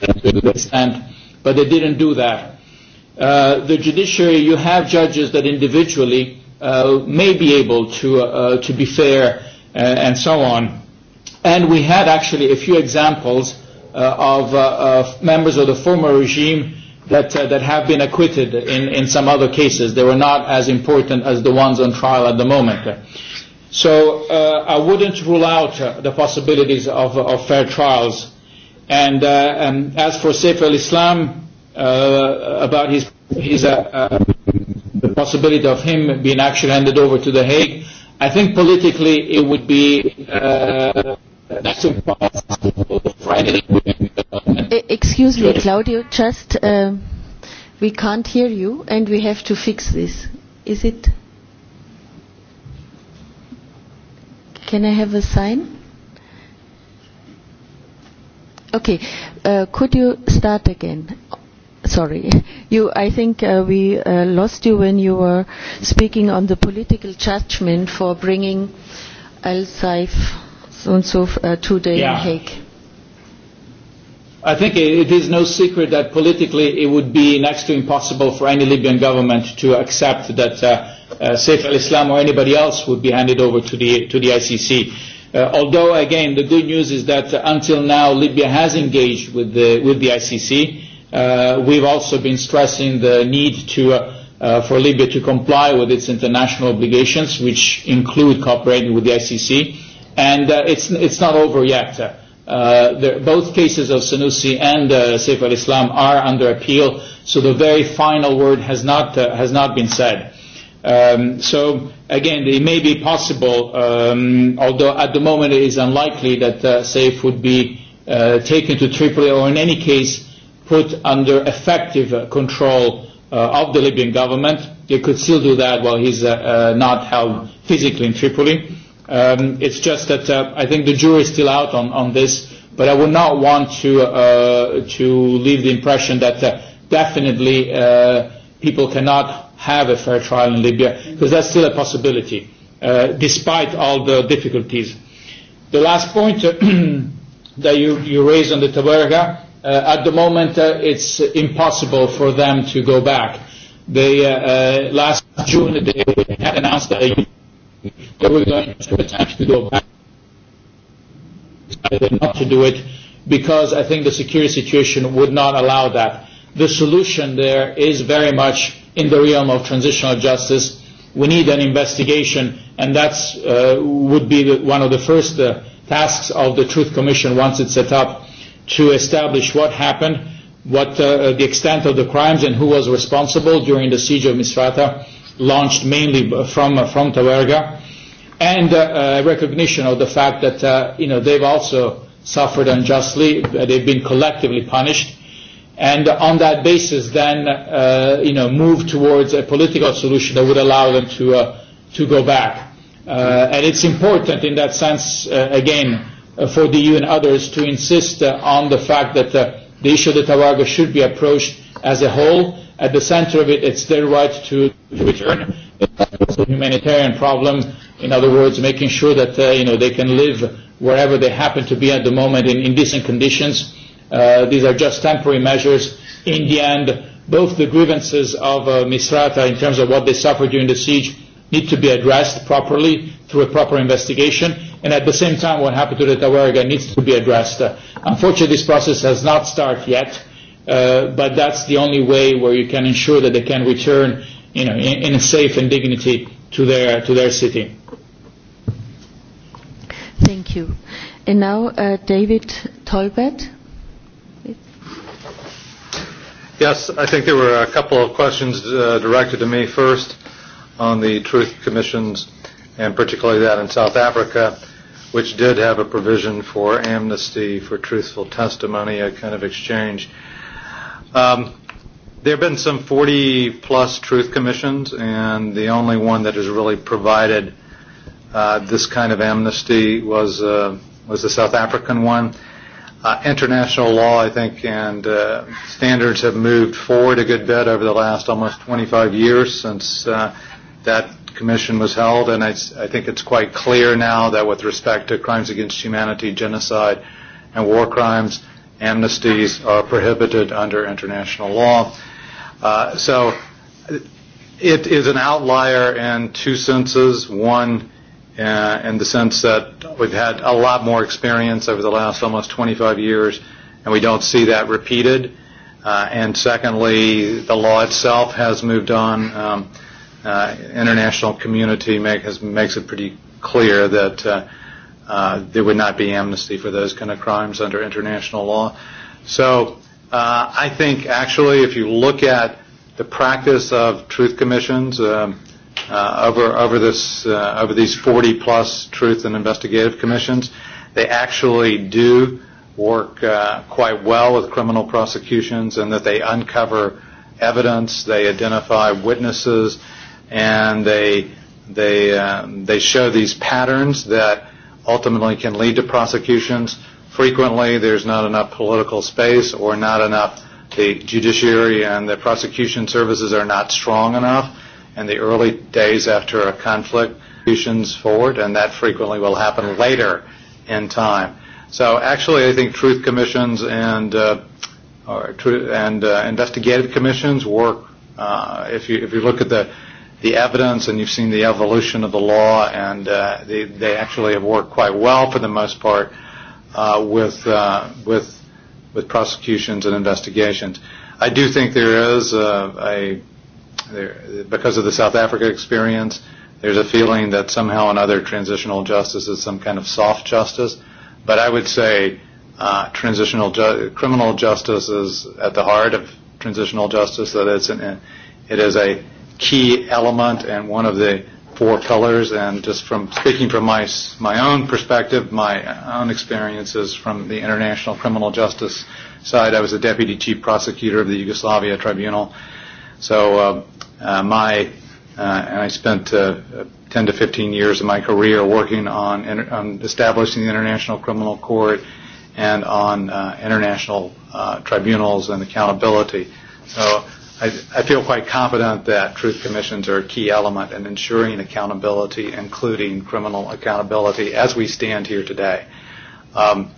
to this extent, but they didn't do that. Uh, the judiciary, you have judges that individually uh, may be able to, uh, uh, to be fair uh, and so on. And we had actually a few examples uh, of, uh, of members of the former regime that, uh, that have been acquitted in, in some other cases. They were not as important as the ones on trial at the moment. So uh, I wouldn't rule out uh, the possibilities of, of fair trials. And, uh, and as for Saif al-Islam, uh, about his, his uh, uh, the possibility of him being actually handed over to the Hague. I think politically it would be uh, that's impossible for e-, any. Excuse me, Claudio. Just um, we can't hear you, and we have to fix this. Is it? Can I have a sign? Okay, uh, could you start again? sorry. You, I think uh, we uh, lost you when you were speaking on the political judgment for bringing Al Saif Sunsof uh, today yeah. in Hague. I think it is no secret that politically it would be next to impossible for any Libyan government to accept that uh, uh, Saif al-Islam or anybody else would be handed over to the, to the ICC. Uh, although, again, the good news is that uh, until now Libya has engaged with the, with the ICC. Uh, we've also been stressing the need to, uh, uh, for Libya to comply with its international obligations, which include cooperating with the ICC. And uh, it's, it's not over yet. Uh, there, both cases of Sanusi and uh, Saif al-Islam are under appeal, so the very final word has not, uh, has not been said. Um, so again, it may be possible, um, although at the moment it is unlikely that uh, Saif would be uh, taken to Tripoli or in any case put under effective uh, control uh, of the Libyan government. He could still do that while he's uh, uh, not held physically in Tripoli. Um, it's just that uh, I think the jury is still out on, on this, but I would not want to, uh, to leave the impression that uh, definitely uh, people cannot have a fair trial in Libya, because that's still a possibility, uh, despite all the difficulties. The last point uh, that you, you raised on the Tabarga, uh, at the moment uh, it's impossible for them to go back. They uh, uh, last June they had announced that they were going to attempt to go back. Decided not to do it because I think the security situation would not allow that. The solution there is very much in the realm of transitional justice. We need an investigation, and that uh, would be the, one of the first uh, tasks of the Truth Commission once it's set up to establish what happened, what uh, uh, the extent of the crimes and who was responsible during the siege of Misrata, launched mainly from, uh, from Tawerga, and uh, uh, recognition of the fact that uh, you know, they've also suffered unjustly, uh, they've been collectively punished, and on that basis then uh, you know, move towards a political solution that would allow them to, uh, to go back. Uh, and it's important in that sense, uh, again, uh, for the EU and others to insist uh, on the fact that uh, the issue of the Tawaga should be approached as a whole. At the center of it, it's their right to, to return. It's a humanitarian problem. In other words, making sure that uh, you know they can live wherever they happen to be at the moment in, in decent conditions. Uh, these are just temporary measures. In the end, both the grievances of uh, Misrata in terms of what they suffered during the siege need to be addressed properly through a proper investigation and at the same time what happened to the Tawarega needs to be addressed. Uh, unfortunately, this process has not started yet, uh, but that's the only way where you can ensure that they can return you know, in, in a safe and dignity to their, to their city. Thank you. And now uh, David Tolbert. Yes, I think there were a couple of questions uh, directed to me first on the Truth Commissions and particularly that in South Africa which did have a provision for amnesty for truthful testimony, a kind of exchange. Um, there have been some 40 plus truth commissions, and the only one that has really provided uh, this kind of amnesty was uh, was the South African one. Uh, international law, I think, and uh, standards have moved forward a good bit over the last almost 25 years since uh, that commission was held, and I, I think it's quite clear now that with respect to crimes against humanity, genocide, and war crimes, amnesties are prohibited under international law. Uh, so it is an outlier in two senses. One, uh, in the sense that we've had a lot more experience over the last almost 25 years, and we don't see that repeated. Uh, and secondly, the law itself has moved on. Um, uh, international community make, has, makes it pretty clear that uh, uh, there would not be amnesty for those kind of crimes under international law. So uh, I think actually, if you look at the practice of truth commissions um, uh, over over this uh, over these 40 plus truth and investigative commissions, they actually do work uh, quite well with criminal prosecutions, and that they uncover evidence, they identify witnesses. Uh, and they they um, they show these patterns that ultimately can lead to prosecutions. Frequently, there's not enough political space or not enough. The judiciary and the prosecution services are not strong enough in the early days after a conflict prosecutions forward, and that frequently will happen later in time. So actually, I think truth commissions and uh, or tr- and uh, investigative commissions work. Uh, if you if you look at the the evidence and you've seen the evolution of the law and uh, they, they actually have worked quite well for the most part uh, with, uh, with, with prosecutions and investigations. I do think there is a, a there, because of the South Africa experience, there's a feeling that somehow or another transitional justice is some kind of soft justice. But I would say uh, transitional ju- criminal justice is at the heart of transitional justice, that it's an, it is a key element and one of the four pillars. And just from speaking from my my own perspective, my own experiences from the international criminal justice side, I was a deputy chief prosecutor of the Yugoslavia Tribunal. So uh, uh, my uh, and I spent uh, 10 uh, to 15 years of my career working on, inter- on establishing the International Criminal Court and on uh, international uh, tribunals and accountability. So I, I feel quite confident that truth commissions are a key element in ensuring accountability, including criminal accountability, as we stand here today. Um,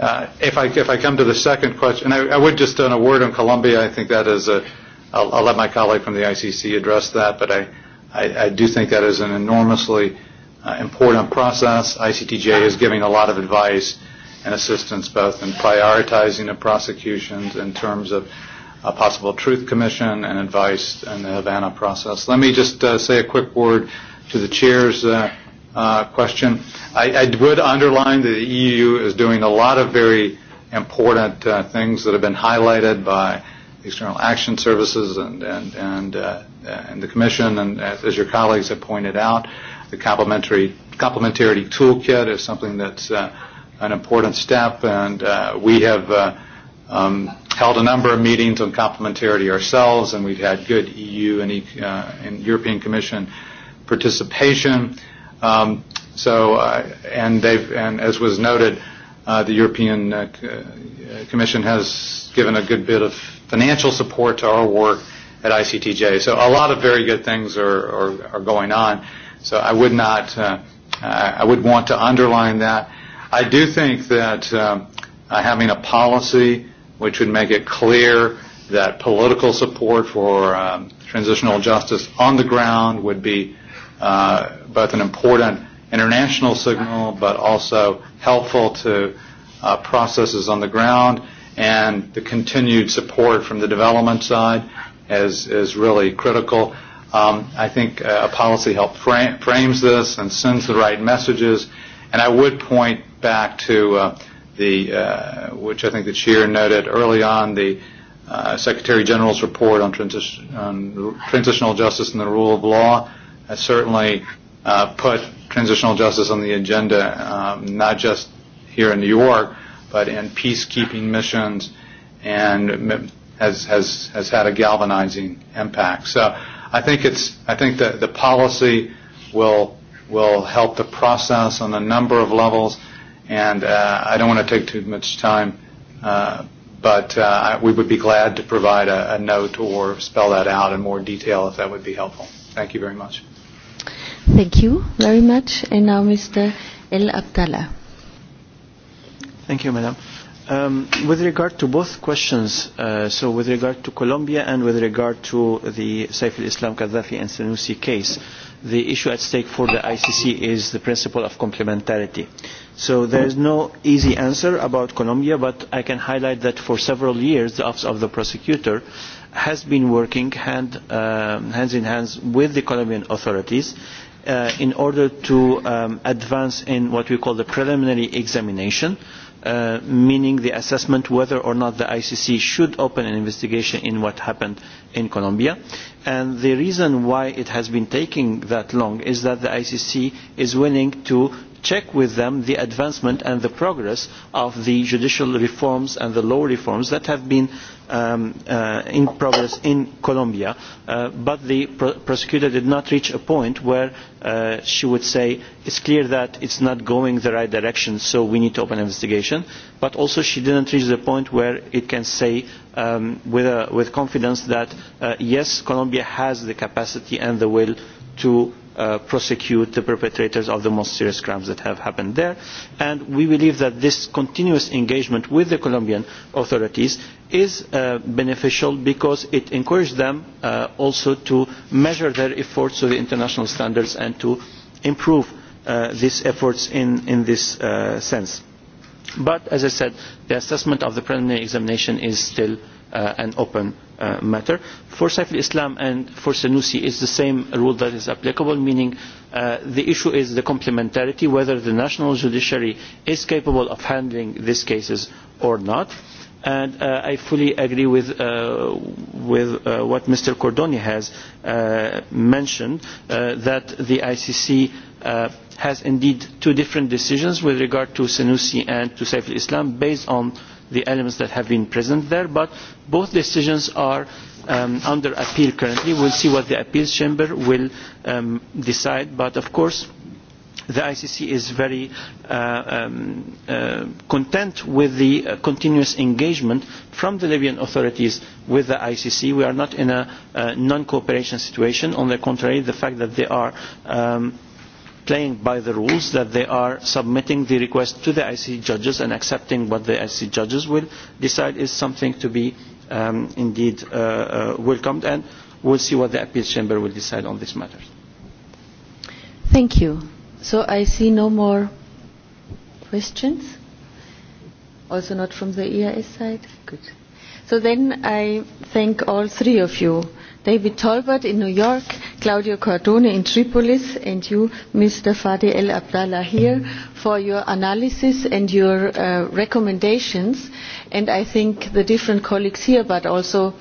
uh, if I if I come to the second question, I, I would just on a word on Colombia. I think that is a. I'll, I'll let my colleague from the ICC address that, but I, I, I do think that is an enormously uh, important process. ICTJ is giving a lot of advice and assistance, both in prioritizing the prosecutions in terms of a possible truth commission and advice in the Havana process. Let me just uh, say a quick word to the chair's uh, uh, question. I, I would underline that the EU is doing a lot of very important uh, things that have been highlighted by the External Action Services and and and, uh, and the Commission, and as, as your colleagues have pointed out, the complementary complementarity toolkit is something that's uh, an important step, and uh, we have. Uh, um, held a number of meetings on complementarity ourselves, and we've had good EU and, e uh, and European Commission participation. Um, so, uh, and they've, and as was noted, uh, the European uh, uh Commission has given a good bit of financial support to our work at ICTJ. So a lot of very good things are, are, are going on. So I would not, uh, uh I would want to underline that. I do think that uh, having a policy which would make it clear that political support for um, transitional justice on the ground would be uh, both an important international signal, but also helpful to uh, processes on the ground. And the continued support from the development side is, is really critical. Um, I think uh, a policy help frame, frames this and sends the right messages. And I would point back to uh, the, uh, which I think that Shear noted early on, the uh, Secretary General's report on, transi- on transitional justice and the rule of law has certainly uh, put transitional justice on the agenda, um, not just here in New York, but in peacekeeping missions, and has has has had a galvanizing impact. So I think it's I think that the policy will will help the process on a number of levels and uh, I don't want to take too much time, uh, but uh, we would be glad to provide a, a note or spell that out in more detail if that would be helpful. Thank you very much. Thank you very much. And now Mr. El Abdallah. Thank you, Madam. Um, with regard to both questions, uh, so with regard to Colombia and with regard to the Saif al-Islam Gaddafi and Sanusi case, the issue at stake for the ICC is the principle of complementarity. Uh, So there is no easy answer about Colombia, but I can highlight that for several years the Office of the Prosecutor has been working hand, um, hands in hands with the Colombian authorities uh, in order to um, advance in what we call the preliminary examination, uh, meaning the assessment whether or not the ICC should open an investigation in what happened in Colombia. And the reason why it has been taking that long is that the ICC is willing to check with them the advancement and the progress of the judicial reforms and the law reforms that have been um, uh, in progress in Colombia, uh, but the pr prosecutor did not reach a point where uh, she would say it's clear that it's not going the right direction, so we need to open an investigation. But also she didn't reach the point where it can say um, with, a, with confidence that, uh, yes, Colombia has the capacity and the will to uh, prosecute the perpetrators of the most serious crimes that have happened there. And we believe that this continuous engagement with the Colombian authorities is uh, beneficial because it encourages them uh, also to measure their efforts to the international standards and to improve uh, these efforts in, in this uh, sense. But as I said, the assessment of the preliminary examination is still uh, an open uh, matter. For Saif al-Islam and for Sanusi is the same rule that is applicable, meaning uh, the issue is the complementarity, whether the national judiciary is capable of handling these cases or not. And uh, I fully agree with, uh, with uh, what Mr. Cordoni has uh, mentioned, uh, that the ICC uh, has indeed two different decisions with regard to Sanusi and to Saif al-Islam based on uh, the elements that have been present there, but both decisions are um, under appeal currently. We'll see what the appeals chamber will um, decide, but of course the ICC is very uh, um, uh, content with the uh, continuous engagement from the Libyan authorities with the ICC. We are not in a uh, non-cooperation situation. On the contrary, the fact that they are um, playing by the rules that they are submitting the request to the IC judges and accepting what the IC judges will decide is something to be um, indeed uh, uh, welcomed and we'll see what the appeals chamber will decide on this matter. Thank you. So I see no more questions. Also not from the EIS side? Good. So then I thank all three of you. David Tolbert in New York, Claudio Cardone in Tripolis, and you, Mr. Fadi El Abdallah, here for your analysis and your uh, recommendations. And I think the different colleagues here, but also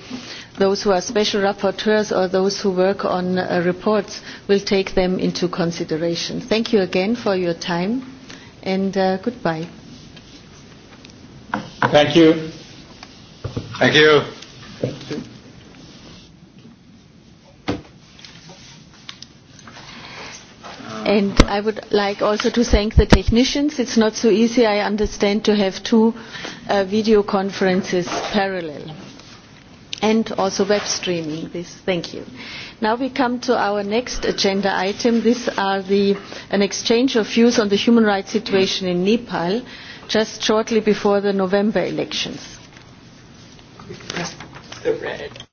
those who are special rapporteurs or those who work on uh, reports, will take them into consideration. Thank you again for your time, and uh, goodbye. Thank you. Thank you. Thank you. and i would like also to thank the technicians it is not so easy i understand to have two uh, video conferences parallel and also web streaming this thank you now we come to our next agenda item these are the an exchange of views on the human rights situation in nepal just shortly before the november elections the red.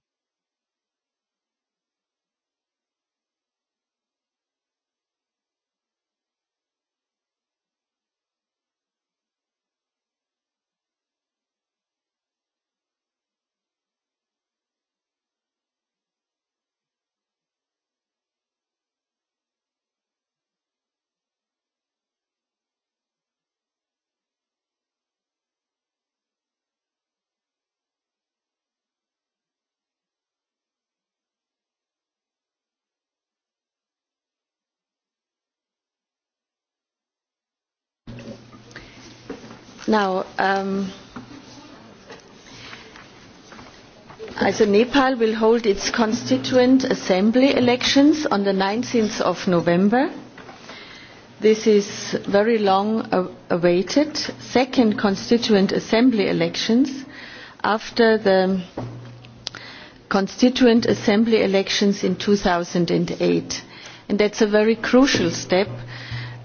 Now, um, also Nepal will hold its constituent assembly elections on the 19th of November. This is very long awaited second constituent assembly elections after the constituent assembly elections in 2008. And that's a very crucial step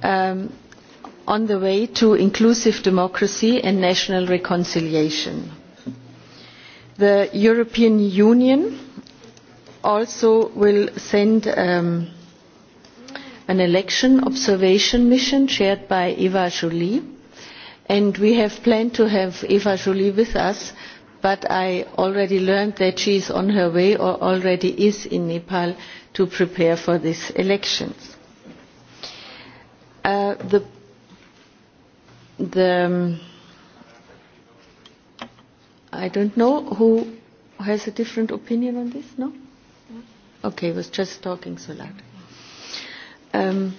um, on the way to inclusive democracy and national reconciliation. the european union also will send um, an election observation mission chaired by eva joly and we have planned to have eva joly with us but i already learned that she is on her way or already is in nepal to prepare for these elections. Uh, the the um, I don't know who has a different opinion on this. No. Okay, I was just talking so loud. Um,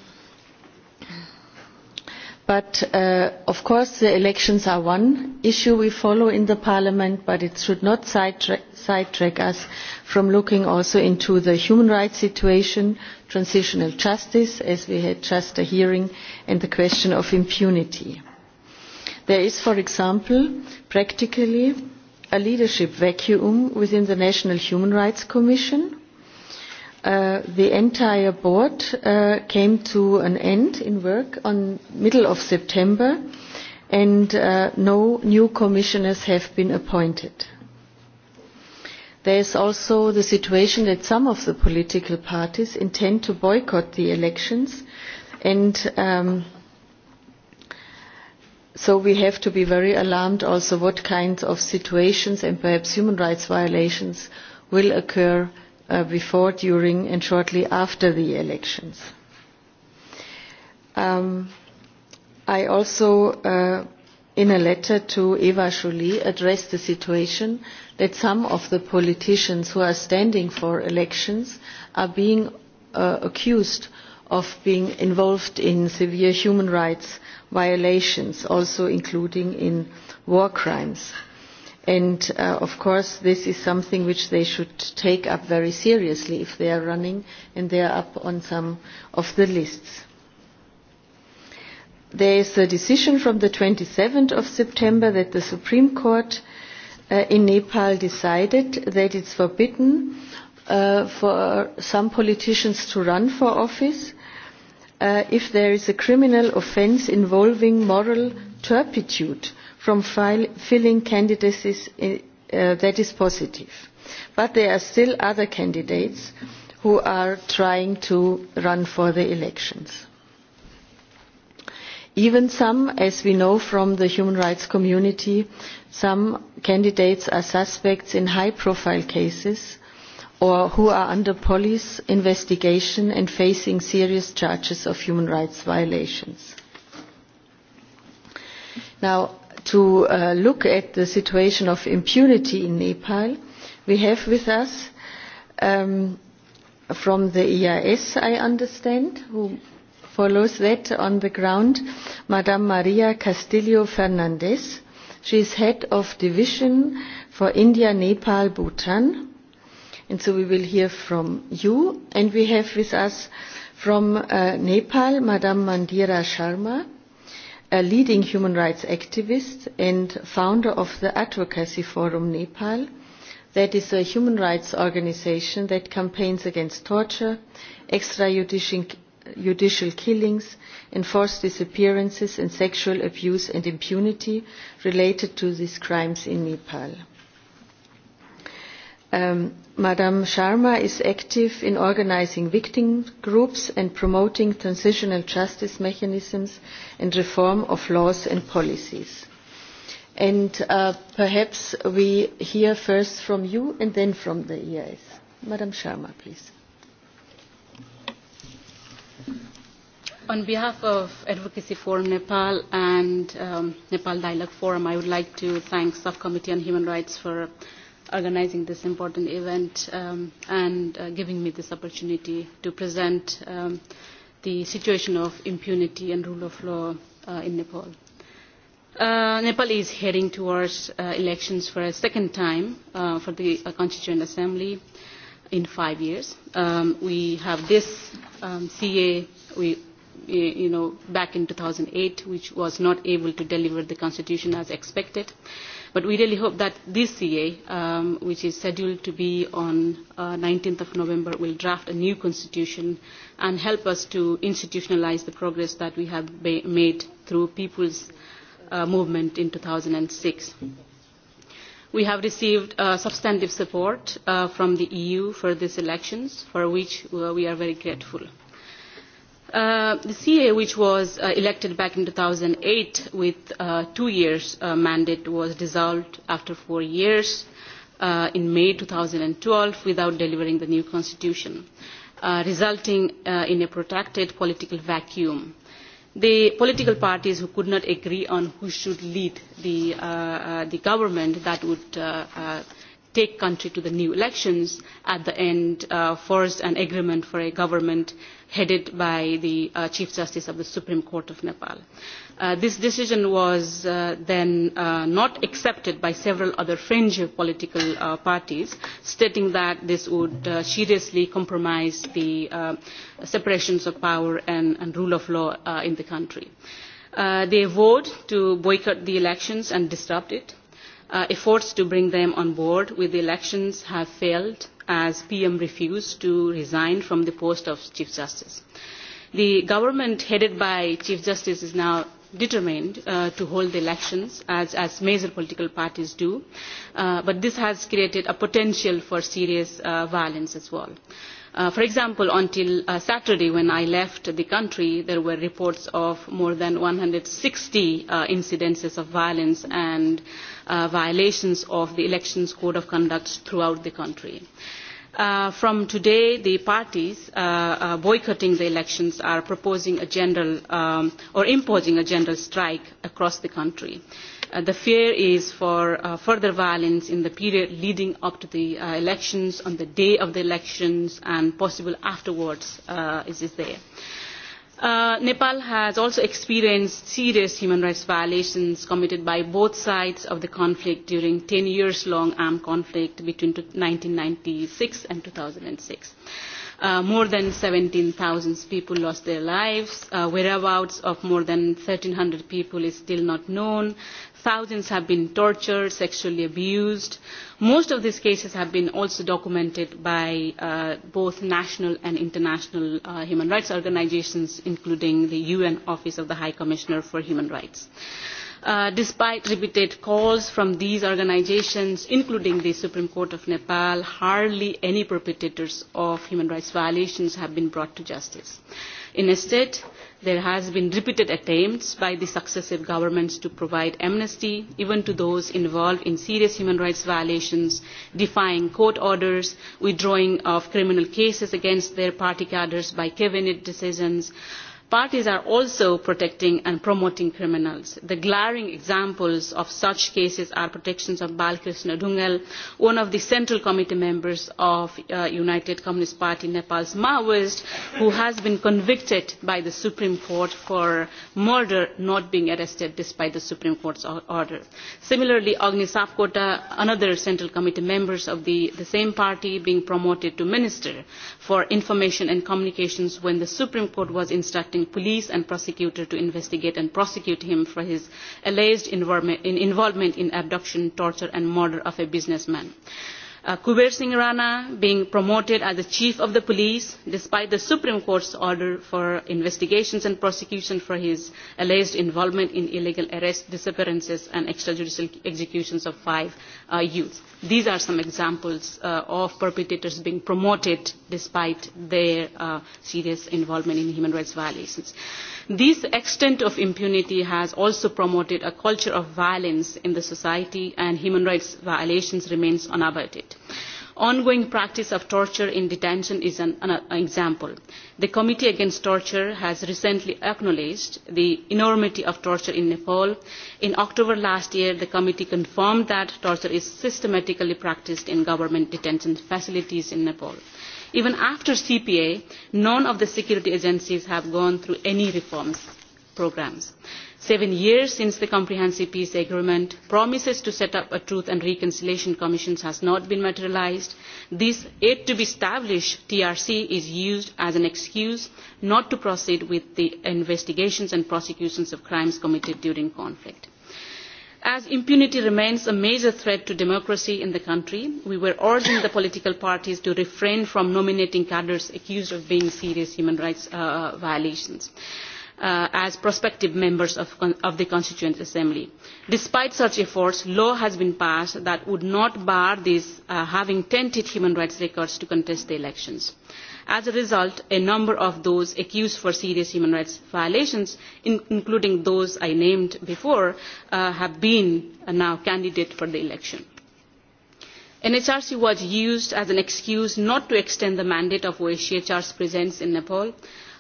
but uh, of course, the elections are one issue we follow in the parliament, but it should not sidetrack, sidetrack us from looking also into the human rights situation, transitional justice, as we had just a hearing, and the question of impunity. Uh, There is, for example, practically a leadership vacuum within the National Human Rights Commission. Uh, the entire board uh, came to an end in work on middle of September and uh, no new commissioners have been appointed. There is also the situation that some of the political parties intend to boycott the elections and um, so we have to be very alarmed also what kinds of situations and perhaps human rights violations will occur uh, before, during and shortly after the elections. Um, I also, uh, in a letter to Eva Joly, addressed the situation that some of the politicians who are standing for elections are being uh, accused of being involved in severe human rights violations, also including in war crimes. And uh, of course, this is something which they should take up very seriously if they are running and they are up on some of the lists. There is a decision from the 27th of September that the Supreme Court uh, in Nepal decided that it's forbidden uh, for some politicians to run for office uh, if there is a criminal offence involving moral turpitude from file, filling candidacies in, uh, uh, that is positive. But there are still other candidates who are trying to run for the elections. Even some, as we know from the human rights community, some candidates are suspects in high profile cases or who are under police investigation and facing serious charges of human rights violations. Now, to uh, look at the situation of impunity in Nepal, we have with us um, from the EIS, I understand, who follows that on the ground, Madame Maria Castillo Fernandez. She is head of division for India, Nepal, Bhutan And so we will hear from you. And we have with us from uh, Nepal, Madame Mandira Sharma, a leading human rights activist and founder of the Advocacy Forum Nepal. That is a human rights organization that campaigns against torture, extrajudicial judicial killings, enforced disappearances and sexual abuse and impunity related to these crimes in Nepal. Um, Madam Sharma is active in organizing victim groups and promoting transitional justice mechanisms and reform of laws and policies. And uh, perhaps we hear first from you and then from the EIS. Madam Sharma, please. On behalf of Advocacy Forum Nepal and um, Nepal Dialogue Forum, I would like to thank Subcommittee on Human Rights for organizing this important event um, and uh, giving me this opportunity to present um, the situation of impunity and rule of law uh, in Nepal. Uh, Nepal is heading towards uh, elections for a second time uh, for the uh, Constituent Assembly in five years. Um, we have this um, CA, we, you know, back in 2008, which was not able to deliver the constitution as expected. Uh, But we really hope that this CA, um, which is scheduled to be on uh, 19th of November, will draft a new constitution and help us to institutionalize the progress that we have made through people's uh, movement in 2006. We have received uh, substantive support uh, from the EU for these elections, for which uh, we are very grateful. Mm -hmm. Uh, the CA, which was uh, elected back in 2008 with uh, two years uh, mandate, was dissolved after four years uh, in May 2012 without delivering the new constitution, uh, resulting uh, in a protracted political vacuum. The political parties who could not agree on who should lead the, uh, uh, the government that would uh, uh, take country to the new elections at the end uh, forced an agreement for a government headed by the uh, Chief Justice of the Supreme Court of Nepal. Uh, this decision was uh, then uh, not accepted by several other fringe political uh, parties, stating that this would uh, seriously compromise the uh, separations of power and, and rule of law uh, in the country. Uh, they vowed to boycott the elections and disrupt it Uh, efforts to bring them on board with the elections have failed as PM refused to resign from the post of Chief Justice. The government headed by Chief Justice is now determined uh, to hold the elections as, as major political parties do, uh, but this has created a potential for serious uh, violence as well. Uh, for example, until uh, Saturday when I left the country, there were reports of more than 160 uh, incidences of violence and uh, uh, violations of the elections code of conduct throughout the country. Uh, from today, the parties uh, uh, boycotting the elections are proposing a general um, or imposing a general strike across the country. Uh, the fear is for uh, further violence in the period leading up to the uh, elections, on the day of the elections, and possible afterwards uh, is, is there. Uh, Uh, Nepal has also experienced serious human rights violations committed by both sides of the conflict during 10 years long armed conflict between 1996 and 2006. Uh, more than 17,000 people lost their lives. Uh, whereabouts of more than 1,300 people is still not known thousands have been tortured sexually abused most of these cases have been also documented by uh, both national and international uh, human rights organizations including the un office of the high commissioner for human rights uh, uh, despite repeated calls from these organizations, including the Supreme Court of Nepal, hardly any perpetrators of human rights violations have been brought to justice. Instead, there has been repeated attempts by the successive governments to provide amnesty even to those involved in serious human rights violations, defying court orders, withdrawing of criminal cases against their party cadres by cabinet decisions, uh, parties are also protecting and promoting criminals. the glaring examples of such cases are protections of balkrishna dungal one of the central committee members of uh, united communist party nepal's maoist who has been convicted by the supreme court for murder not being arrested despite the supreme court's order. similarly agni sapkota another central committee member of the, the same party being promoted to minister for information and communications when the supreme court was instructing Nigerian police and prosecutor to investigate and prosecute him for his alleged involvement in abduction, torture and murder of a businessman. Uh, Kuber Singh Rana being promoted as the chief of the police despite the Supreme Court's order for investigations and prosecution for his alleged involvement in illegal arrests, disappearances and extrajudicial executions of five uh, youth. These are some examples uh, of perpetrators being promoted despite their uh, serious involvement in human rights violations. This extent of impunity has also promoted a culture of violence in the society and human rights violations remains unabated. Uh, ongoing practice of torture in detention is an, an, an example. the committee against torture has recently acknowledged the enormity of torture in nepal. in october last year the committee confirmed that torture is systematically practised in government detention facilities in nepal. even after cpa none of the security agencies have gone through any reform programmes seven years since the comprehensive peace agreement promises to set up a truth and reconciliation commission has not been materialised this yet to be established trc is used as an excuse not to proceed with the investigations and prosecutions of crimes committed during conflict. As impunity remains a major threat to democracy in the country, we were urging the political parties to refrain from nominating cadres accused of being serious human rights uh, uh violations. Uh, uh, as prospective members of, of the Constituent Assembly. Despite such efforts, law has been passed that would not bar these uh, having tainted human rights records to contest the elections. As a result, a number of those accused for serious human rights violations, in, including those I named before, uh, have been uh, now candidate for the election. NHRC was used as an excuse not to extend the mandate of OSCE Charles Presents in Nepal,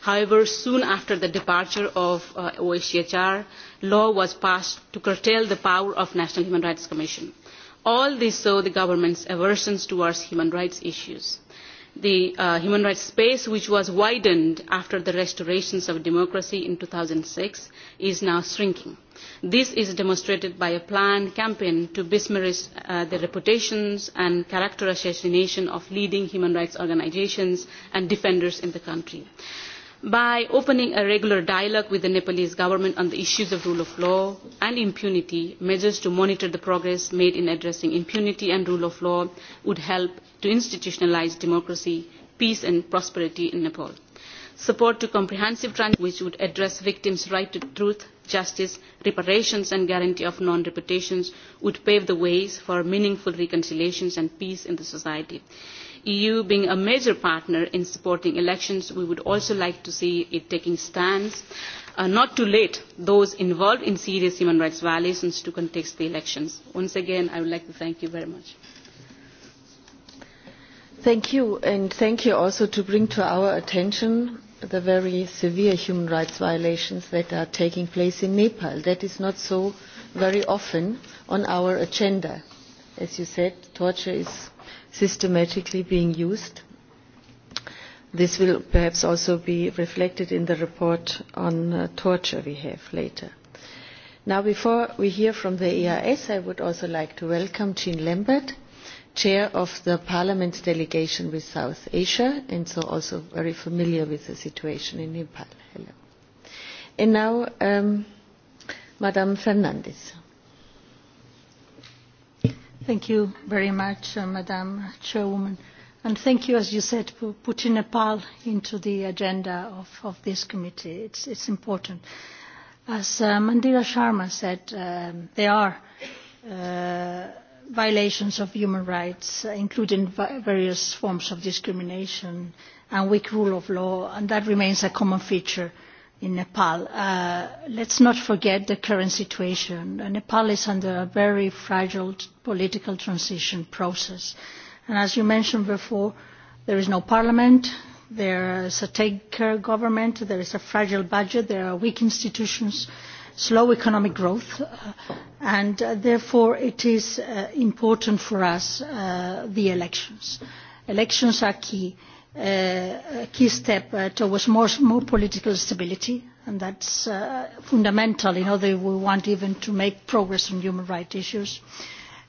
However, soon after the departure of uh, OHCHR, law was passed to curtail the power of National Human Rights Commission. All this saw the government's aversions towards human rights issues. The uh, human rights space, which was widened after the restorations of democracy in 2006, is now shrinking. This is demonstrated by a planned campaign to besmirch uh, the reputations and character assassination of leading human rights organizations and defenders in the country. Uh, by opening a regular dialogue with the Nepalese government on the issues of rule of law and impunity, measures to monitor the progress made in addressing impunity and rule of law would help to institutionalize democracy, peace and prosperity in Nepal. Support to comprehensive transition which would address victims' right to truth, justice, reparations and guarantee of non-reputations would pave the ways for meaningful reconciliations and peace in the society eu being a major partner in supporting elections we would also like to see it taking stands uh, not to let those involved in serious human rights violations to contest the elections. once again i would like to thank you very much. thank you and thank you also for bringing to our attention the very severe human rights violations that are taking place in nepal. that is not so very often on our agenda. as you said torture is systematically being used. This will perhaps also be reflected in the report on uh, torture we have later. Now, before we hear from the EIS, I would also like to welcome Jean Lambert, Chair of the Parliament's delegation with South Asia, and so also very familiar with the situation in Nepal. Hello. And now, um, Madame Fernandez. Thank you very much, uh, Madam Chairwoman. And thank you, as you said, for putting Nepal into the agenda of, of this committee. It's, it's important. As uh, Mandira Sharma said, um, there are uh, violations of human rights, uh, including various forms of discrimination and weak rule of law, and that remains a common feature in Nepal. Uh, let's not forget the current situation. Uh, Nepal is under a very fragile political transition process. And as you mentioned before, there is no parliament, there is a taker government, there is a fragile budget, there are weak institutions, slow economic growth, uh, and uh, therefore it is uh, important for us, uh, the elections. Elections are key. Uh, Uh, a key step uh, towards more, more political stability, and that's uh, fundamental in order we want even to make progress on human rights issues.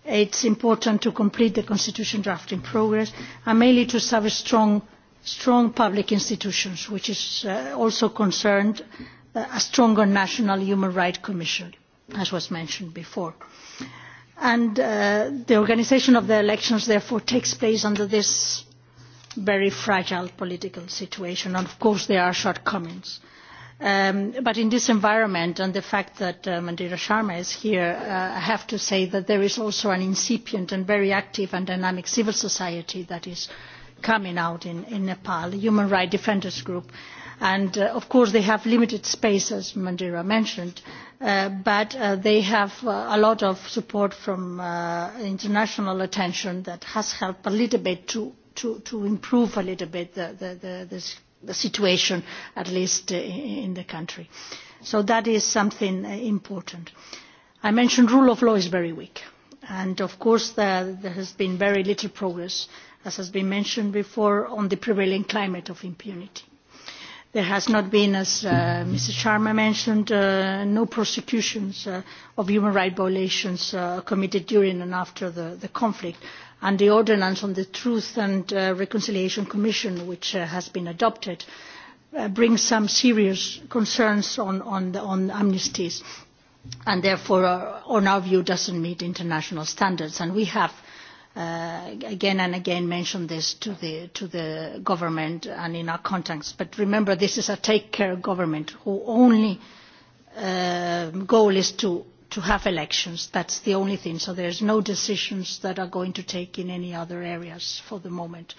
It's important to complete the constitution drafting progress, and mainly to establish strong, strong public institutions, which is also concerned a stronger national human rights commission as was mentioned before. And uh, the organisation of the elections therefore takes place under this very fragile political situation. And of course, there are shortcomings. Um, but in this environment and the fact that uh, Mandira Sharma is here, uh, I have to say that there is also an incipient and very active and dynamic civil society that is coming out in, in Nepal, the Human Rights Defenders Group. And uh, of course, they have limited space, as Mandira mentioned, uh, but uh, they have uh, a lot of support from uh, international attention that has helped a little bit to to, to improve a little bit the, the, the, the, the situation, at least uh, in the country. So that is something uh, important. I mentioned rule of law is very weak. And of course, the, there has been very little progress, as has been mentioned before, on the prevailing climate of impunity. There has not been, as uh, Mr. Sharma mentioned, uh, no prosecutions uh, of human rights violations uh, committed during and after the, the conflict, and the ordinance on the Truth and uh, Reconciliation Commission, which uh, has been adopted, uh, brings some serious concerns on, on, the, on amnesties and therefore, uh, on our view, doesn't meet international standards. And we have uh, again and again mentioned this to the, to the government and in our contacts. But remember, this is a take-care government who only uh, goal is to to have elections. That's the only thing. So there's no decisions that are going to take in any other areas for the moment.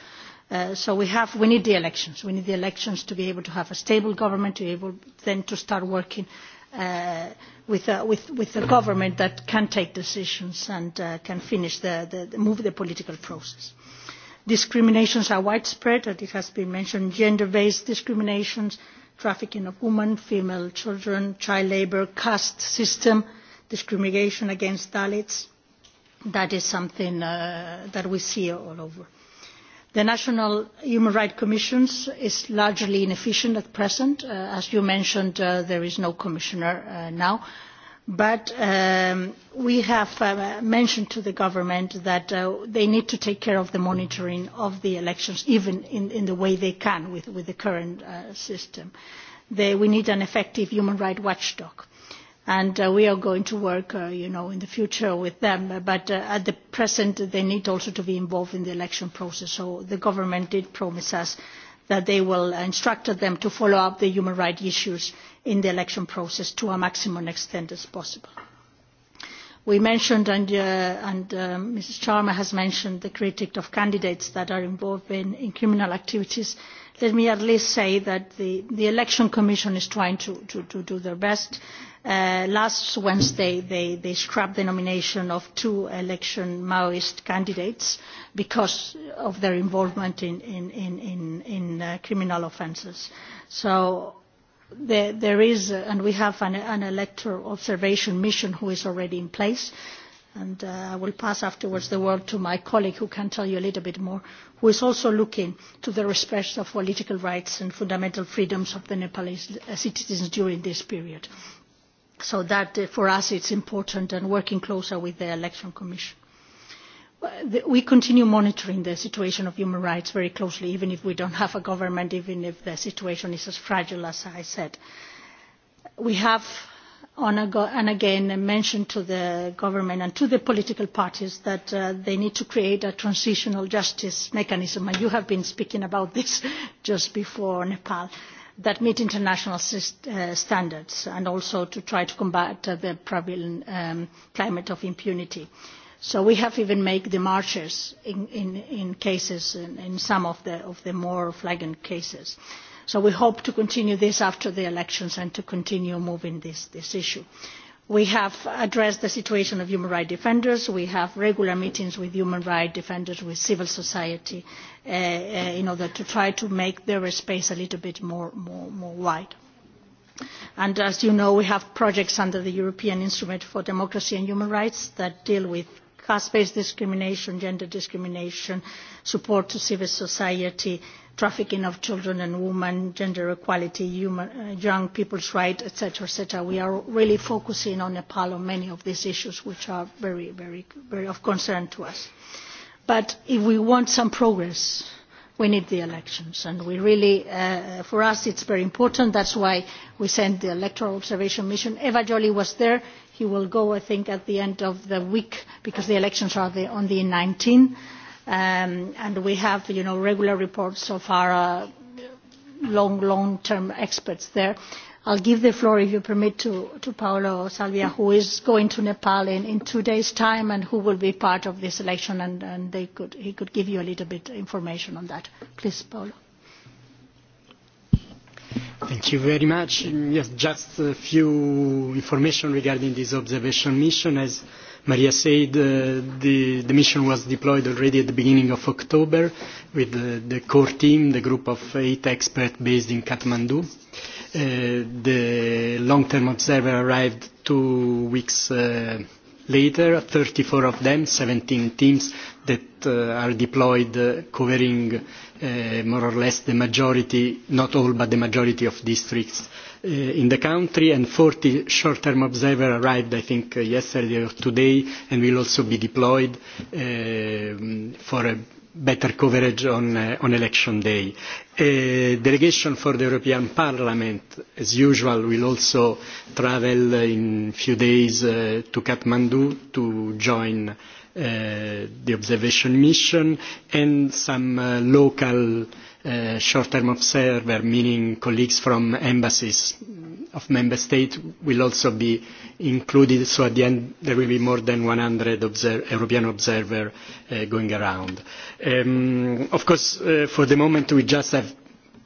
Uh, so we, have, we need the elections. We need the elections to be able to have a stable government, to be able then to start working uh, with, a, with, with a government that can take decisions and uh, can finish the, the, the move the political process. Discriminations are widespread, as it has been mentioned, gender-based discriminations, trafficking of women, female children, child labour, caste system, uh, discrimination against Dalits. That is something uh, that we see all over. The National Human Rights Commission is largely inefficient at present. Uh, as you mentioned, uh, there is no commissioner uh, now. But um, we have uh, mentioned to the government that uh, they need to take care of the monitoring of the elections, even in, in the way they can with, with the current uh, system. They, we need an effective human rights watchdog. Uh, and uh, we are going to work uh, you know in the future with them but uh, at the present they need also to be involved in the election process so the government did promise us that they will instruct them to follow up the human rights issues in the election process to a maximum extent as possible. We mentioned, and, uh, and uh, Mrs. Sharma has mentioned, the critique of candidates that are involved in, in criminal activities. Let me at least say that the, the Election Commission is trying to, to, to do their best Uh, last Wednesday, they, they scrapped the nomination of two election Maoist candidates because of their involvement in, in, in, in, in uh, criminal offences. So there, there is, uh, and we have an, an electoral observation mission who is already in place. And uh, I will pass afterwards the word to my colleague who can tell you a little bit more, who is also looking to the respect of political rights and fundamental freedoms of the Nepalese uh, citizens during this period so that uh, for us it's important and working closer with the election commission. We continue monitoring the situation of human rights very closely, even if we don't have a government, even if the situation is as fragile as I said. We have on a go and again mentioned to the government and to the political parties that uh, they need to create a transitional justice mechanism, and you have been speaking about this just before Nepal. Uh, that meet international uh, standards and also to try to combat uh, the prevalent um, climate of impunity. So we have even made demarches in, in, in cases, in, in some of the, of the more flagrant cases. So we hope to continue this after the elections and to continue moving this, this issue. Uh, we have addressed the situation of human rights defenders we have regular meetings with human rights defenders with civil society uh, uh, in order to try to make their space a little bit more, more, more wide. And as you know we have projects under the european instrument for democracy and human rights that deal with caste based discrimination gender discrimination support to civil society trafficking of children and women gender equality human, uh, young people's rights etc etc we are really focusing on nepal on many of these issues which are very very very of concern to us but if we want some progress we need the elections and we really uh, for us it's very important that's why we sent the electoral observation mission eva joly was there He will go, I think, at the end of the week because the elections are the, on the 19th. Um, and we have, you know, regular reports of our uh, long, long-term experts there. I'll give the floor, if you permit, to, to Paolo Salvia, who is going to Nepal in, in two days' time and who will be part of this election, and, and they could, he could give you a little bit information on that. Please, Paolo. Thank you very much. Yes, just a few information regarding this observation mission. As Maria said, uh, the, the mission was deployed already at the beginning of October with the, the core team, the group of eight experts based in Kathmandu. Uh, the long-term observer arrived two weeks uh, later, 34 of them, 17 teams that uh, are deployed uh, covering uh, more or less the majority, not all, but the majority of districts uh, in the country, and 40 short-term observers arrived, I think, uh, yesterday or today, and will also be deployed uh, for a better coverage on, uh, on election day. A uh, delegation for the European Parliament, as usual, will also travel uh, in a few days uh, to Kathmandu to join uh, the observation mission and some uh, local uh, short-term observer, meaning colleagues from embassies of member states will also be included. So at the end, there will be more than 100 observer, European observers uh, going around. Um, of course, uh, for the moment, we just have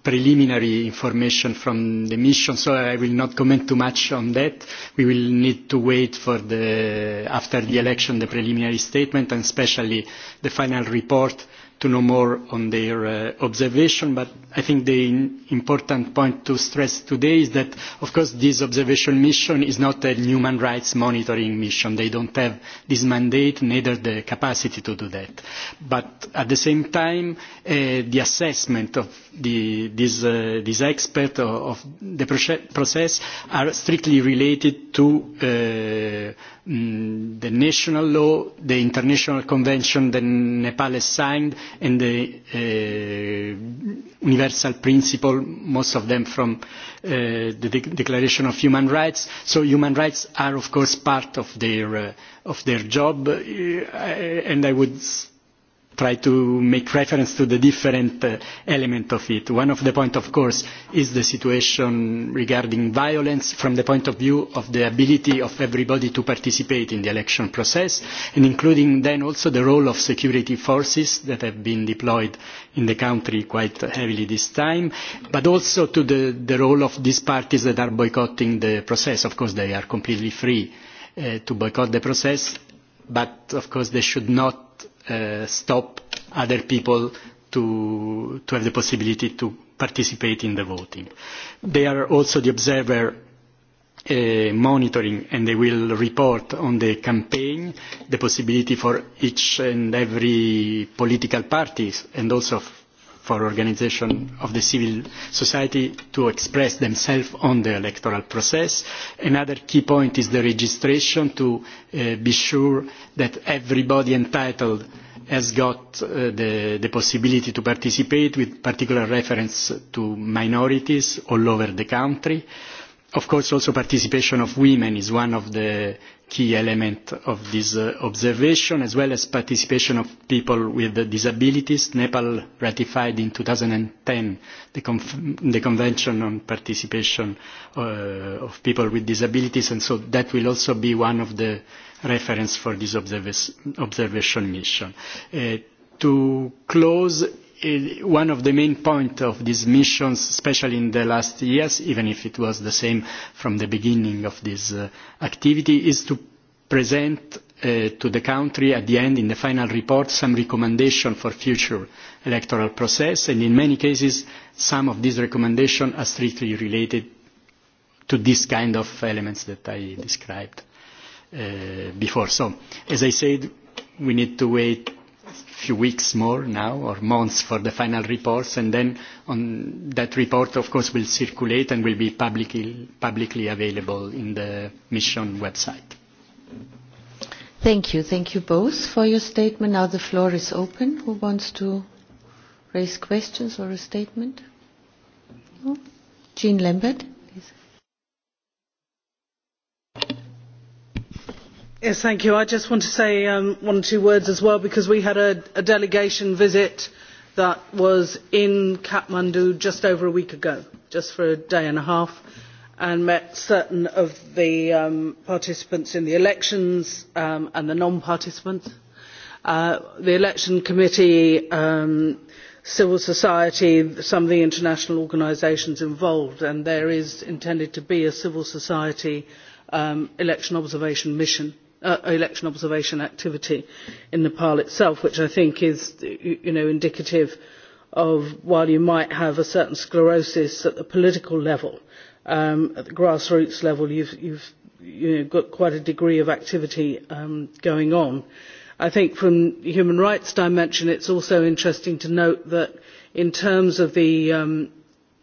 preliminary information from the mission, so I will not comment too much on that. We will need to wait for the, after the election, the preliminary statement and especially the final report to know more on their uh, observation, but I think the important point to stress today is that, of course, this observation mission is not a human rights monitoring mission. They don't have this mandate, neither the capacity to do that. But at the same time, uh, the assessment of the, this, uh, this expert of, of the proce process are strictly related to uh, mm, the national law, the international convention that Nepal has signed, and the uh, universal principle, most of them from uh, the De Declaration of Human Rights. So human rights are, of course, part of their, uh, of their job, uh, and I would try to make reference to the different uh, element of it. One of the point, of course, is the situation regarding violence from the point of view of the ability of everybody to participate in the election process, and including then also the role of security forces that have been deployed in the country quite heavily this time, but also to the, the role of these parties that are boycotting the process. Of course, they are completely free uh, to boycott the process, but of course they should not uh, stop other people to, to have the possibility to participate in the voting. They are also the observer uh, monitoring and they will report on the campaign, the possibility for each and every political parties and also for organization of the civil society to express themselves on the electoral process. Another key point is the registration to uh, be sure that everybody entitled has got uh, the, the possibility to participate with particular reference to minorities all over the country. Of course, also participation of women is one of the key element of this uh, observation, as well as participation of people with disabilities. Nepal ratified in 2010 the, con the Convention on Participation uh, of People with Disabilities, and so that will also be one of the reference for this observ observation mission. Uh, to close, one of the main points of these missions, especially in the last years, even if it was the same from the beginning of this uh, activity, is to present uh, to the country at the end, in the final report, some recommendation for future electoral process, and in many cases, some of these recommendations are strictly related to these kind of elements that I described uh, before. So, as I said, we need to wait few weeks more now or months for the final reports and then on that report of course will circulate and will be publicly, publicly available in the mission website. Thank you. Thank you both for your statement. Now the floor is open. Who wants to raise questions or a statement? No? Jean Lambert. Yes, thank you. I just want to say um, one or two words as well because we had a, a delegation visit that was in Kathmandu just over a week ago, just for a day and a half, and met certain of the um, participants in the elections um, and the non-participants. Uh, the election committee, um, civil society, some of the international organisations involved, and there is intended to be a civil society um, election observation mission uh, election observation activity in Nepal itself, which I think is you know, indicative of while you might have a certain sclerosis at the political level, um, at the grassroots level, you've, you've you know, got quite a degree of activity um, going on. I think from the human rights dimension, it's also interesting to note that in terms of the um,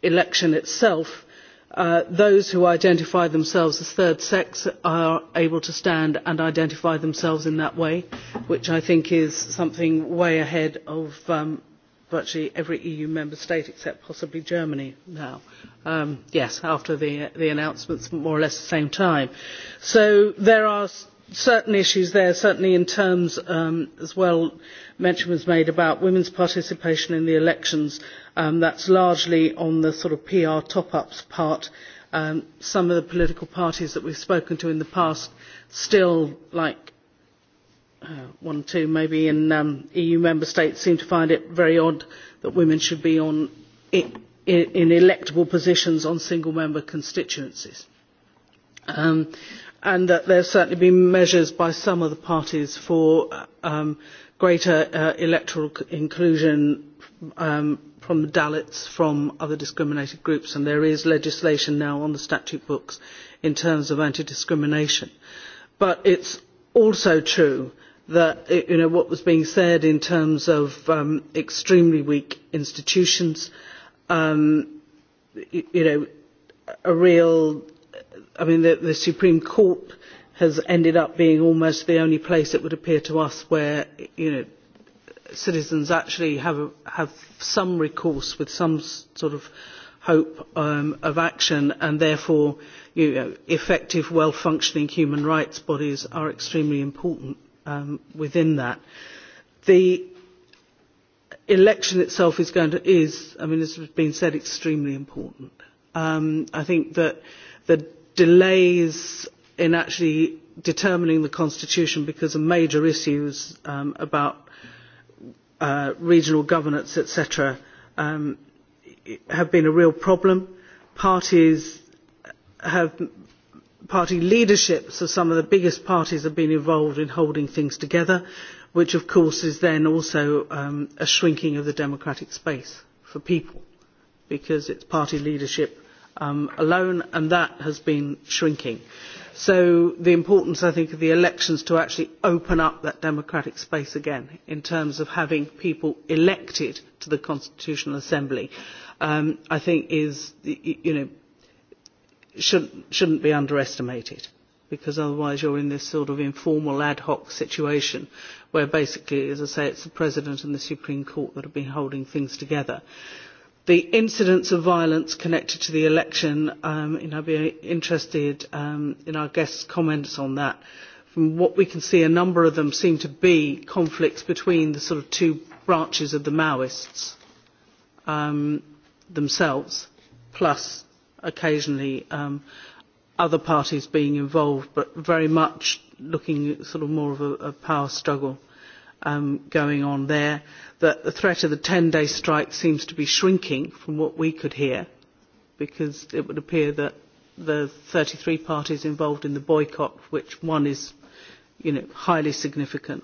election itself, Uh, those who identify themselves as third sex are able to stand and identify themselves in that way, which I think is something way ahead of um, virtually every EU member state except possibly Germany now. Um, yes, after the, the announcements, more or less the same time. So there are certain issues there, certainly in terms, um, as well, mention was made about women's participation in the elections. Um, that's largely on the sort of PR top-ups part. Um, some of the political parties that we've spoken to in the past still, like uh, one or two maybe in um, EU member states, seem to find it very odd that women should be on in, in electable positions on single member constituencies. Um, and that there have certainly been measures by some of the parties for um, greater uh, electoral inclusion um, from Dalits, from other discriminated groups, and there is legislation now on the statute books in terms of anti-discrimination. But it's also true that uh, you know, what was being said in terms of um, extremely weak institutions, um, you, you know, a real I mean, the, the Supreme Court has ended up being almost the only place it would appear to us where you know citizens actually have a, have some recourse with some sort of hope um, of action and therefore you know effective well functioning human rights bodies are extremely important um, within that the election itself is going to is i mean as has been said extremely important um, i think that the delays in actually determining the constitution because of major issues um, about uh, regional governance, etc., um, have been a real problem. Parties have party leaderships of some of the biggest parties have been involved in holding things together, which of course is then also um, a shrinking of the democratic space for people, because it's party leadership um, alone, and that has been shrinking. So the importance, I think, of the elections to actually open up that democratic space again in terms of having people elected to the Constitutional Assembly, um, I think is, you know, should, shouldn't be underestimated because otherwise you're in this sort of informal ad hoc situation where basically, as I say, it's the President and the Supreme Court that have been holding things together. Uh, the incidents of violence connected to the election, um, and I'd be interested um, in our guests' comments on that. From what we can see, a number of them seem to be conflicts between the sort of two branches of the Maoists um, themselves, plus occasionally um, other parties being involved, but very much looking sort of more of a, a power struggle um, going on there, that the threat of the 10-day strike seems to be shrinking from what we could hear, because it would appear that the 33 parties involved in the boycott, which one is you know, highly significant.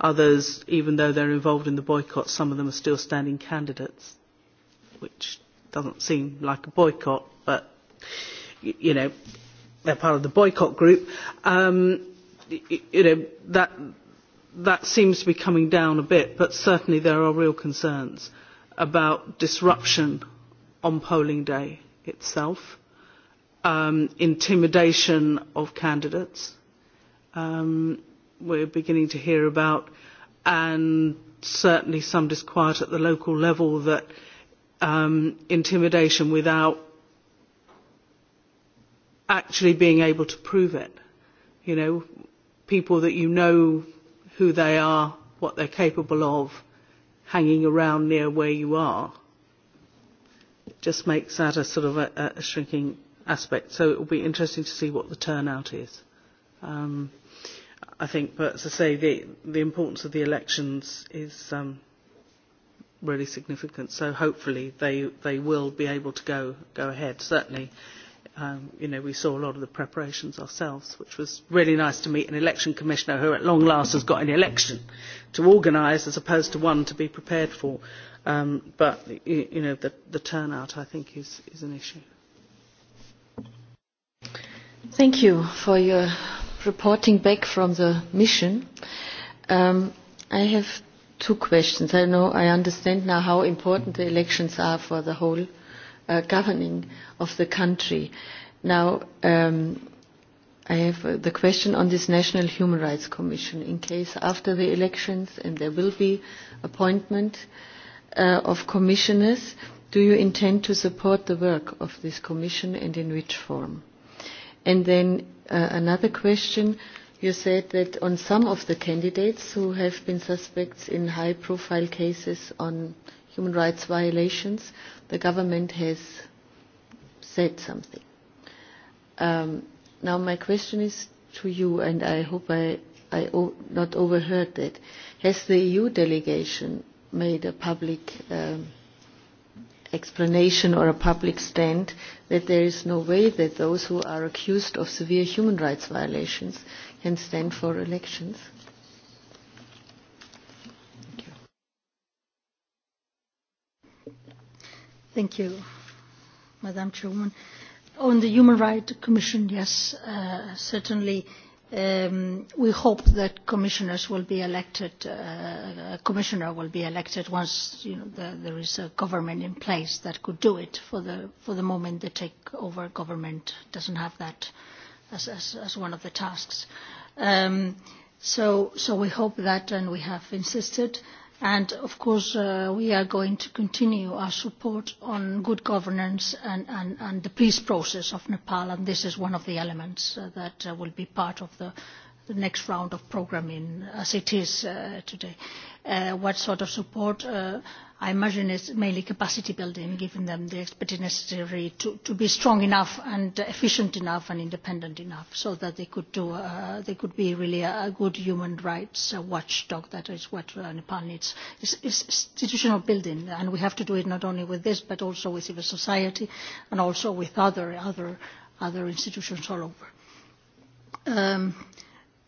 Others, even though they're involved in the boycott, some of them are still standing candidates, which doesn't seem like a boycott, but, you know, they're part of the boycott group. Um, you know, that, that seems to be coming down a bit, but certainly there are real concerns about disruption on polling day itself, um, intimidation of candidates, um, we're beginning to hear about, and certainly some disquiet at the local level that um, intimidation without actually being able to prove it. You know, people that you know who they are, what they're capable of, hanging around near where you are, it just makes that a sort of a, a shrinking aspect. So it will be interesting to see what the turnout is. Um, I think, but as I say, the, the importance of the elections is um, really significant. So hopefully they, they will be able to go, go ahead. Certainly um, you know, we saw a lot of the preparations ourselves, which was really nice to meet an election commissioner who at long last has got an election to organise as opposed to one to be prepared for. Um, but, you, you know, the, the turnout, I think, is, is an issue. Thank you for your reporting back from the mission. Um, I have two questions. I know I understand now how important the elections are for the whole uh, governing of the country. Now, um, I have uh, the question on this National Human Rights Commission. In case after the elections, and there will be appointment uh, of commissioners, do you intend to support the work of this commission and in which form? And then uh, another question. You said that on some of the candidates who have been suspects in high-profile cases on uh, human rights violations, the government has said something. Um, now my question is to you, and I hope I, I o- not overheard that. Has the EU delegation made a public um, explanation or a public stand that there is no way that those who are accused of severe human rights violations can stand for elections? Thank you, Madam Chairwoman. On the Human Rights Commission, yes, uh, certainly um, we hope that commissioners will be elected, uh, a commissioner will be elected once you know, the, there is a government in place that could do it. For the, for the moment, the takeover government doesn't have that as, as, as one of the tasks. Um, so, so we hope that, and we have insisted. Uh, and of course uh, we are going to continue our support on good governance and, and, and the peace process of Nepal and this is one of the elements uh, that uh, will be part of the, the next round of programming as it is uh, today. Uh, what sort of support? Uh, I imagine it's mainly capacity building, giving them the expertise necessary to, to be strong enough and efficient enough and independent enough so that they could, do, uh, they could be really a, a good human rights uh, watchdog. That is what uh, Nepal needs. It's, it's institutional building, and we have to do it not only with this, but also with civil society and also with other, other, other institutions all over. Um,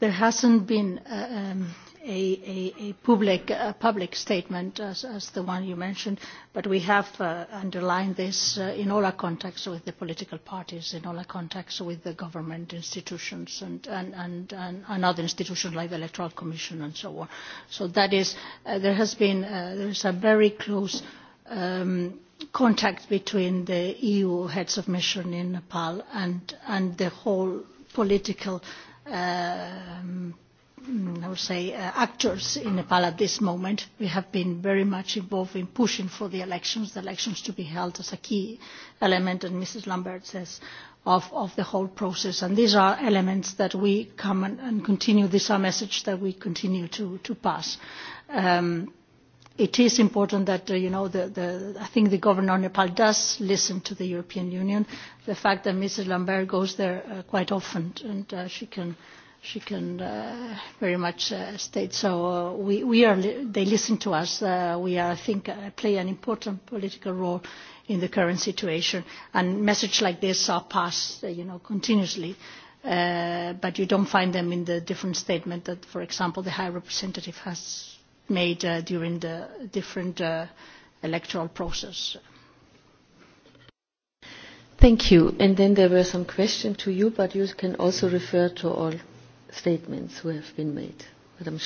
there hasn't been... Uh, um, a, a, a public, a public statement as, as the one you mentioned, but we have uh, underlined this uh, in all our contacts with the political parties, in all our contacts with the government institutions and, and, and, and, and other institutions like the Electoral Commission and so on. So that is, uh, there has been, uh, there is a very close um, contact between the EU heads of mission in Nepal and, and the whole political um, uh, Mm, I would say, uh, actors in Nepal at this moment. We have been very much involved in pushing for the elections, the elections to be held as a key element, and Mrs. Lambert says, of, of the whole process. And these are elements that we come and, and continue. These are messages that we continue to, to pass. Um, it is important that uh, you know the, the, I think the governor of Nepal does listen to the European Union. The fact that Mrs. Lambert goes there uh, quite often and uh, she can uh, she can uh, very much uh, state. So uh, we, we are li they listen to us. Uh, we, are, I think, uh, play an important political role in the current situation. And messages like this are passed, uh, you know, continuously. Uh, but you don't find them in the different statement that, for example, the High Representative has made uh, during the different uh, electoral process. Thank you. And then there were some questions to you, but you can also refer to all statements who have been made. Madam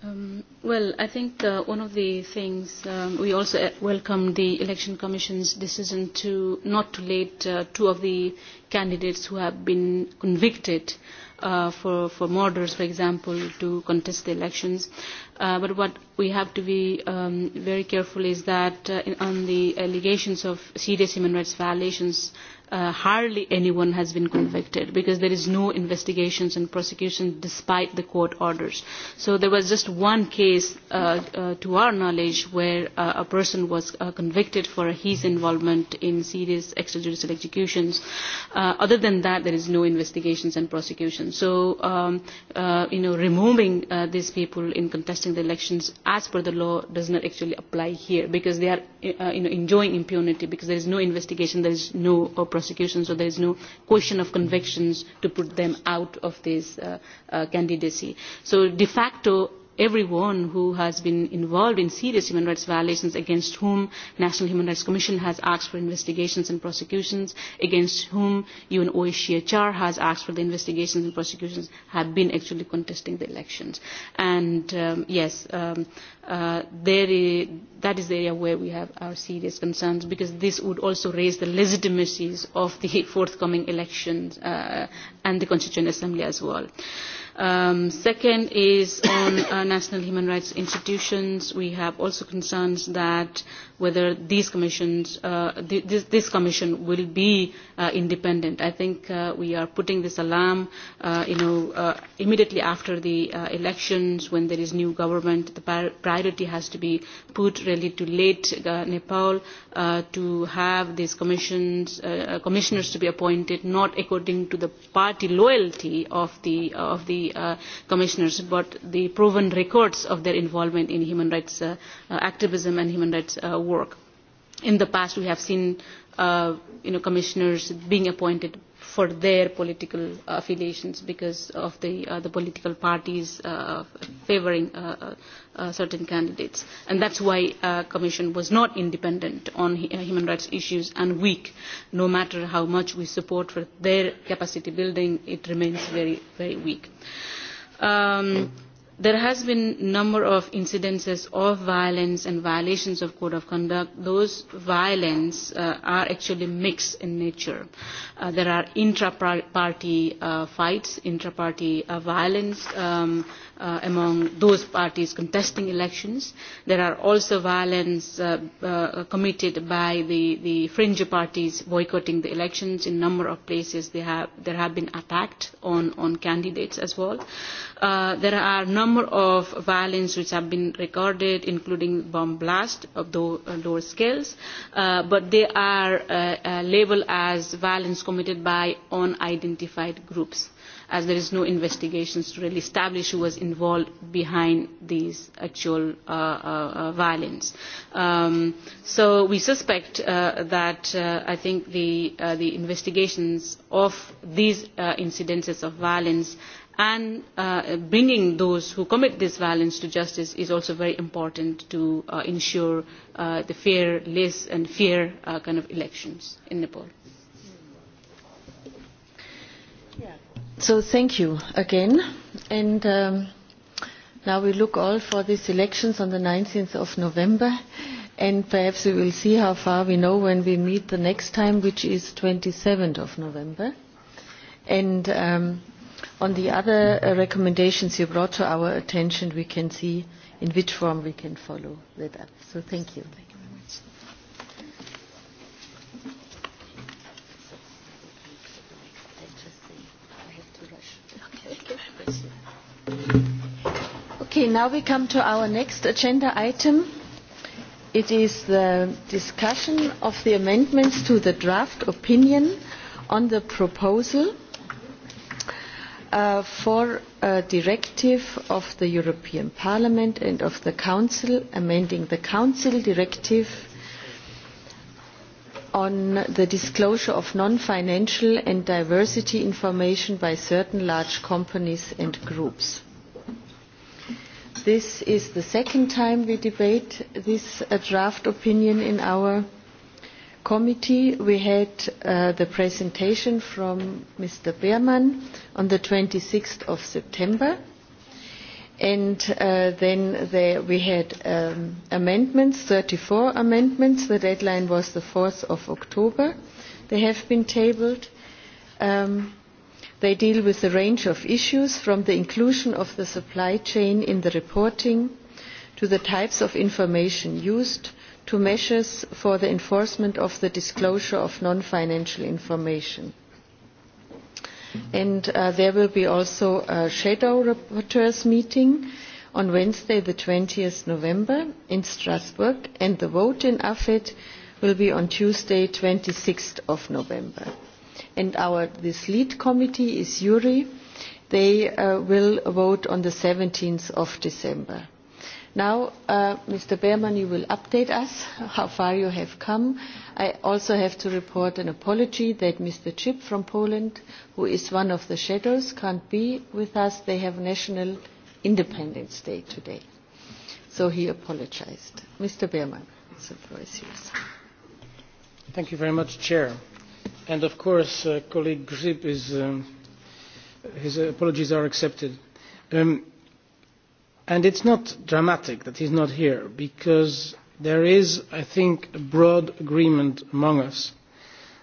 um, well, I think uh, one of the things um, we also uh, welcome the Election Commission's decision to not to let uh, two of the candidates who have been convicted uh, for, for murders, for example, to contest the elections. Uh, but what we have to be um, very careful is that uh, in, on the allegations of serious human rights violations uh, hardly anyone has been convicted because there is no investigations and prosecution despite the court orders. So there was just one case, uh, uh, to our knowledge, where uh, a person was uh, convicted for his involvement in serious extrajudicial executions. Uh, other than that, there is no investigations and prosecution. So, um, uh, you know, removing uh, these people in contesting the elections as per the law does not actually apply here because they are, uh, you know, enjoying impunity because there is no investigation, there is no uh, prosecution so there is no question of convictions to put them out of this uh, uh, candidacy. so de facto everyone who has been involved in serious human rights violations against whom National Human Rights Commission has asked for investigations and prosecutions, against whom UN OHCHR has asked for the investigations and prosecutions, have been actually contesting the elections. And um, yes, um, uh, there is, that is the area where we have our serious concerns because this would also raise the legitimacies of the forthcoming elections uh, and the Constituent Assembly as well. Uh, Um, second is on uh, national human rights institutions. We have also concerns that whether these commissions, uh, th this, this commission will be uh, independent. I think uh, we are putting this alarm, uh, you know, uh, immediately after the uh, elections when there is new government. The priority has to be put really to late uh, Nepal uh, to have these commissions, uh, uh commissioners to be appointed not according to the party loyalty of the, of the the uh, commissioners, but the proven records of their involvement in human rights uh, uh, activism and human rights uh, work. In the past, we have seen uh, you know, commissioners being appointed for their political affiliations because of the, uh, the political parties uh, favoring uh, uh, uh certain candidates. And that's why uh, Commission was not independent on uh, human rights issues and weak. No matter how much we support for their capacity building, it remains very, very weak. Um, there has been a number of incidences of violence and violations of code of conduct. Those violence uh, are actually mixed in nature. Uh, there are intra-party uh, fights, intra-party uh, violence, um, uh, among those parties contesting elections. There are also violence uh, uh, committed by the, the fringe parties boycotting the elections. In a number of places they have, there have been attacks on, on candidates as well. Uh, there are a number of violence which have been recorded, including bomb blast of low, uh, lower scales, uh, but they are uh, uh, labeled as violence committed by unidentified groups as there is no investigations to really establish who was involved behind these actual uh, uh, uh, violence. Um, so we suspect uh, that uh, I think the, uh, the investigations of these uh, incidences of violence and uh, bringing those who commit this violence to justice is also very important to uh, ensure uh, the fairless and fair uh, kind of elections in Nepal. So thank you again. And um, now we look all for these elections on the 19th of November. And perhaps we will see how far we know when we meet the next time, which is 27th of November. And um, on the other uh, recommendations you brought to our attention, we can see in which form we can follow that up. So thank you. Thank you. Okay, now we come to our next agenda item. It is the discussion of the amendments to the draft opinion on the proposal uh, for a directive of the European Parliament and of the Council amending the Council Directive on the disclosure of non-financial and diversity information by certain large companies and groups. This is the second time we debate this uh, draft opinion in our committee. We had uh, the presentation from Mr. Beerman on the 26th of September and uh, then there we had um, amendments, 34 amendments. The deadline was the 4th of October. They have been tabled. Um, they deal with a range of issues from the inclusion of the supply chain in the reporting to the types of information used to measures for the enforcement of the disclosure of non-financial information and uh, there will be also a shadow rapporteurs meeting on Wednesday the 20th November in Strasbourg and the vote in AFED will be on Tuesday 26th of November. And our, this lead committee is URI. They uh, will vote on the 17th of December Now, uh, Mr. Behrman, you will update us how far you have come. I also have to report an apology that Mr. Chip from Poland, who is one of the shadows, can't be with us. They have National Independence Day today. So he apologized. Mr. Behrman, the floor is yours. Thank you very much, Chair. And of course, uh, colleague Grzyb is, um, his apologies are accepted. Um, And it's not dramatic that he's not here, because there is, I think, a broad agreement among us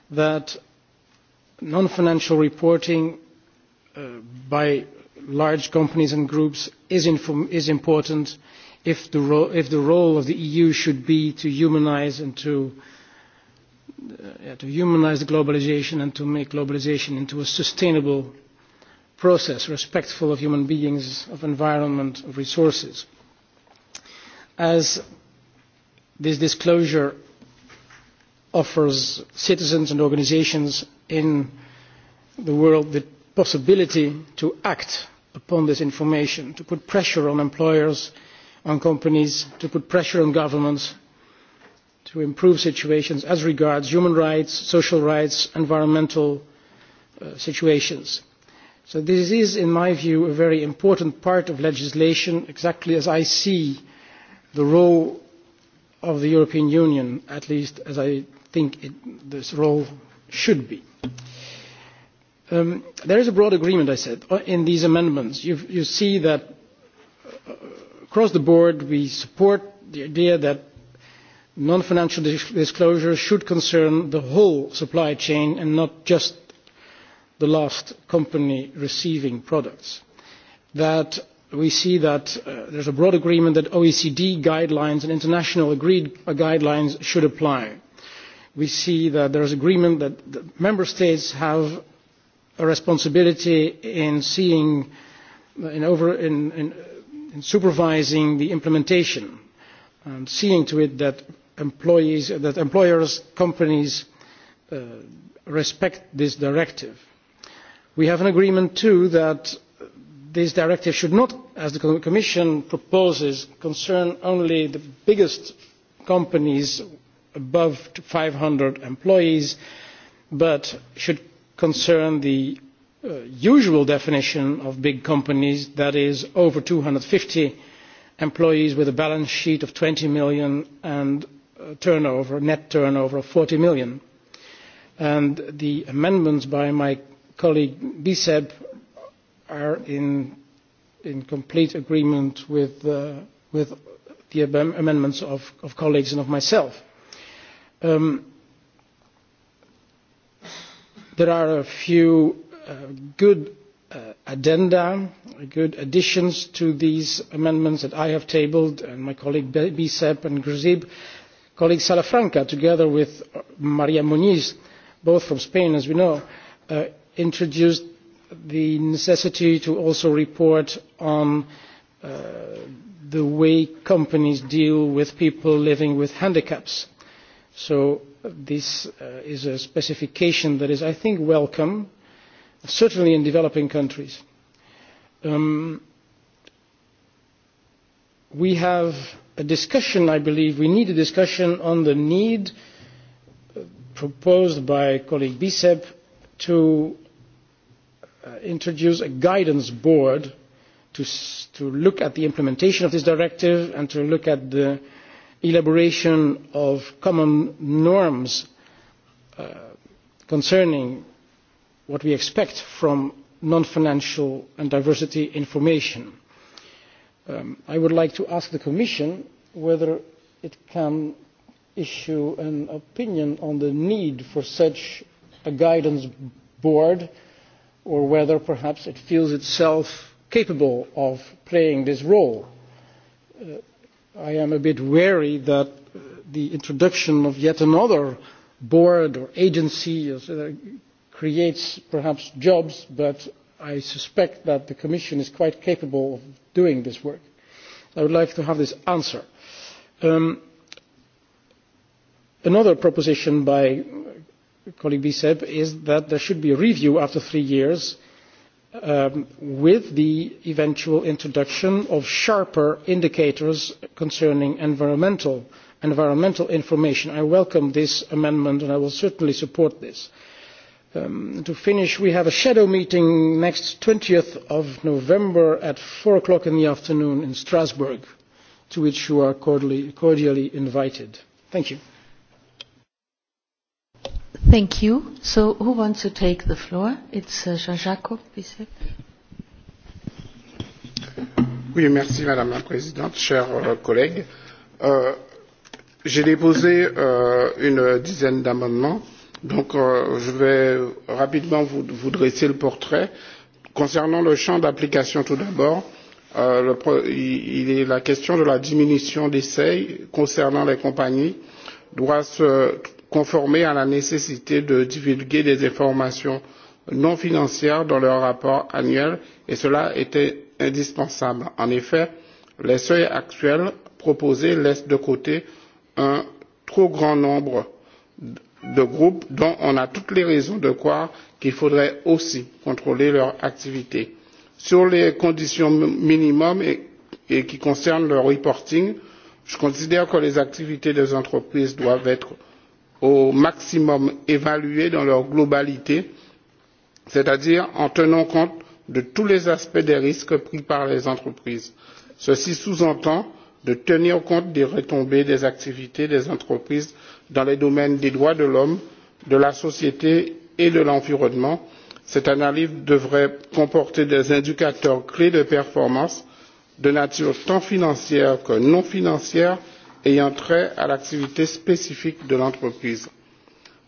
that non-financial reporting uh, by large companies and groups is, inform is important if the, ro if the role of the EU should be to humanize and to, uh, yeah, to humanize the globalization and to make globalization into a sustainable process respectful of human beings, of environment, of resources. As this disclosure offers citizens and organizations in the world the possibility to act upon this information, to put pressure on employers, on companies, to put pressure on governments, to improve situations as regards human rights, social rights, environmental uh, situations. Uh, So this is, in my view, a very important part of legislation, exactly as I see the role of the European Union, at least as I think it, this role should be. Um, there is a broad agreement, I said, uh, in these amendments. You've, you see that uh, across the board we support the idea that non-financial disclosure should concern the whole supply chain and not just the last company receiving products. That we see that uh, there's a broad agreement that OECD guidelines and international agreed uh, guidelines should apply. We see that there is agreement that the member states have a responsibility in seeing, in, over, in, in, in supervising the implementation, um, seeing to it that employees, that employers, companies uh, respect this directive we have an agreement too that this directive should not as the commission proposes concern only the biggest companies above five hundred employees but should concern the uh, usual definition of big companies that is over two hundred and fifty employees with a balance sheet of eur twenty million and a turnover, net turnover of eur forty million. And the amendments by my colleague Biseb are in, in complete agreement with, uh, with the amendments of, of colleagues and of myself. Um, there are a few uh, good uh, addenda, good additions to these amendments that I have tabled and my colleague Bisep and Grzib, colleague Salafranca, together with Maria Muniz, both from Spain, as we know, uh, introduced the necessity to also report on uh, the way companies deal with people living with handicaps. So this uh, is a specification that is, I think, welcome, certainly in developing countries. Um, we have a discussion, I believe, we need a discussion on the need uh, proposed by colleague Bisep to uh, introduce a guidance board to, to look at the implementation of this directive and to look at the elaboration of common norms uh, concerning what we expect from non-financial and diversity information. Um, I would like to ask the Commission whether it can issue an opinion on the need for such a guidance board or whether perhaps it feels itself capable of playing this role. Uh, I am a bit wary that uh, the introduction of yet another board or agency is, uh, creates perhaps jobs, but I suspect that the Commission is quite capable of doing this work. I would like to have this answer. Um, another proposition by colleague Bisep, is that there should be a review after three years um, with the eventual introduction of sharper indicators concerning environmental, environmental information. I welcome this amendment and I will certainly support this. Um, to finish, we have a shadow meeting next 20th of November at 4 o'clock in the afternoon in Strasbourg, to which you are cordially, cordially invited. Thank you. Thank you. So who wants to take the floor? It's uh, Jean-Jacques Bisset. Oui, merci Madame la Présidente, chers euh, collègues. Euh, J'ai déposé euh, une dizaine d'amendements, donc euh, je vais rapidement vous, vous dresser le portrait. Concernant le champ d'application tout d'abord, euh, le, il, il est la question de la diminution des seuils concernant les compagnies doit se conformer à la nécessité de divulguer des informations non financières dans leur rapport annuel et cela était indispensable. en effet les seuils actuels proposés laissent de côté un trop grand nombre de groupes dont on a toutes les raisons de croire qu'il faudrait aussi contrôler leur activité. sur les conditions minimum et, et qui concernent le reporting je considère que les activités des entreprises doivent être au maximum évaluées dans leur globalité, c'est-à-dire en tenant compte de tous les aspects des risques pris par les entreprises. Ceci sous-entend de tenir compte des retombées des activités des entreprises dans les domaines des droits de l'homme, de la société et de l'environnement. Cette analyse devrait comporter des indicateurs clés de performance de nature tant financière que non financière ayant trait à l'activité spécifique de l'entreprise.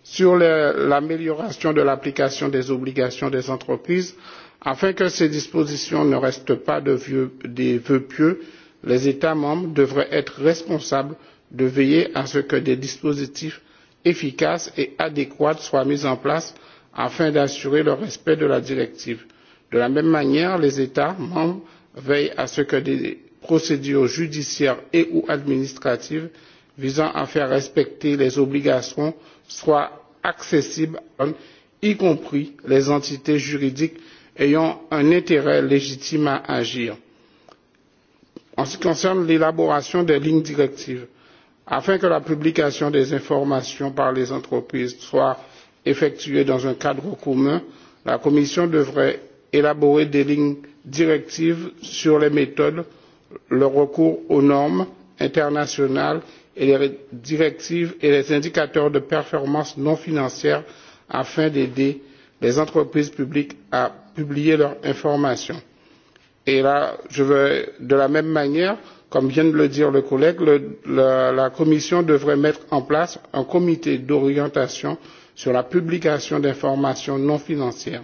Sur l'amélioration de l'application des obligations des entreprises, afin que ces dispositions ne restent pas de vieux, des vœux pieux, les États membres devraient être responsables de veiller à ce que des dispositifs efficaces et adéquats soient mis en place afin d'assurer le respect de la directive. De la même manière, les États membres veillent à ce que des procédures judiciaires et ou administratives visant à faire respecter les obligations soient accessibles à tout y compris les entités juridiques ayant un intérêt légitime à agir. en ce qui concerne l'élaboration des lignes directives afin que la publication des informations par les entreprises soit effectuée dans un cadre commun la commission devrait élaborer des lignes directives sur les méthodes le recours aux normes internationales et les directives et les indicateurs de performance non financière afin d'aider les entreprises publiques à publier leurs informations. Et là, je veux, de la même manière, comme vient de le dire le collègue, le, la, la Commission devrait mettre en place un comité d'orientation sur la publication d'informations non financières.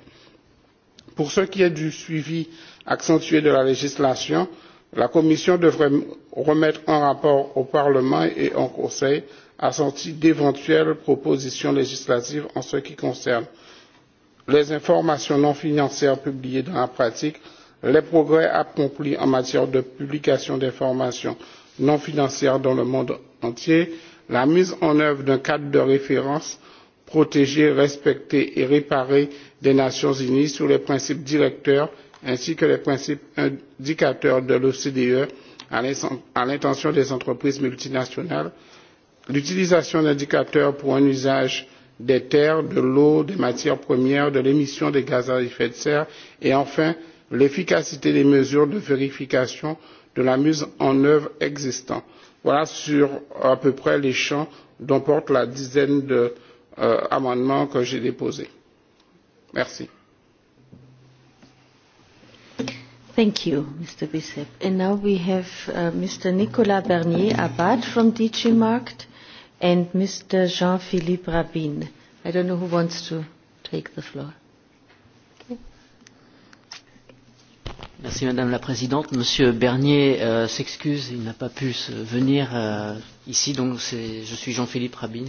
Pour ce qui est du suivi accentué de la législation, la commission devrait remettre un rapport au parlement et au conseil assorti d'éventuelles propositions législatives en ce qui concerne les informations non financières publiées dans la pratique les progrès accomplis en matière de publication d'informations non financières dans le monde entier la mise en œuvre d'un cadre de référence protéger respecter et réparer des nations unies sur les principes directeurs ainsi que les principes indicateurs de l'ocde à l'intention des entreprises multinationales l'utilisation d'indicateurs pour un usage des terres de l'eau des matières premières de l'émission des gaz à effet de serre et enfin l'efficacité des mesures de vérification de la mise en œuvre existantes. voilà sur à peu près les champs dont porte la dizaine d'amendements euh, que j'ai déposés. merci. Thank you, Mr. Bishop. And now we have uh, Mr. Nicolas Bernier Abad from DG Markt and Mr. Jean-Philippe Rabin. I don't know who wants to take the floor. Okay. Merci Madame la Présidente. Monsieur Bernier euh, s'excuse, il n'a pas pu venir euh, ici, donc je suis Jean-Philippe Rabin,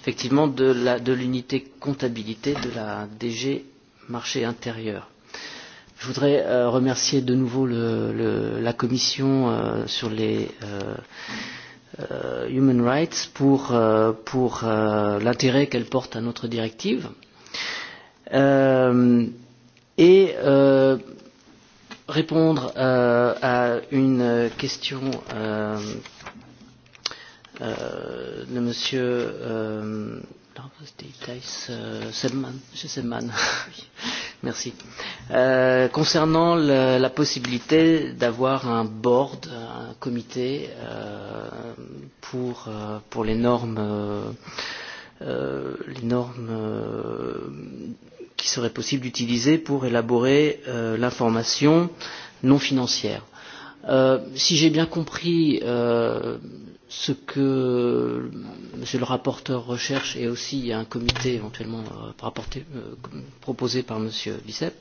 effectivement de l'unité de comptabilité de la DG Marché Intérieur. Je voudrais euh, remercier de nouveau le, le, la Commission euh, sur les euh, euh, Human Rights pour, euh, pour euh, l'intérêt qu'elle porte à notre directive. Euh, et euh, répondre euh, à une question euh, euh, de Monsieur. Euh, Euh, Selman, Selman. Merci. Euh, concernant le, la possibilité d'avoir un board, un comité euh, pour, euh, pour les normes, euh, euh, les normes euh, qui seraient possibles d'utiliser pour élaborer euh, l'information non financière. Euh, si j'ai bien compris, euh, ce que Monsieur le rapporteur recherche et aussi un comité éventuellement euh, rapporté, euh, proposé par Monsieur Bicep.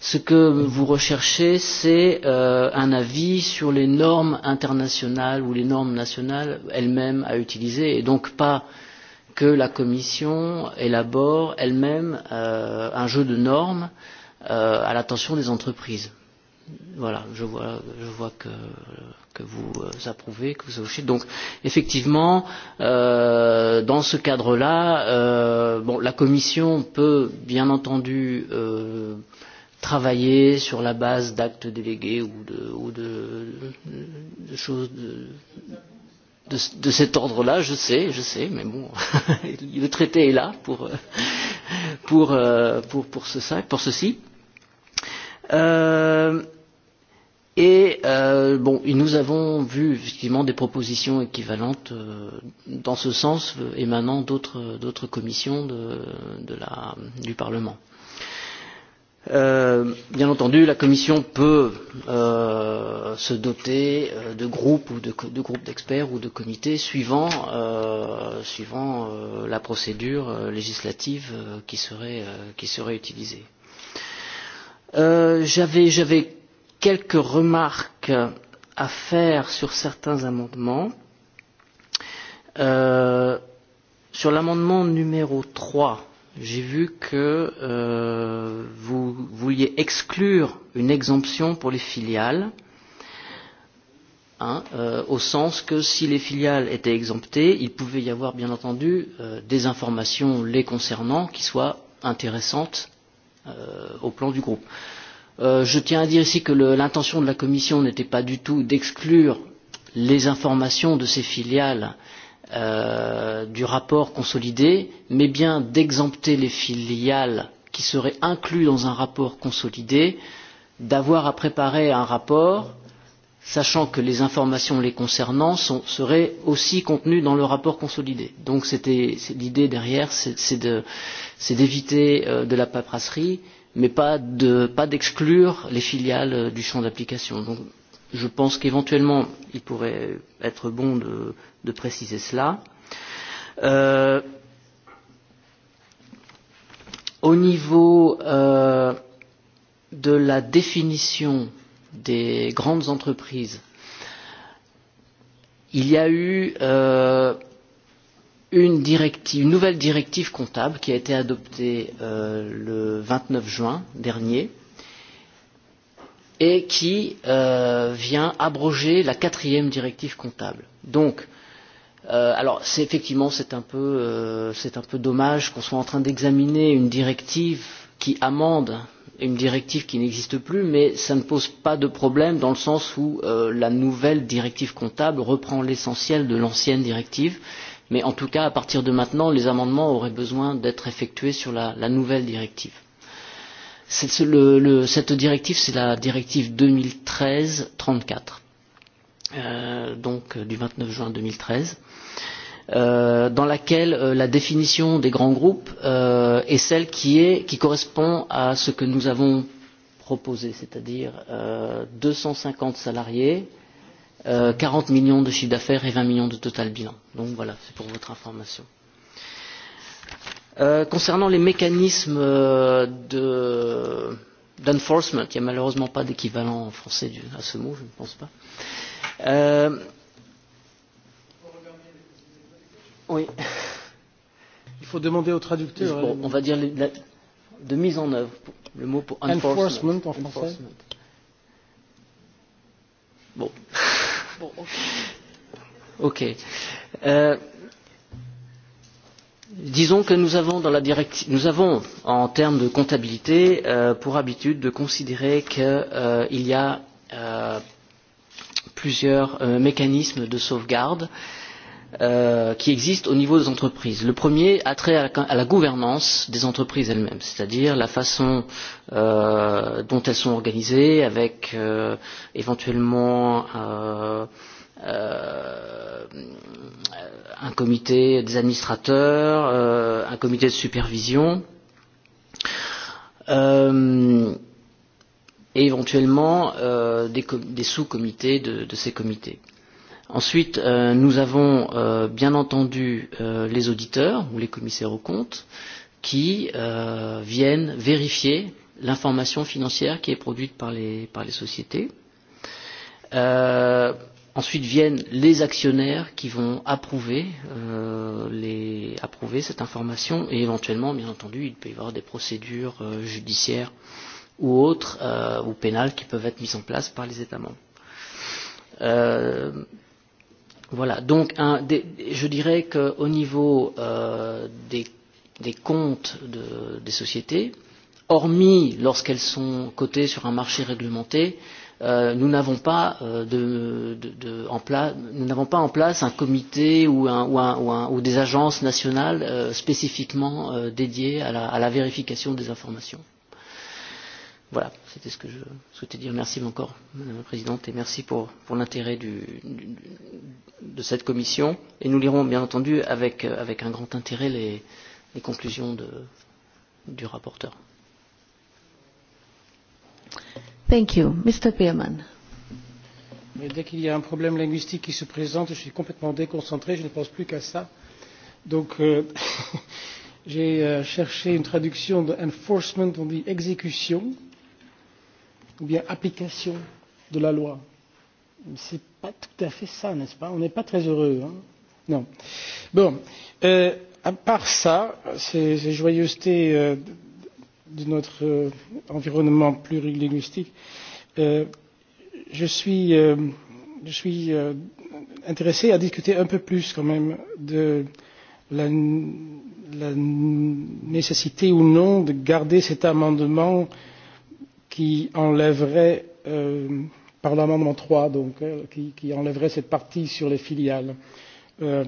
Ce que vous recherchez, c'est euh, un avis sur les normes internationales ou les normes nationales elles-mêmes à utiliser et donc pas que la Commission élabore elle-même euh, un jeu de normes euh, à l'attention des entreprises voilà, je vois, je vois que, que vous euh, approuvez, que vous hochez. Donc, effectivement, euh, dans ce cadre-là, euh, bon, la Commission peut, bien entendu, euh, travailler sur la base d'actes délégués ou de, ou de, de, de choses de, de, de cet ordre-là. Je sais, je sais, mais bon, le traité est là pour, pour, euh, pour, pour, ce, pour ceci. Euh, Et euh, bon, nous avons vu effectivement des propositions équivalentes euh, dans ce sens euh, émanant d'autres commissions de, de la, du Parlement. Euh, bien entendu, la Commission peut euh, se doter euh, de groupes ou de, de groupes d'experts ou de comités suivant, euh, suivant euh, la procédure euh, législative euh, qui, serait, euh, qui serait utilisée. Euh, J'avais quelques remarques à faire sur certains amendements. Euh, sur l'amendement numéro 3, j'ai vu que euh, vous vouliez exclure une exemption pour les filiales, hein, euh, au sens que si les filiales étaient exemptées, il pouvait y avoir bien entendu euh, des informations les concernant qui soient intéressantes euh, au plan du groupe. Euh, Euh, je tiens à dire ici que l'intention de la Commission n'était pas du tout d'exclure les informations de ces filiales euh, du rapport consolidé, mais bien d'exempter les filiales qui seraient incluses dans un rapport consolidé d'avoir à préparer un rapport sachant que les informations les concernant sont, seraient aussi contenues dans le rapport consolidé. Donc l'idée derrière, c'est d'éviter de, euh, de la paperasserie euh, mais pas d'exclure de, les filiales du champ d'application. donc je pense qu'éventuellement il pourrait être bon de, de préciser cela. Euh, au niveau euh, de la définition des grandes entreprises, il y a eu euh, une, directive, une nouvelle directive comptable qui a été adoptée euh, le 29 juin dernier et qui euh, vient abroger la quatrième directive comptable. Donc, euh, alors c'est effectivement c'est un peu euh, c'est un peu dommage qu'on soit en train d'examiner une directive qui amende une directive qui n'existe plus, mais ça ne pose pas de problème dans le sens où euh, la nouvelle directive comptable reprend l'essentiel de l'ancienne directive. Euh, Mais en tout cas, à partir de maintenant, les amendements auraient besoin d'être effectués sur la, la nouvelle directive. Cette, le, le, cette directive, c'est la directive 2013-34, euh, donc euh, du 29 juin 2013, euh, dans laquelle euh, la définition des grands groupes euh, est celle qui, est, qui correspond à ce que nous avons proposé, c'est-à-dire euh, 250 salariés euh, 40 millions de chiffre d'affaires et 20 millions de total bilan. Donc voilà, c'est pour votre information. Euh, concernant les mécanismes euh, de d'enforcement, il n'y a malheureusement pas d'équivalent en français du, à ce mot, je ne pense pas. Euh, oui. Il faut demander au traducteur. Bon, euh, on va dire les, la, de mise en œuvre, le mot pour enforcement. Enforcement en français. Enforcement. Bon. Bon, ok. Ok. Euh, disons que nous avons, dans la directive, nous avons en termes de comptabilité euh, pour habitude de considérer qu'il euh, y a euh, plusieurs euh, mécanismes de sauvegarde euh, euh, qui existent au niveau des entreprises. Le premier a trait à la, à la gouvernance des entreprises elles-mêmes, c'est-à-dire la façon euh, dont elles sont organisées, avec euh, éventuellement euh, euh, un comité des administrateurs, euh, un comité de supervision. Euh, et éventuellement euh, des, des sous-comités de, de ces comités. Euh, Ensuite, euh, nous avons euh, bien entendu euh, les auditeurs ou les commissaires aux comptes qui euh, viennent vérifier l'information financière qui est produite par les, par les sociétés. Euh, ensuite viennent les actionnaires qui vont approuver, euh, les, approuver cette information et éventuellement, bien entendu, il peut y avoir des procédures euh, judiciaires ou autres euh, ou pénales qui peuvent être mises en place par les États membres. Euh, Voilà, donc un, des, je dirais qu'au niveau euh, des, des comptes de, des sociétés, hormis lorsqu'elles sont cotées sur un marché réglementé, euh, nous n'avons pas, euh, de, de, de, en pla, nous n'avons pas en place un comité ou, un, ou, un, ou, un, ou des agences nationales euh, spécifiquement euh, dédiées à la, à la vérification des informations. Voilà, c'était ce que je souhaitais dire. Merci encore, Madame la Présidente, et merci pour, pour l'intérêt du, du, de cette commission. Et nous lirons, bien entendu, avec, euh, avec un grand intérêt les, les conclusions de, du rapporteur. Thank you. Mr. Pearman. Mais dès qu'il y a un problème linguistique qui se présente, je suis complètement déconcentré, je ne pense plus qu'à ça. Donc, euh, j'ai euh, cherché une traduction de enforcement, on dit exécution. Euh, ou bien application de la loi. Ce n'est pas tout à fait ça, n'est-ce pas On n'est pas très heureux. Hein non. Bon. Euh, à part ça, ces, ces joyeusetés euh, de notre euh, environnement plurilinguistique, euh, je suis, euh, je suis euh, intéressé à discuter un peu plus quand même de la, la nécessité ou non de garder cet amendement euh, qui enlèverait euh, par l'amendement 3, donc, euh, qui, qui enlèverait cette partie sur les filiales. Euh,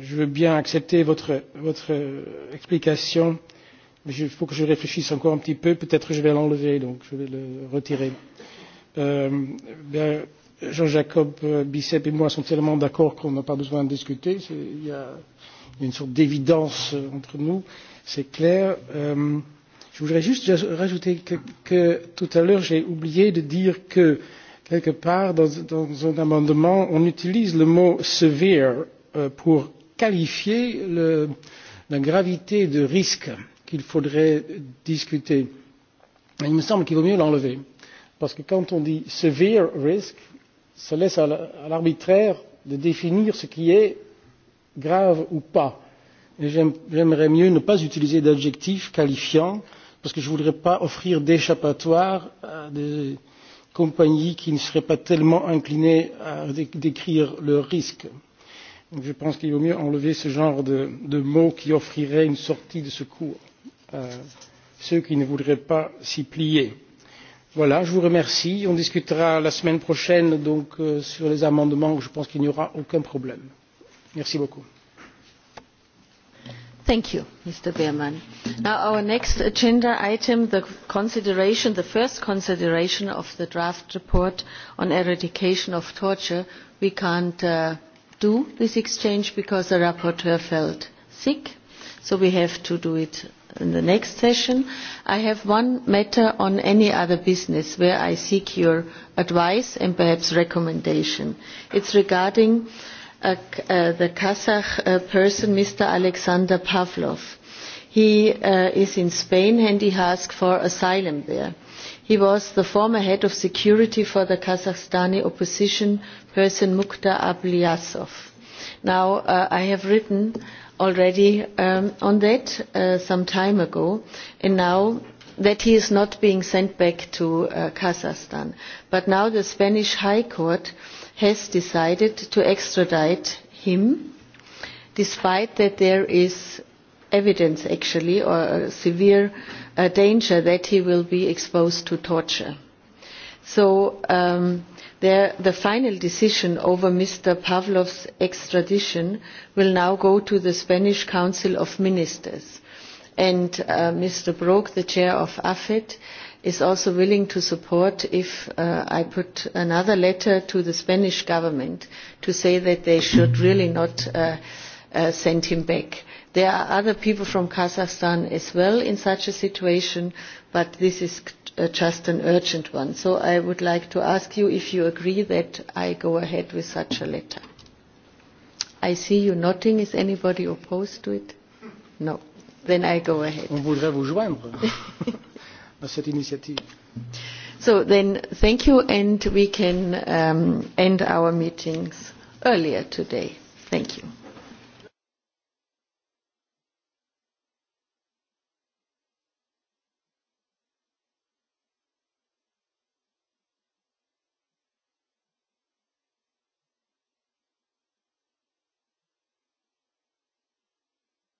je veux bien accepter votre, votre explication, mais il faut que je réfléchisse encore un petit peu. Peut-être je vais l'enlever, donc je vais le retirer. Euh, ben, Jean-Jacob euh, Bicep et moi sommes tellement d'accord qu'on n'a pas besoin de discuter. Il y, y a une sorte d'évidence euh, entre nous, c'est clair. Euh, je voudrais juste rajouter que, que tout à l'heure j'ai oublié de dire que quelque part dans, dans un amendement on utilise le mot severe euh, pour qualifier le, la gravité de risque qu'il faudrait discuter. Il me semble qu'il vaut mieux l'enlever parce que quand on dit severe risk, ça laisse à l'arbitraire de définir ce qui est grave ou pas. J'aimerais aime, mieux ne pas utiliser d'adjectifs qualifiants euh, parce que je ne voudrais pas offrir d'échappatoire à des compagnies qui ne seraient pas tellement inclinées à décrire leurs risques. Donc je pense qu'il vaut mieux enlever ce genre de, de mots qui offrirait une sortie de secours à ceux qui ne voudraient pas s'y plier. Voilà, je vous remercie. On discutera la semaine prochaine donc, euh, sur les amendements. Je pense qu'il n'y aura aucun problème. Merci beaucoup thank you mr berman. now our next agenda item the consideration the first consideration of the draft report on eradication of torture we can't uh, do this exchange because the rapporteur felt sick so we have to do it in the next session. I have one matter on any other business where I seek your advice and perhaps recommendation. It's regarding uh, uh, uh, the Kazakh uh, person, Mr. Alexander Pavlov. He uh, is in Spain and he asked for asylum there. He was the former head of security for the Kazakhstani opposition person Mukhtar Ablyasov. Now, uh, I have written already um, on that uh, some time ago, and now that he is not being sent back to uh, Kazakhstan. But now the Spanish High Court has decided to extradite him, despite that there is evidence actually or a severe uh, danger that he will be exposed to torture. So um, there, the final decision over Mr. Pavlov's extradition will now go to the Spanish Council of Ministers. And uh, Mr. Brok, the chair of AFET, uh, is also willing to support if uh, I put another letter to the Spanish government to say that they should really not uh, uh, send him back. There are other people from Kazakhstan as well in such a situation, but this is uh, just an urgent one. So I would like to ask you if you agree that I go ahead with such a letter. I see you nodding. Is anybody opposed to it? No. Then I go ahead. On voudrait vous joindre. à cette initiative. So then, thank you, and we can um, end our meetings earlier today. Thank you.